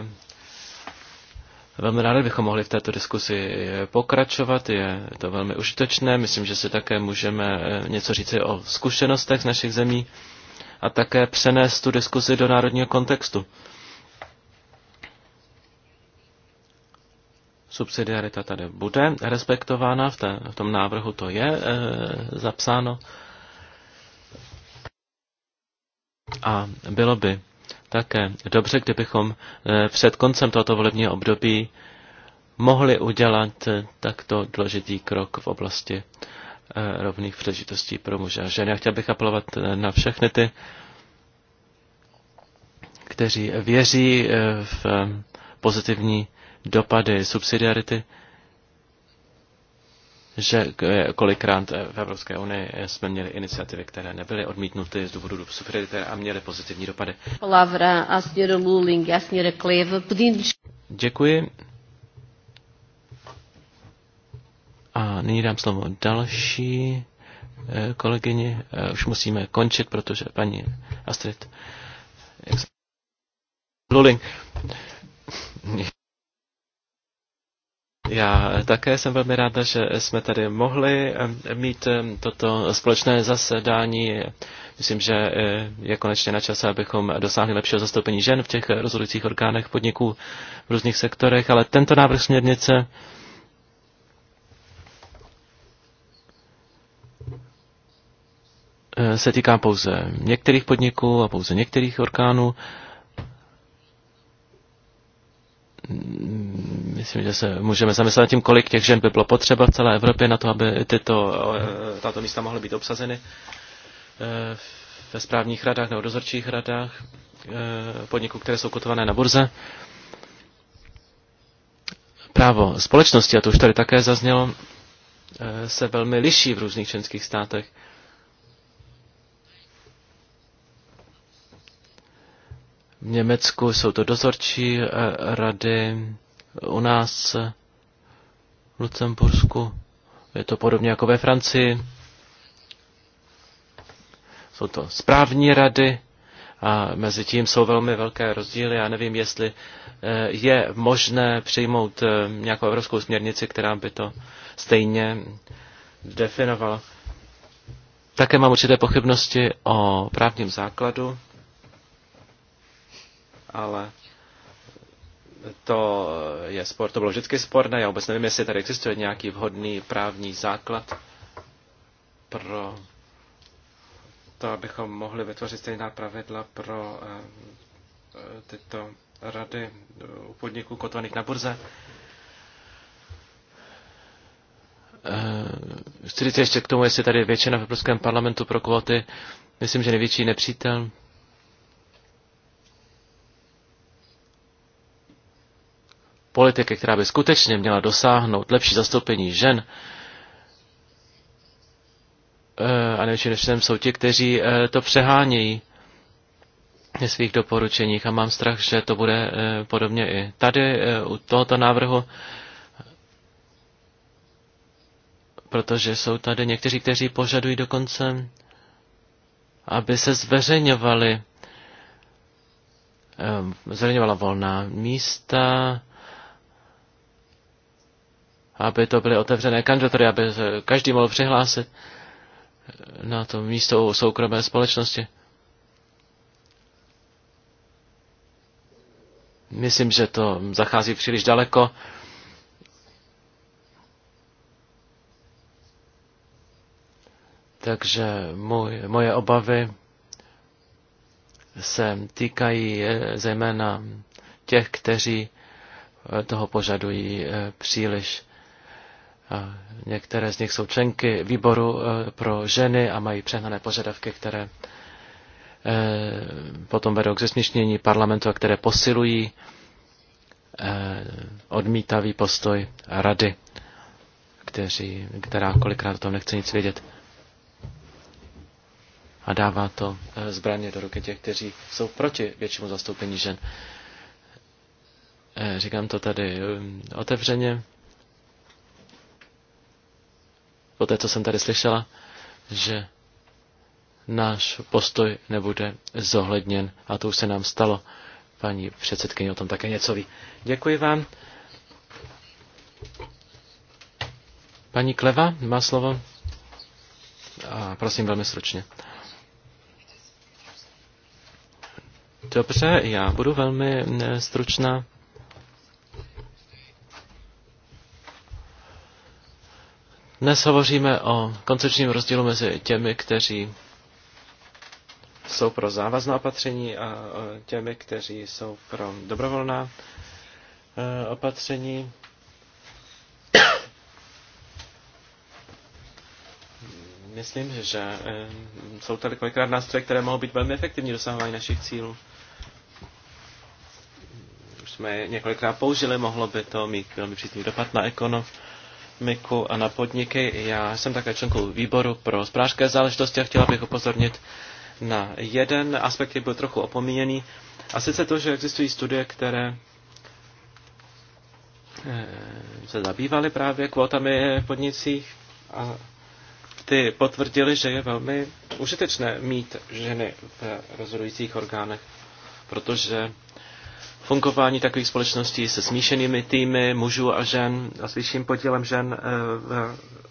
Speaker 2: Velmi ráda bychom mohli v této diskusi pokračovat, je to velmi užitečné. Myslím, že si také můžeme něco říct o zkušenostech z našich zemí a také přenést tu diskuzi do národního kontextu. Subsidiarita tady bude respektována, v, té, v tom návrhu to je e, zapsáno. A bylo by také dobře, kdybychom eh, před koncem tohoto volebního období mohli udělat eh, takto důležitý krok v oblasti Eh, rovných příležitostí pro muže a ženy. Já chtěl bych apelovat eh, na všechny ty, kteří věří eh, v pozitivní dopady subsidiarity, že kolikrát v Evropské unii jsme měli iniciativy, které nebyly odmítnuty z důvodu subsidiarity a měly pozitivní dopady.
Speaker 1: Palavra a a
Speaker 2: Děkuji. A nyní dám slovo další eh, kolegyně. Eh, už musíme končit, protože paní Astrid Luling. Já také jsem velmi ráda, že jsme tady mohli eh, mít toto společné zasedání. Myslím, že je konečně na čase, abychom dosáhli lepšího zastoupení žen v těch rozhodujících orgánech podniků v různých sektorech, ale tento návrh směrnice Eh, se týká pouze některých podniků a pouze některých orgánů. Mm, myslím, že se můžeme zamyslet nad tím, kolik těch žen by bylo potřeba v celé Evropě na to, aby tyto, eh, tato místa mohly být obsazeny eh, ve správních radách nebo dozorčích radách podniků, které jsou kotované na burze. Právo společnosti, a to už tady také zaznělo, se velmi liší v různých členských státech. Německu jsou to dozorčí eh, rady, u nás v Lucembursku je to podobně jako ve Francii. Jsou to správní rady a mezi tím jsou velmi velké rozdíly. Já nevím, jestli eh, je možné přijmout eh, nějakou evropskou směrnici, která by to stejně definovala. Také mám určité pochybnosti o právním základu ale to je spor, to bylo vždycky sporné, já vůbec nevím, jestli tady existuje nějaký vhodný právní základ pro to, abychom mohli vytvořit stejná pravidla pro eh, tyto rady u podniků kotovaných na burze. Eh, chci říct ještě k tomu, jestli tady většina v Evropském parlamentu pro kvóty, myslím, že největší nepřítel politiky, která by skutečně měla dosáhnout lepší zastoupení žen, eh, a nevětším jsou ti, kteří eh, to přehánějí ve svých doporučeních a mám strach, že to bude eh, podobně i tady u tohoto návrhu, protože jsou tady někteří, kteří požadují dokonce, aby se zveřejňovaly zveřejňovala volná místa, aby to byly otevřené kandidatury, aby každý mohl přihlásit na to místo u soukromé společnosti. Myslím, že to zachází příliš daleko. Takže můj, moje obavy se týkají eh, zejména těch, kteří toho požadují eh, příliš některé z nich jsou členky výboru eh, pro ženy a mají přehnané požadavky, které eh, potom vedou k zesměšnění parlamentu a které posilují eh, odmítavý postoj rady, kteří, která kolikrát o tom nechce nic vědět. A dává to zbraně do ruky těch, kteří jsou proti většímu zastoupení žen. Říkám to tady otevřeně po té, co jsem tady slyšela, že náš postoj nebude zohledněn. A to už se nám stalo. Paní předsedkyně o tom také něco ví. Děkuji vám. Paní Kleva má slovo. A prosím velmi stručně. Dobře, já budu velmi eh, stručná. Dnes hovoříme o koncepčním rozdílu mezi těmi, kteří jsou pro závazná opatření a těmi, kteří jsou pro dobrovolná e, opatření. Myslím, že e, jsou tady kolikrát nástroje, které mohou být velmi efektivní dosahování našich cílů. Už jsme je několikrát použili, mohlo by to mít velmi přísný dopad na ekonomiku. Miku a na podniky. Já jsem také členkou výboru pro zprážské záležitosti a chtěla bych upozornit na jeden aspekt, který byl trochu opomíjený, a sice to, že existují studie, které eh, se zabývaly právě kvótami v podnicích a ty potvrdili, že je velmi užitečné mít ženy v rozhodujících orgánech, protože fungování takových společností se smíšenými týmy mužů a žen a s vyšším podílem žen eh,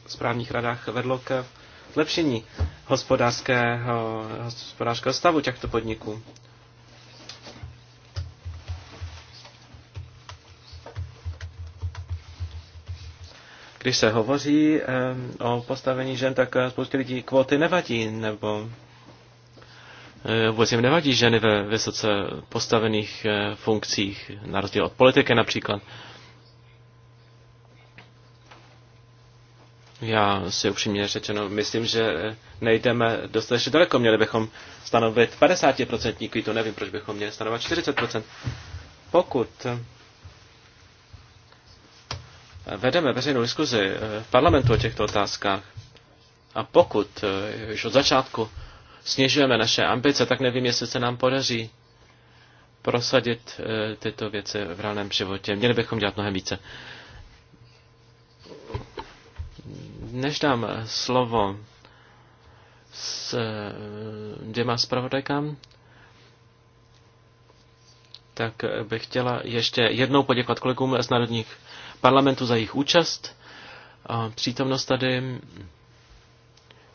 Speaker 2: v správních radách vedlo k zlepšení hospodářského, hospodářského stavu těchto podniků. Když se hovoří eh, o postavení žen, tak eh, spoustě lidí kvóty nevadí, nebo Eh, vůbec jim nevadí ženy ve vysoce postavených eh, funkcích, na rozdíl od politiky například. Já si upřímně řečeno myslím, že eh, nejdeme dostatečně daleko. Měli bychom stanovit 50% kvítu, nevím, proč bychom měli stanovat 40%. Pokud vedeme veřejnou diskuzi v parlamentu o těchto otázkách a pokud už od začátku snižujeme naše ambice, tak nevím, jestli se nám podaří prosadit eh, tyto věci v reálném životě. Měli bychom dělat mnohem více. Než dám eh, slovo s eh, dvěma zpravodajkám, tak bych chtěla ještě jednou poděkovat kolegům z národních parlamentů za jejich účast a přítomnost tady.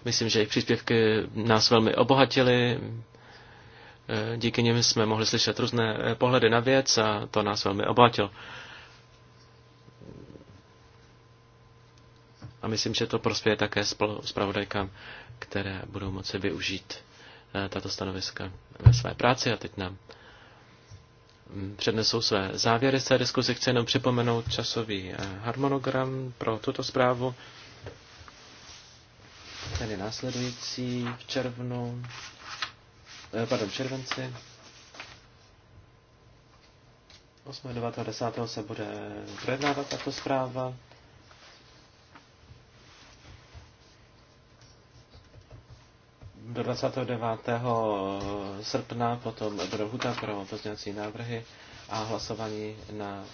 Speaker 2: Myslím, že jejich příspěvky nás velmi obohatily. E, díky nim jsme mohli slyšet různé e, pohledy na věc a to nás velmi obohatilo. A myslím, že to prospěje také zpravodajkám, které budou moci využít e, tato stanoviska ve své práci a teď nám mm, přednesou své závěry z té diskuzi. Chci jenom připomenout časový harmonogram pro tuto zprávu ten je následující v červnu, eh, pardon, v červenci. 8. 9. 10. se bude projednávat tato zpráva. Do 29. srpna potom bude huta pro pozdělací návrhy a hlasování na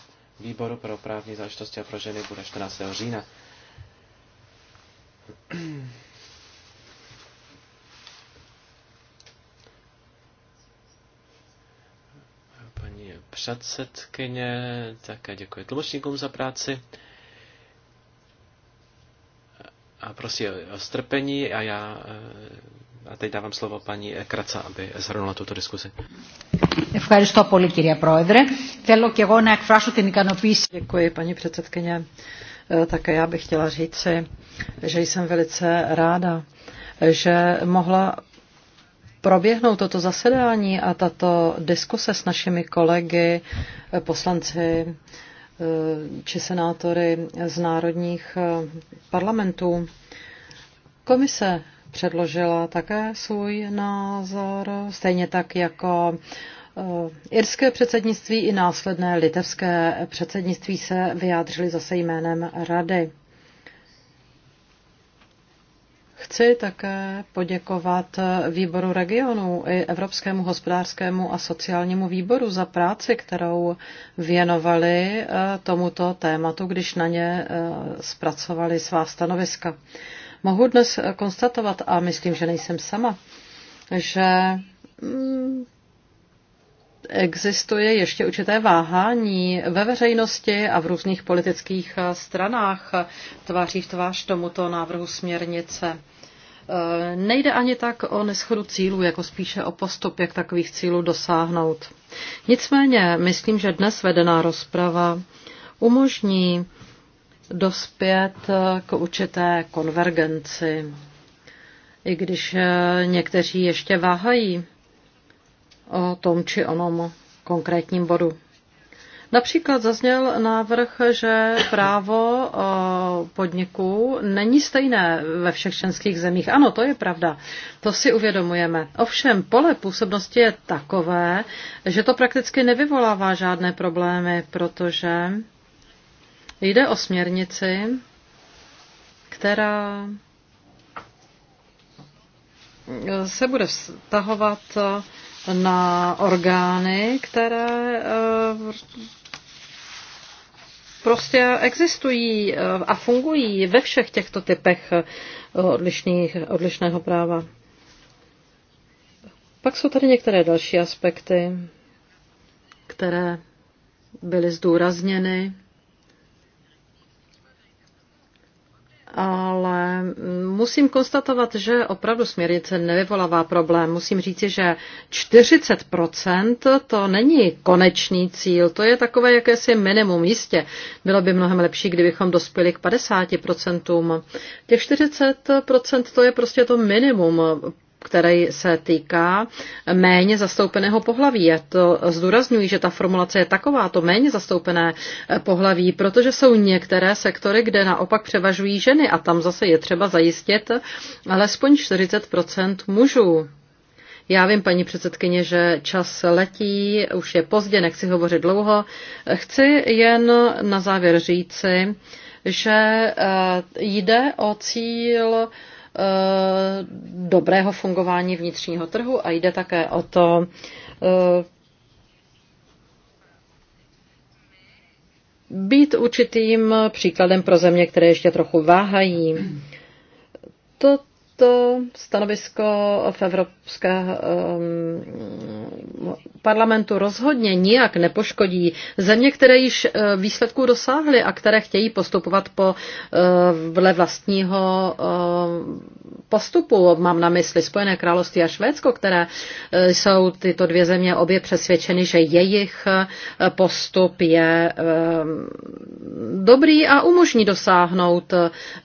Speaker 2: výboru pro právní záležitosti a pro ženy bude 14. října. předsedkyně, také děkuji tlumočníkům za práci. A prosím o strpení a já eh, a teď dávám slovo paní Kraca, aby zhrnula tuto diskuzi.
Speaker 1: Ευχαριστώ πολύ κυρία Πρόεδρε. Θέλω και εγώ να εκφράσω την ικανοποίηση. Děkuji paní předsedkyně. Eh, také já bych chtěla říci, že jsem velice ráda, že mohla proběhnout toto zasedání a tato diskuse s našimi kolegy, eh, poslanci eh, či senátory z národních eh, parlamentů. Komise předložila také svůj názor, stejně tak jako Irské předsednictví i následné litevské předsednictví se vyjádřili zase jménem Rady. Chci také poděkovat výboru regionu i Evropskému hospodářskému a sociálnímu výboru za práci, kterou věnovali eh, tomuto tématu, když na ně eh, zpracovali svá stanoviska. Mohu dnes konstatovat, a myslím, že nejsem sama, že mm, existuje ještě určité váhání ve veřejnosti a v různých politických eh, stranách eh, tváří v tvář tomuto návrhu směrnice. Eh, nejde ani tak o neschodu cílů, jako spíše o postup, jak takových cílů dosáhnout. Nicméně, myslím, že dnes vedená rozprava umožní dospět k určité konvergenci, i když někteří ještě váhají o tom či onom konkrétním bodu. Například zazněl návrh, že právo podniků není stejné ve všech členských zemích. Ano, to je pravda, to si uvědomujeme. Ovšem, pole působnosti je takové, že to prakticky nevyvolává žádné problémy, protože jde o směrnici, která se bude vztahovat na orgány, které eh, prostě existují eh, a fungují ve všech těchto typech eh, odlišných, odlišného práva. Pak jsou tady některé další aspekty, které byly zdůrazněny ale musím konstatovat, že opravdu směrnice nevyvolává problém. Musím říci, že 40% to není konečný cíl, to je takové jakési minimum. Jistě bylo by mnohem lepší, kdybychom dospěli k 50%. Těch 40% to je prostě to minimum který se týká méně zastoupeného pohlaví. Já to zdůrazňuji, že ta formulace je taková, to méně zastoupené pohlaví, protože jsou některé sektory, kde naopak převažují ženy a tam zase je třeba zajistit alespoň 40 mužů. Já vím, paní předsedkyně, že čas letí, už je pozdě, nechci hovořit dlouho. Chci jen na závěr říci, že eh, jde o cíl Eh, dobrého fungování vnitřního trhu a jde také o to eh, být určitým příkladem pro země, které ještě trochu váhají. To to stanovisko v um, parlamentu rozhodně nijak nepoškodí země, které již e, výsledků dosáhly a které chtějí postupovat po e, vle vlastního e, postupu. Mám na mysli Spojené království a Švédsko, které jsou tyto dvě země obě přesvědčeny, že jejich postup je dobrý a umožní dosáhnout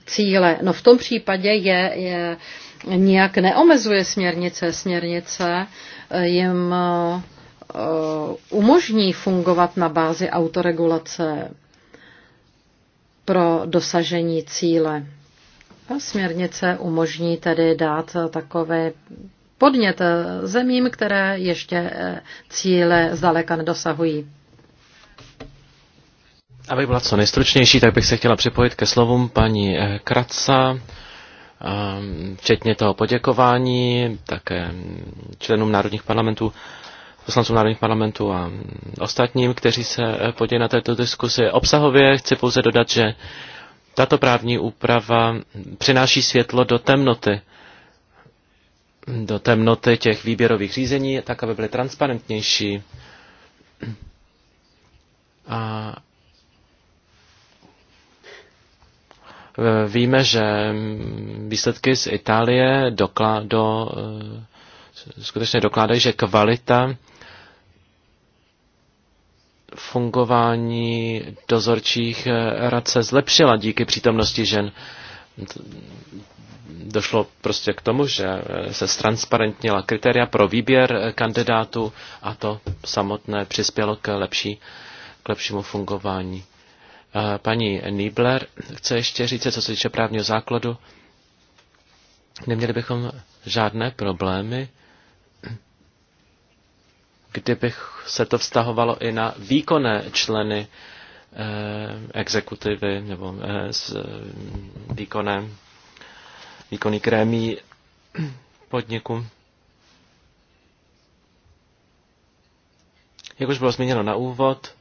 Speaker 1: cíle. No v tom případě je, je nijak neomezuje směrnice. Směrnice eh, jim eh, umožní fungovat na bázi autoregulace pro dosažení cíle. A směrnice umožní tedy dát takové podnět eh, zemím, které ještě cíle zdaleka nedosahují.
Speaker 2: Abych byla co nejstručnější, tak bych se chtěla připojit ke slovům paní Kraca Ehm, včetně toho poděkování také členům národních parlamentů, poslancům národních parlamentů a ostatním, kteří se eh, podějí na této diskusi. Obsahově chci pouze dodat, že tato právní úprava přináší světlo do temnoty, do temnoty těch výběrových řízení, tak aby byly transparentnější a Eh, víme, že výsledky z Itálie doklá, do, eh, skutečně dokládají, že kvalita fungování dozorčích eh, rad se zlepšila díky přítomnosti žen. Došlo prostě k tomu, že se ztransparentnila kritéria pro výběr kandidátů a to samotné přispělo k, lepší, k lepšímu fungování Paní Niebler chce ještě říct, co se týče právního základu. Neměli bychom žádné problémy, kdybych se to vztahovalo i na výkonné členy eh, exekutivy nebo eh, s, eh, výkonné, výkonný krémí podniku. Jak už bylo zmíněno na úvod,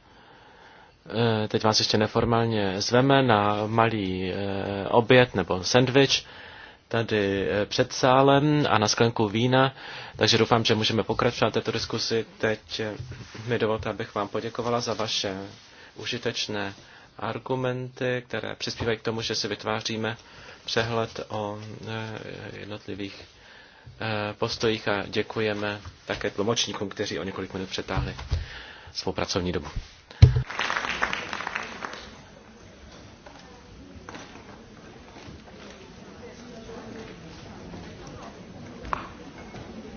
Speaker 2: Eh, teď vás ještě neformálně zveme na malý eh, oběd nebo sendvič tady eh, před sálem a na sklenku vína, takže doufám, že můžeme pokračovat této diskusi. Teď mi dovolte, abych vám poděkovala za vaše užitečné argumenty, které přispívají k tomu, že si vytváříme přehled o jednotlivých postojích a děkujeme také tlumočníkům, kteří o několik minut přetáhli svou pracovní dobu.